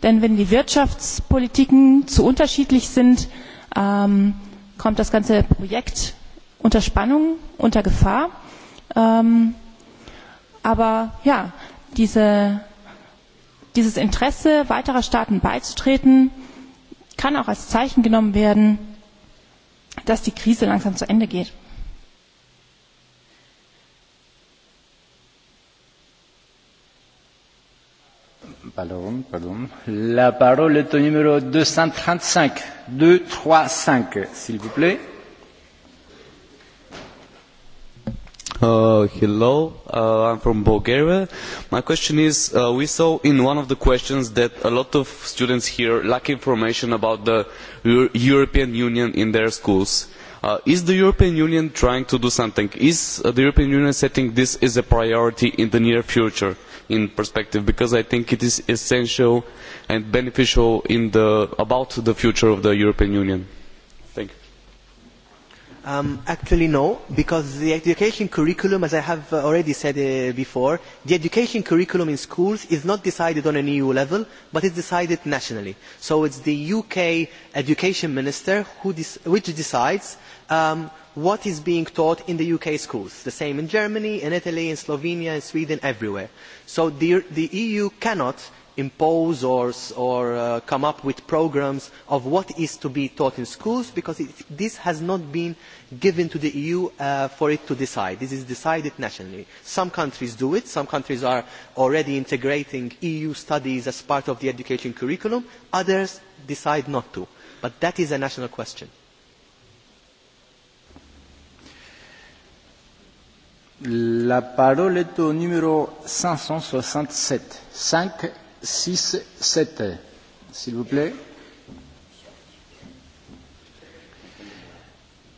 denn wenn die Wirtschaftspolitiken zu unterschiedlich sind, kommt das ganze Projekt unter Spannung, unter Gefahr. Aber ja, dieses Interesse weiterer Staaten beizutreten, kann auch als Zeichen genommen werden, dass die Krise langsam zu Ende geht. Pardon, pardon. La parole est au numéro 235. 235, s'il vous plaît. hello, I'm from Bulgaria. My question is, we saw in one of the questions that a lot of students here lack information about the European Union in their schools. is the European Union trying to do something? Is the European Union setting this as a priority in the near future? in perspective because I think it is essential and beneficial in the about the future of the European Union. Thank you. Actually no, because the education curriculum, as I have already said before, the education curriculum in schools is not decided on an EU level, but is decided nationally. So it's the UK education minister which decides what is being taught in the uk schools the same in germany in italy in slovenia in sweden everywhere. so the eu cannot impose or come up with programmes of what is to be taught in schools because this has not been given to the eu for it to decide. this is decided nationally. some countries do it some countries are already integrating eu studies as part of the education curriculum others decide not to but that is a national question. La parole est au numéro 567. 5, 6, 7. S'il vous plaît.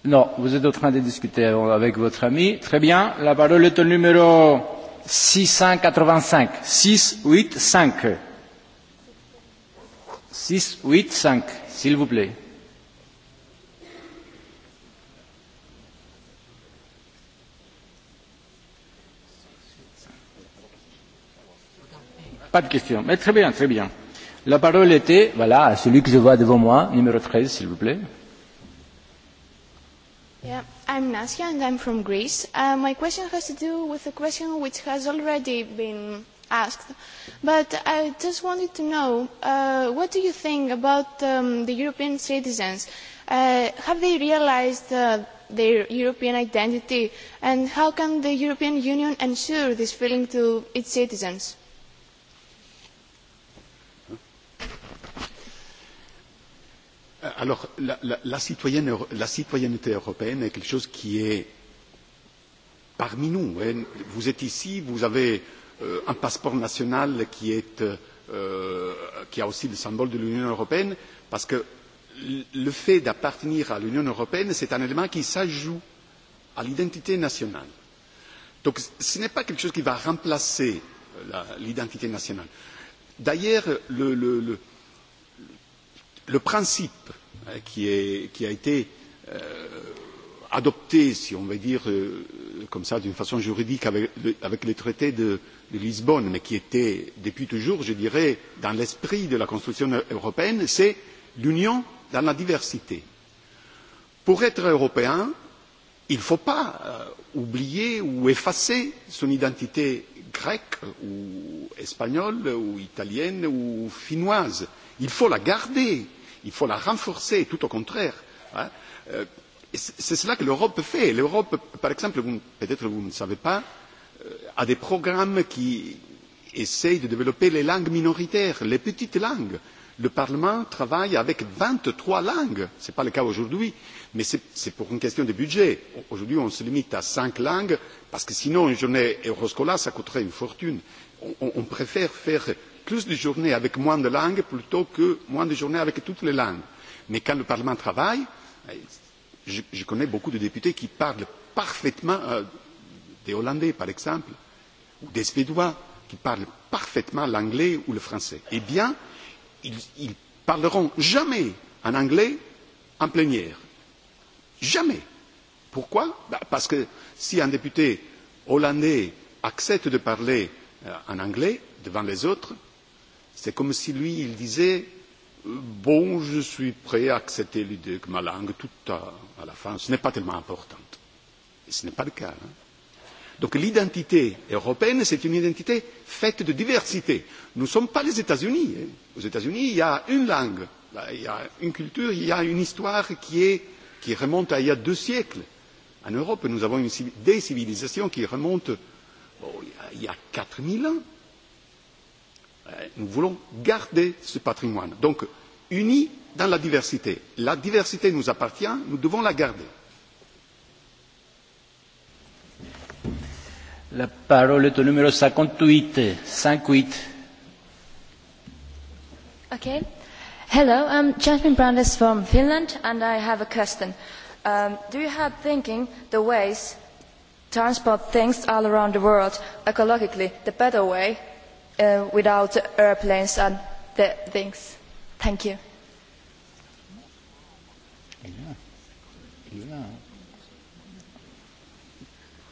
Non, vous êtes en train de discuter avec votre ami. Très bien. La parole est au numéro 685. 6, 8, 5. 6, 8, 5. S'il vous plaît. Pas de questions. Mais très bien, très bien. La parole était, voilà, à celui que je vois devant moi, numéro 13, s'il vous plaît. Yeah, I'm Nasia and I'm from Greece. Uh, my question has to do with a question which has already been asked, but I just wanted to know uh, what do you think about um, the European citizens? Uh, have they realized uh, their European identity, and how can the European Union ensure this feeling to its citizens? Alors, la citoyenneté européenne est quelque chose qui est parmi nous. Vous êtes ici, vous avez un passeport national qui a aussi le symbole de l'Union européenne, parce que le fait d'appartenir à l'Union européenne, c'est un élément qui s'ajoute à l'identité nationale. Donc, ce n'est pas quelque chose qui va remplacer l'identité nationale. D'ailleurs, le le principe qui a été adopté, si on veut dire comme ça, d'une façon juridique avec les traités de Lisbonne, mais qui était depuis toujours, je dirais, dans l'esprit de la construction européenne, c'est l'union dans la diversité. Pour être européen, il ne faut pas oublier ou effacer son identité grecque ou espagnole ou italienne ou finnoise. Il faut la garder il faut la renforcer tout au contraire c'est cela que l'europe fait l'europe par exemple vous, peut être vous ne savez pas a des programmes qui essayent de développer les langues minoritaires les petites langues le parlement travaille avec vingt trois langues ce n'est pas le cas aujourd'hui mais c'est pour une question de budget aujourd'hui on se limite à cinq langues parce que sinon une journée euroscola coûterait une fortune on préfère faire plus de journées avec moins de langues plutôt que moins de journées avec toutes les langues. Mais quand le Parlement travaille, je connais beaucoup de députés qui parlent parfaitement des Hollandais, par exemple, ou des Suédois, qui parlent parfaitement l'anglais ou le français. Eh bien, ils ne parleront jamais en anglais en plénière. Jamais. Pourquoi Parce que si un député hollandais accepte de parler en anglais devant les autres, C'est comme si lui, il disait Bon, je suis prêt à accepter l'idée que ma langue, tout à la fin, ce n'est pas tellement importante. Et ce n'est pas le cas. Donc l'identité européenne, c'est une identité faite de diversité. Nous ne sommes pas les États-Unis. Aux États-Unis, il y a une langue, il y a une culture, il y a une histoire qui remonte à il y a deux siècles. En Europe, nous avons des civilisations qui remontent il y a 4000 ans nous voulons garder ce patrimoine. donc unis dans la diversité la diversité nous appartient nous devons la garder. La parole est au numéro 58. 58. Okay. Hello, I'm Jasmine Brandes from Finland, and I have a question. Um, do you have thinking the ways transport things all around the world ecologically, the better way without airplanes and the things. Thank you.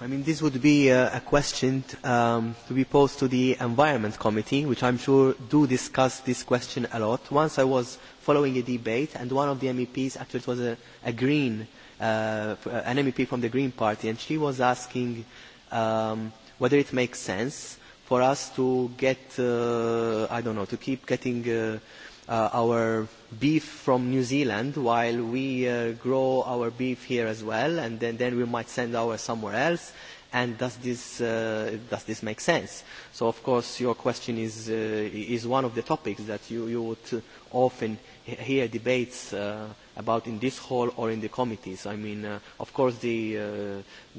I mean, this would be a question to be posed to the Environment Committee, which I'm sure do discuss this question a lot. Once I was following a debate, and one of the MEPs, actually it was a Green, an MEP from the Green Party, and she was asking whether it makes sense for us to get, I don't know, to keep getting our beef from New Zealand while we grow our beef here as well, and then then we might send ours somewhere else. And does this does this make sense? So, of course, your question is is one of the topics that you you would often hear debates about in this hall or in the committees. I mean, of course, the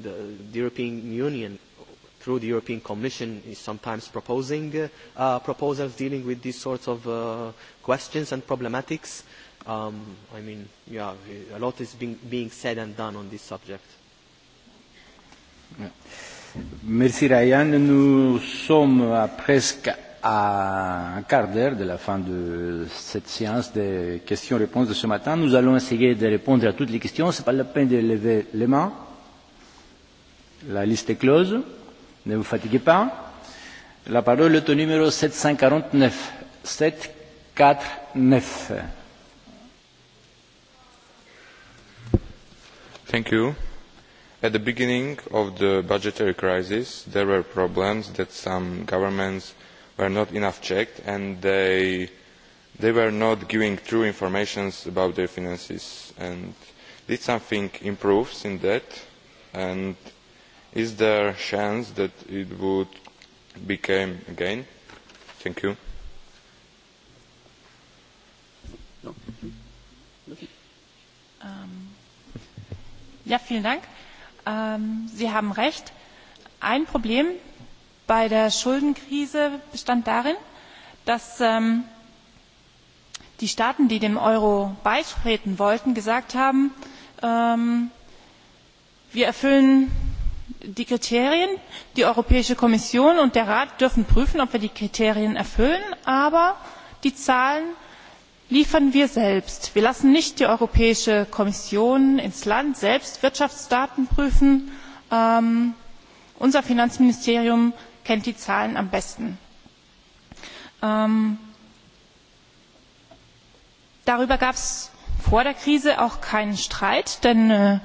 the European Union through the European Commission is sometimes proposing proposals dealing with these sorts of questions and problematics. I mean, yeah, a lot is being being said and done on this subject. Merci Ryan. Nous sommes à presque à un quart d'heure de la fin de cette séance de questions-réponses de ce matin. Nous allons essayer de répondre à toutes les questions. Ce n'est pas la peine de lever les mains. La liste est close. Ne vous fatiguez pas. La parole est numéro 749. 749. Thank you. At the beginning of the budgetary crisis, there were problems that some governments were not enough checked and they were not giving true information about their finances. And did something improve in that? And Is there a chance that it would become again? Thank you. Ja, vielen Dank. Sie haben recht. Ein Problem bei der Schuldenkrise bestand darin, dass die Staaten, die dem Euro beitreten wollten, gesagt haben, wir erfüllen die Kriterien, die Europäische Kommission und der Rat dürfen prüfen, ob wir die Kriterien erfüllen, aber die Zahlen liefern wir selbst. Wir lassen nicht die Europäische Kommission ins Land selbst Wirtschaftsdaten prüfen. Unser Finanzministerium kennt die Zahlen am besten. Darüber gab es vor der Krise auch keinen Streit, denn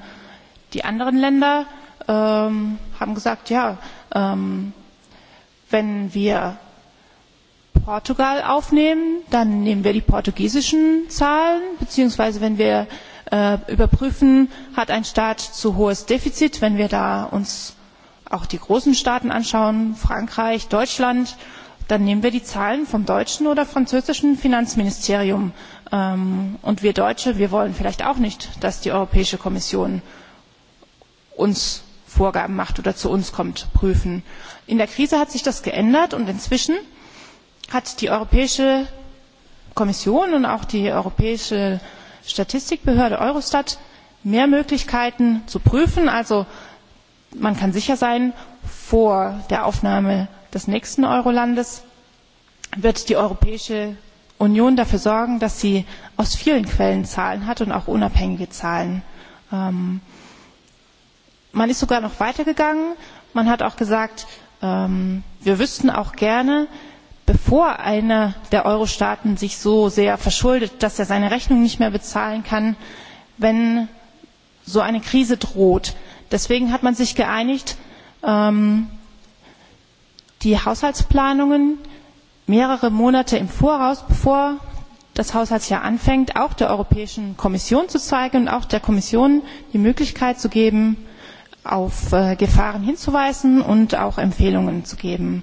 die anderen Länder haben gesagt, ja, wenn wir Portugal aufnehmen, dann nehmen wir die portugiesischen Zahlen, beziehungsweise wenn wir überprüfen, hat ein Staat zu hohes Defizit, wenn wir da uns auch die großen Staaten anschauen, Frankreich, Deutschland, dann nehmen wir die Zahlen vom deutschen oder französischen Finanzministerium. Und wir Deutsche, wir wollen vielleicht auch nicht, dass die Europäische Kommission uns Vorgaben macht oder zu uns kommt, prüfen. In der Krise hat sich das geändert und inzwischen hat die Europäische Kommission und auch die Europäische Statistikbehörde Eurostat mehr Möglichkeiten zu prüfen. Also man kann sicher sein, vor der Aufnahme des nächsten Eurolandes wird die Europäische Union dafür sorgen, dass sie aus vielen Quellen Zahlen hat und auch unabhängige Zahlen man ist sogar noch weitergegangen man hat auch gesagt wir wüssten auch gerne bevor einer der Eurostaaten sich so sehr verschuldet, dass er seine Rechnung nicht mehr bezahlen kann, wenn so eine Krise droht. Deswegen hat man sich geeinigt, die Haushaltsplanungen mehrere Monate im Voraus, bevor das Haushaltsjahr anfängt, auch der Europäischen Kommission zu zeigen und auch der Kommission die Möglichkeit zu geben, auf Gefahren hinzuweisen und auch Empfehlungen zu geben.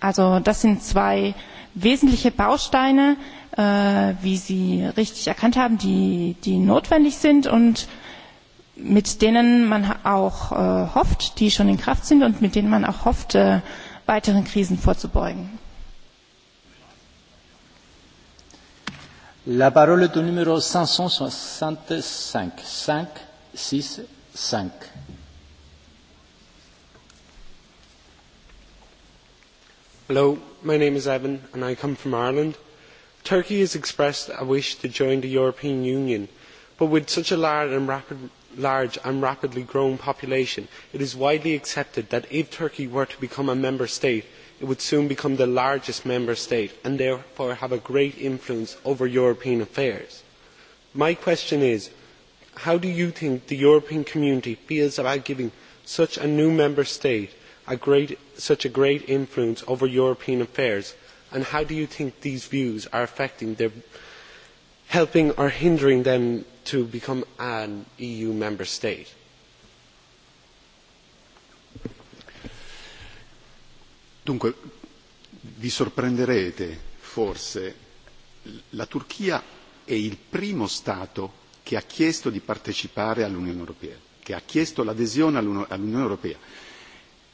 Also das sind zwei wesentliche Bausteine, wie Sie richtig erkannt haben, die, notwendig sind und mit denen man auch hofft, die schon in Kraft sind und mit denen man auch hofft, weiteren Krisen vorzubeugen. La parole est numéro 565. Hello, my name is Evan and I come from Ireland. Turkey has expressed a wish to join the European Union, but with such a large and rapidly growing population, it is widely accepted that if Turkey were to become a member state, it would soon become the largest member state and therefore have a great influence over European affairs. My question is, how do you think the European community feels about giving such a new member state such a great influence over European affairs, and how do you think these views are affecting their helping or hindering them to become an EU member state? Dunque, vi sorprenderete forse, la Turchia è il primo Stato che ha chiesto di partecipare all'Unione Europea, che ha chiesto l'adesione all'Unione Europea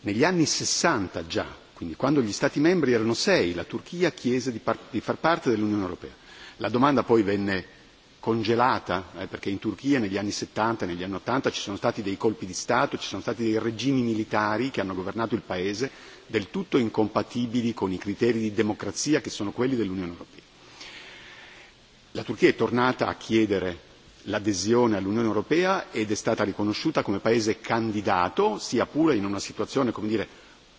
negli anni 60 già, quindi quando gli Stati membri erano sei, la Turchia chiese di far parte dell'Unione Europea. La domanda poi venne congelata, perché in Turchia negli anni 70 e negli anni 80 ci sono stati dei colpi di Stato, ci sono stati dei regimi militari che hanno governato il Paese del tutto incompatibili con i criteri di democrazia che sono quelli dell'Unione Europea. La Turchia è tornata a chiedere l'adesione all'Unione Europea ed è stata riconosciuta come paese candidato, sia pure in una situazione, come dire,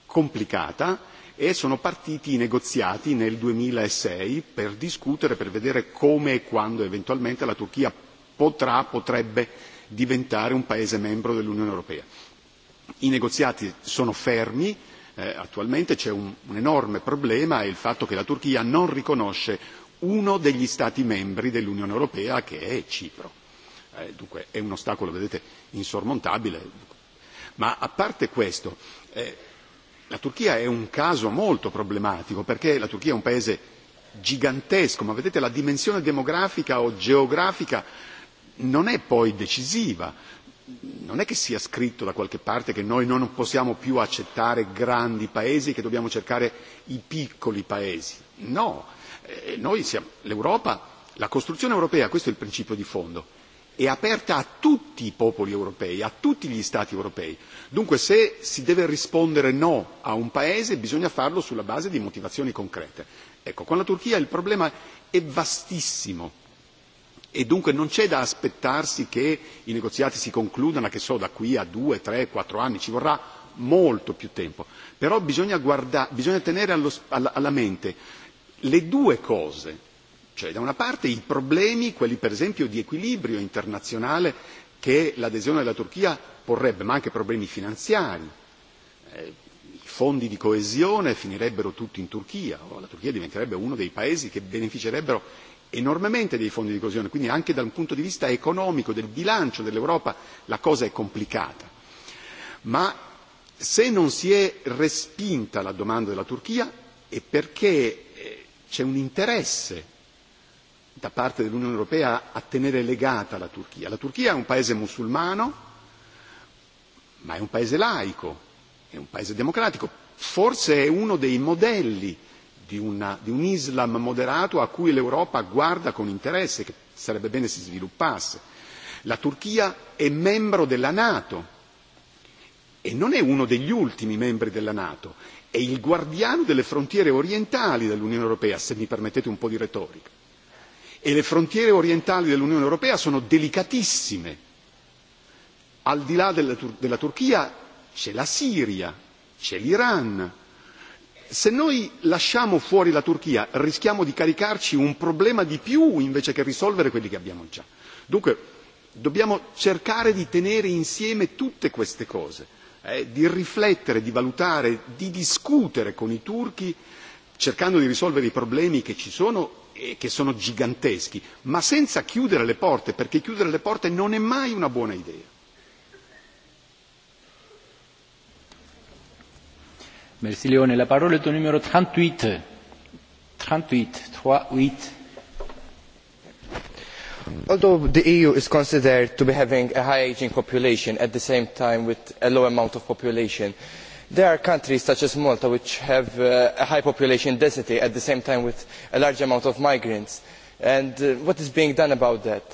complicata, e sono partiti i negoziati nel 2006 per discutere, per vedere come e quando eventualmente la Turchia potrà, potrebbe diventare un paese membro dell'Unione Europea. I negoziati sono fermi, attualmente c'è un enorme problema, è il fatto che la Turchia non riconosce uno degli Stati membri dell'Unione Europea che è Cipro. Dunque è un ostacolo, vedete, insormontabile. Ma a parte questo, la Turchia è un caso molto problematico perché la Turchia è un paese gigantesco, ma vedete la dimensione demografica o geografica non è poi decisiva. Non è che sia scritto da qualche parte che noi non possiamo più accettare grandi paesi e che dobbiamo cercare i piccoli paesi. No, Noi siamo l'Europa la costruzione europea, questo è il principio di fondo, è aperta a tutti i popoli europei, a tutti gli Stati europei. Dunque se si deve rispondere no a un paese bisogna farlo sulla base di motivazioni concrete. Ecco, con la Turchia il problema è vastissimo e dunque non c'è da aspettarsi che i negoziati si concludano, che so, da qui a due, tre, quattro anni, ci vorrà molto più tempo. Però bisogna tenere alla mente le due cose, cioè da una parte i problemi, quelli per esempio di equilibrio internazionale che l'adesione della Turchia porrebbe, ma anche problemi finanziari. I fondi di coesione finirebbero tutti in Turchia, o la Turchia diventerebbe uno dei paesi che beneficerebbero enormemente dei fondi di coesione, quindi anche dal punto di vista economico, del bilancio dell'Europa, la cosa è complicata. Ma se non si è respinta la domanda della Turchia è perché c'è un interesse da parte dell'Unione Europea a tenere legata la Turchia. La Turchia è un paese musulmano, ma è un paese laico, è un paese democratico, forse è uno dei modelli di un Islam moderato a cui l'Europa guarda con interesse, che sarebbe bene si sviluppasse. La Turchia è membro della Nato e non è uno degli ultimi membri della Nato è il guardiano delle frontiere orientali dell'Unione Europea, se mi permettete un po' di retorica. E le frontiere orientali dell'Unione Europea sono delicatissime. Al di là della Turchia c'è la Siria, c'è l'Iran. Se noi lasciamo fuori la Turchia rischiamo di caricarci un problema di più invece che risolvere quelli che abbiamo già. Dunque dobbiamo cercare di tenere insieme tutte queste cose di riflettere, di valutare, di discutere con i turchi cercando di risolvere i problemi che ci sono e che sono giganteschi, ma senza chiudere le porte, perché chiudere le porte non è mai una buona idea. Merci Leone. La parola è numero 38. 38, 38 although the eu is considered to be having a high ageing population at the same time with a low amount of population there are countries such as malta which have a high population density at the same time with a large amount of migrants. what is being done about that?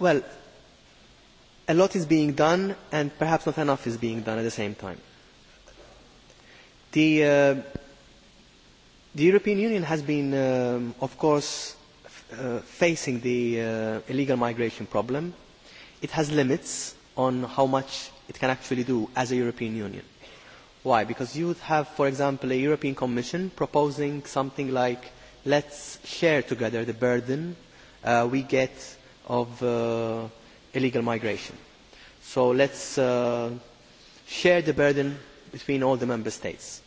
Well, a lot is being done and perhaps not enough is being done at the same time. The European Union has been, of course, facing the illegal migration problem. It has limits on how much it can actually do as a European Union. Why? Because you would have, for example, a European Commission proposing something like, let's share together the burden we get of illegal migration. So let's share the burden between all the member states.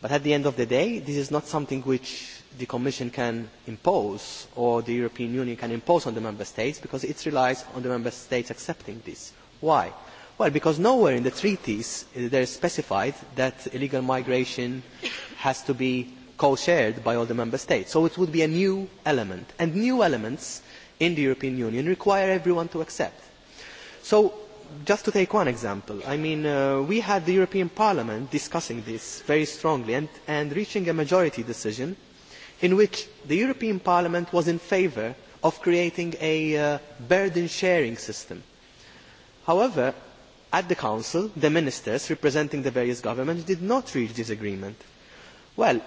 But at the end of the day, this is not something which the Commission can impose or the European Union can impose on the member states because it relies on the member states accepting this. Why? Well, because nowhere in the treaties there is specified that illegal migration has to be co-shared by all the member states. So it would be a new element. And new elements in the European Union require everyone to accept. So just to take one example, I mean we had the European Parliament discussing this very strongly and reaching a majority decision in which the European Parliament was in favour of creating a burden sharing system. However, at the Council, the ministers representing the various governments did not reach this agreement well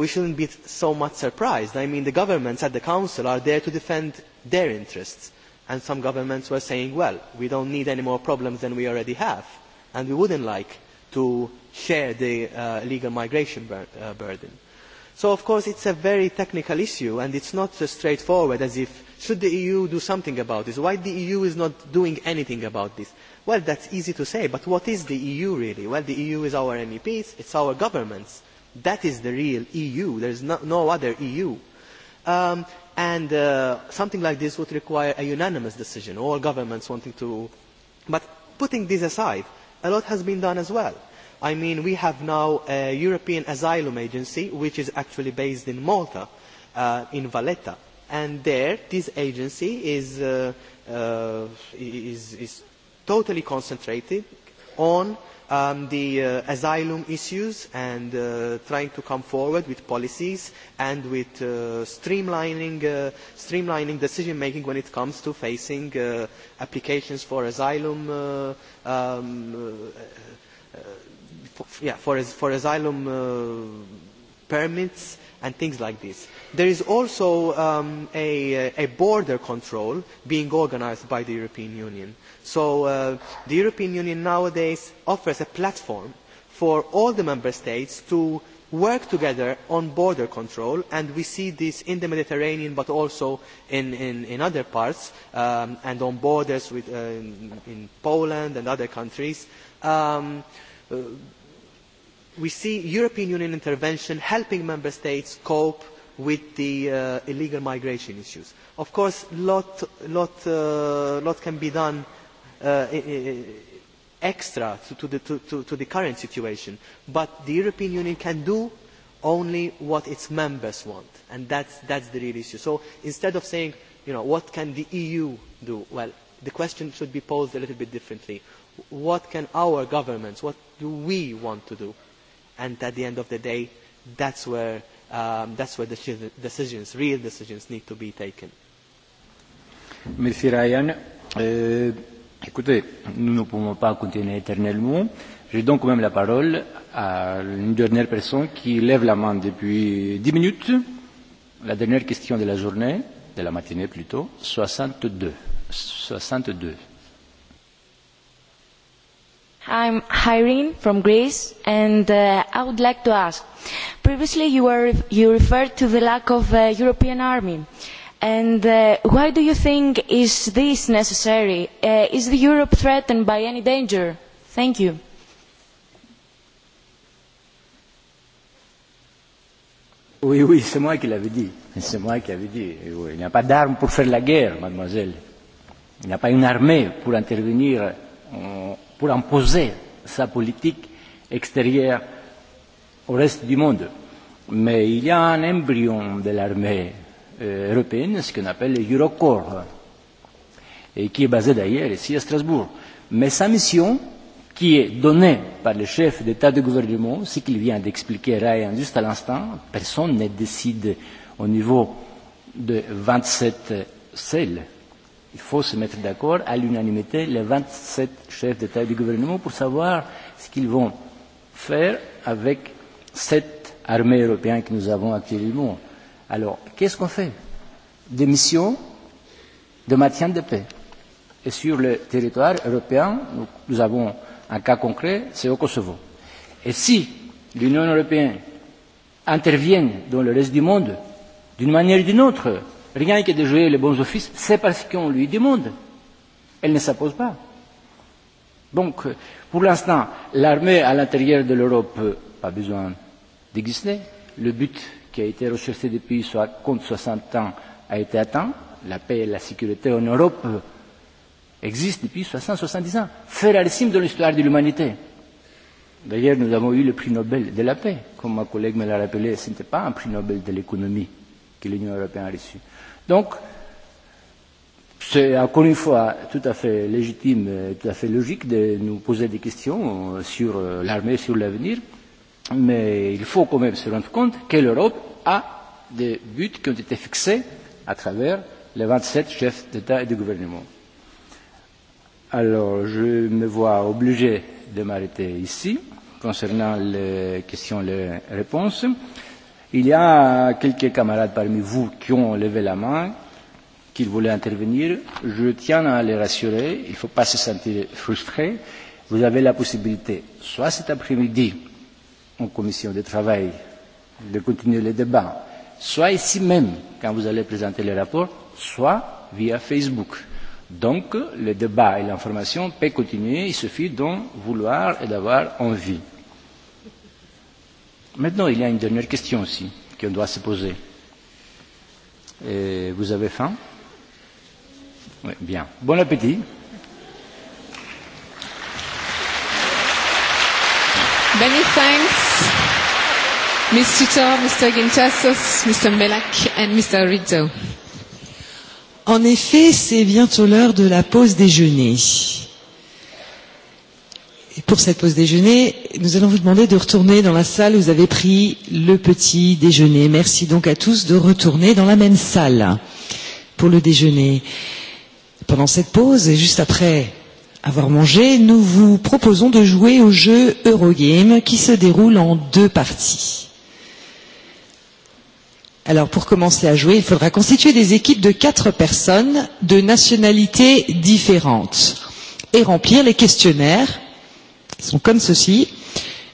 we should not be so much surprised i mean the governments at the council are there to defend their interests and some governments were saying well we not need any more problems than we already have and we not like to share the legal migration burden so of course it is a very technical issue and it is not as straightforward as if should the eu do something about this why the eu is not doing anything about this well that is easy to say but what is the eu really well the eu is our meps it is our governments That is the real EU. There is no other EU. And something like this would require a unanimous decision, all governments wanting to. But putting this aside, a lot has been done as well. I mean, we have now a European Asylum Agency, which is actually based in Malta, in Valletta, and there this agency is totally concentrated on the asylum issues and trying to come forward with policies and with streamlining decision making when it comes to facing applications for asylum for asylum permits and things like this. There is also a border control being organised by the European Union. So the European Union nowadays offers a platform for all the Member States to work together on border control and we see this in the Mediterranean but also in other parts and on borders in Poland and other countries. We see European Union intervention helping Member States cope with the illegal migration issues. Of course, a lot can be done extra to the current situation but the european union can do only what its members want and that's the real issue. so instead of saying what can the eu do well the question should be posed a little bit differently what can our governments what do we want to do and at the end of the day that's where that's where decisions real decisions need to be taken. Écoutez, nous ne pouvons pas continuer éternellement. J'ai donc quand même la parole à une dernière personne qui lève la main depuis 10 minutes. La dernière question de la journée, de la matinée plutôt, 62. 62. I'm Irene from Greece and I would like to ask. Previously you, were, you referred to the lack of a European army. And why do you think is this necessary? Is the Europe threatened by any danger? Thank you. Oui, oui, c'est moi qui l'avais dit. C'est moi qui l'avais dit. Il n'y a pas d'armes pour faire la guerre, mademoiselle. Il n'y a pas une armée pour intervenir, pour imposer sa politique extérieure au reste du monde. Mais il y a un embryon de l'armée européenne, ce qu'on appelle le Eurocorps, et qui est basé d'ailleurs ici à Strasbourg. Mais sa mission, qui est donnée par le chef d'État de gouvernement, ce qu'il vient d'expliquer Ryan juste à l'instant, personne ne décide au niveau de 27 celles. Il faut se mettre d'accord à l'unanimité, les 27 chefs d'État et de gouvernement, pour savoir ce qu'ils vont faire avec cette armée européenne que nous avons actuellement Alors, qu'est-ce qu'on fait Des missions de maintien de paix. Et sur le territoire européen, nous avons un cas concret, c'est au Kosovo. Et si l'Union européenne intervient dans le reste du monde, d'une manière ou d'une autre, rien que de jouer les bons offices, c'est parce qu'on lui demande. Elle ne s'impose pas. Donc, pour l'instant, l'armée à l'intérieur de l'Europe, n'a pas besoin d'exister. Le but qui a été recherché depuis 60 ans a été atteint. La paix et la sécurité en Europe existent depuis 60-70 ans. Fait de de l'histoire de l'humanité. D'ailleurs, nous avons eu le prix Nobel de la paix. Comme ma collègue me l'a rappelé, ce n'était pas un prix Nobel de l'économie que l'Union européenne a reçu. Donc, c'est encore une fois tout à fait légitime, et tout à fait logique de nous poser des questions sur l'armée, sur l'avenir mais il faut quand même se rendre compte que l'Europe a des buts qui ont été fixés à travers les vingt sept chefs d'État et de gouvernement. Alors, je me vois obligé de m'arrêter ici concernant les questions et les réponses. Il y a quelques camarades parmi vous qui ont levé la main, qui voulaient intervenir. Je tiens à les rassurer, il ne faut pas se sentir frustré. Vous avez la possibilité, soit cet après-midi, en commission de travail de continuer le débat, soit ici même quand vous allez présenter le rapport, soit via Facebook. Donc le débat et l'information peuvent continuer, il suffit d'en vouloir et d'avoir envie. Maintenant, il y a une dernière question aussi qu'on doit se poser. Vous avez faim Oui, bien. Bon appétit. Many Mr. and Mr. Rizzo. En effet, c'est bientôt l'heure de la pause déjeuner. Et pour cette pause déjeuner, nous allons vous demander de retourner dans la salle où vous avez pris le petit déjeuner. Merci donc à tous de retourner dans la même salle pour le déjeuner. Pendant cette pause et juste après avoir mangé, nous vous proposons de jouer au jeu Eurogame qui se déroule en deux parties. Alors pour commencer à jouer, il faudra constituer des équipes de quatre personnes de nationalités différentes et remplir les questionnaires qui sont comme ceci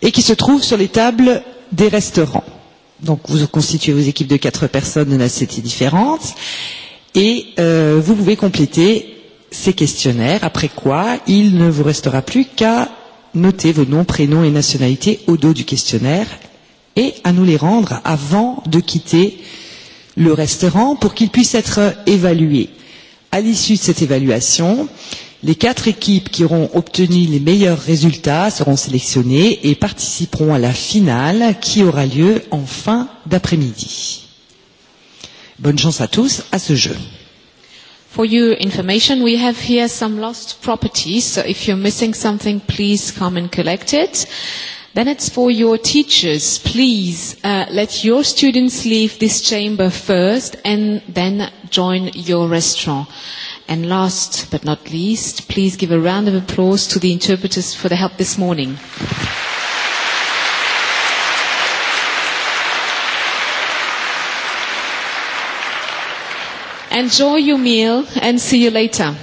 et qui se trouvent sur les tables des restaurants. Donc vous constituez vos équipes de quatre personnes de nationalités différentes et vous pouvez compléter ces questionnaires, après quoi il ne vous restera plus qu'à noter vos noms, prénoms et nationalités au dos du questionnaire et à nous les rendre avant de quitter le restaurant pour qu'ils puissent être évalués. À l'issue de cette évaluation, les quatre équipes qui auront obtenu les meilleurs résultats seront sélectionnées et participeront à la finale qui aura lieu en fin d'après-midi. Bonne chance à tous à ce jeu. For your information, we have here some lost properties, so if you're missing something, please come and collect it. Then it's for your teachers. Please let your students leave this chamber first and then join your restaurant. And last but not least, please give a round of applause to the interpreters for the help this morning. Enjoy your meal and see you later.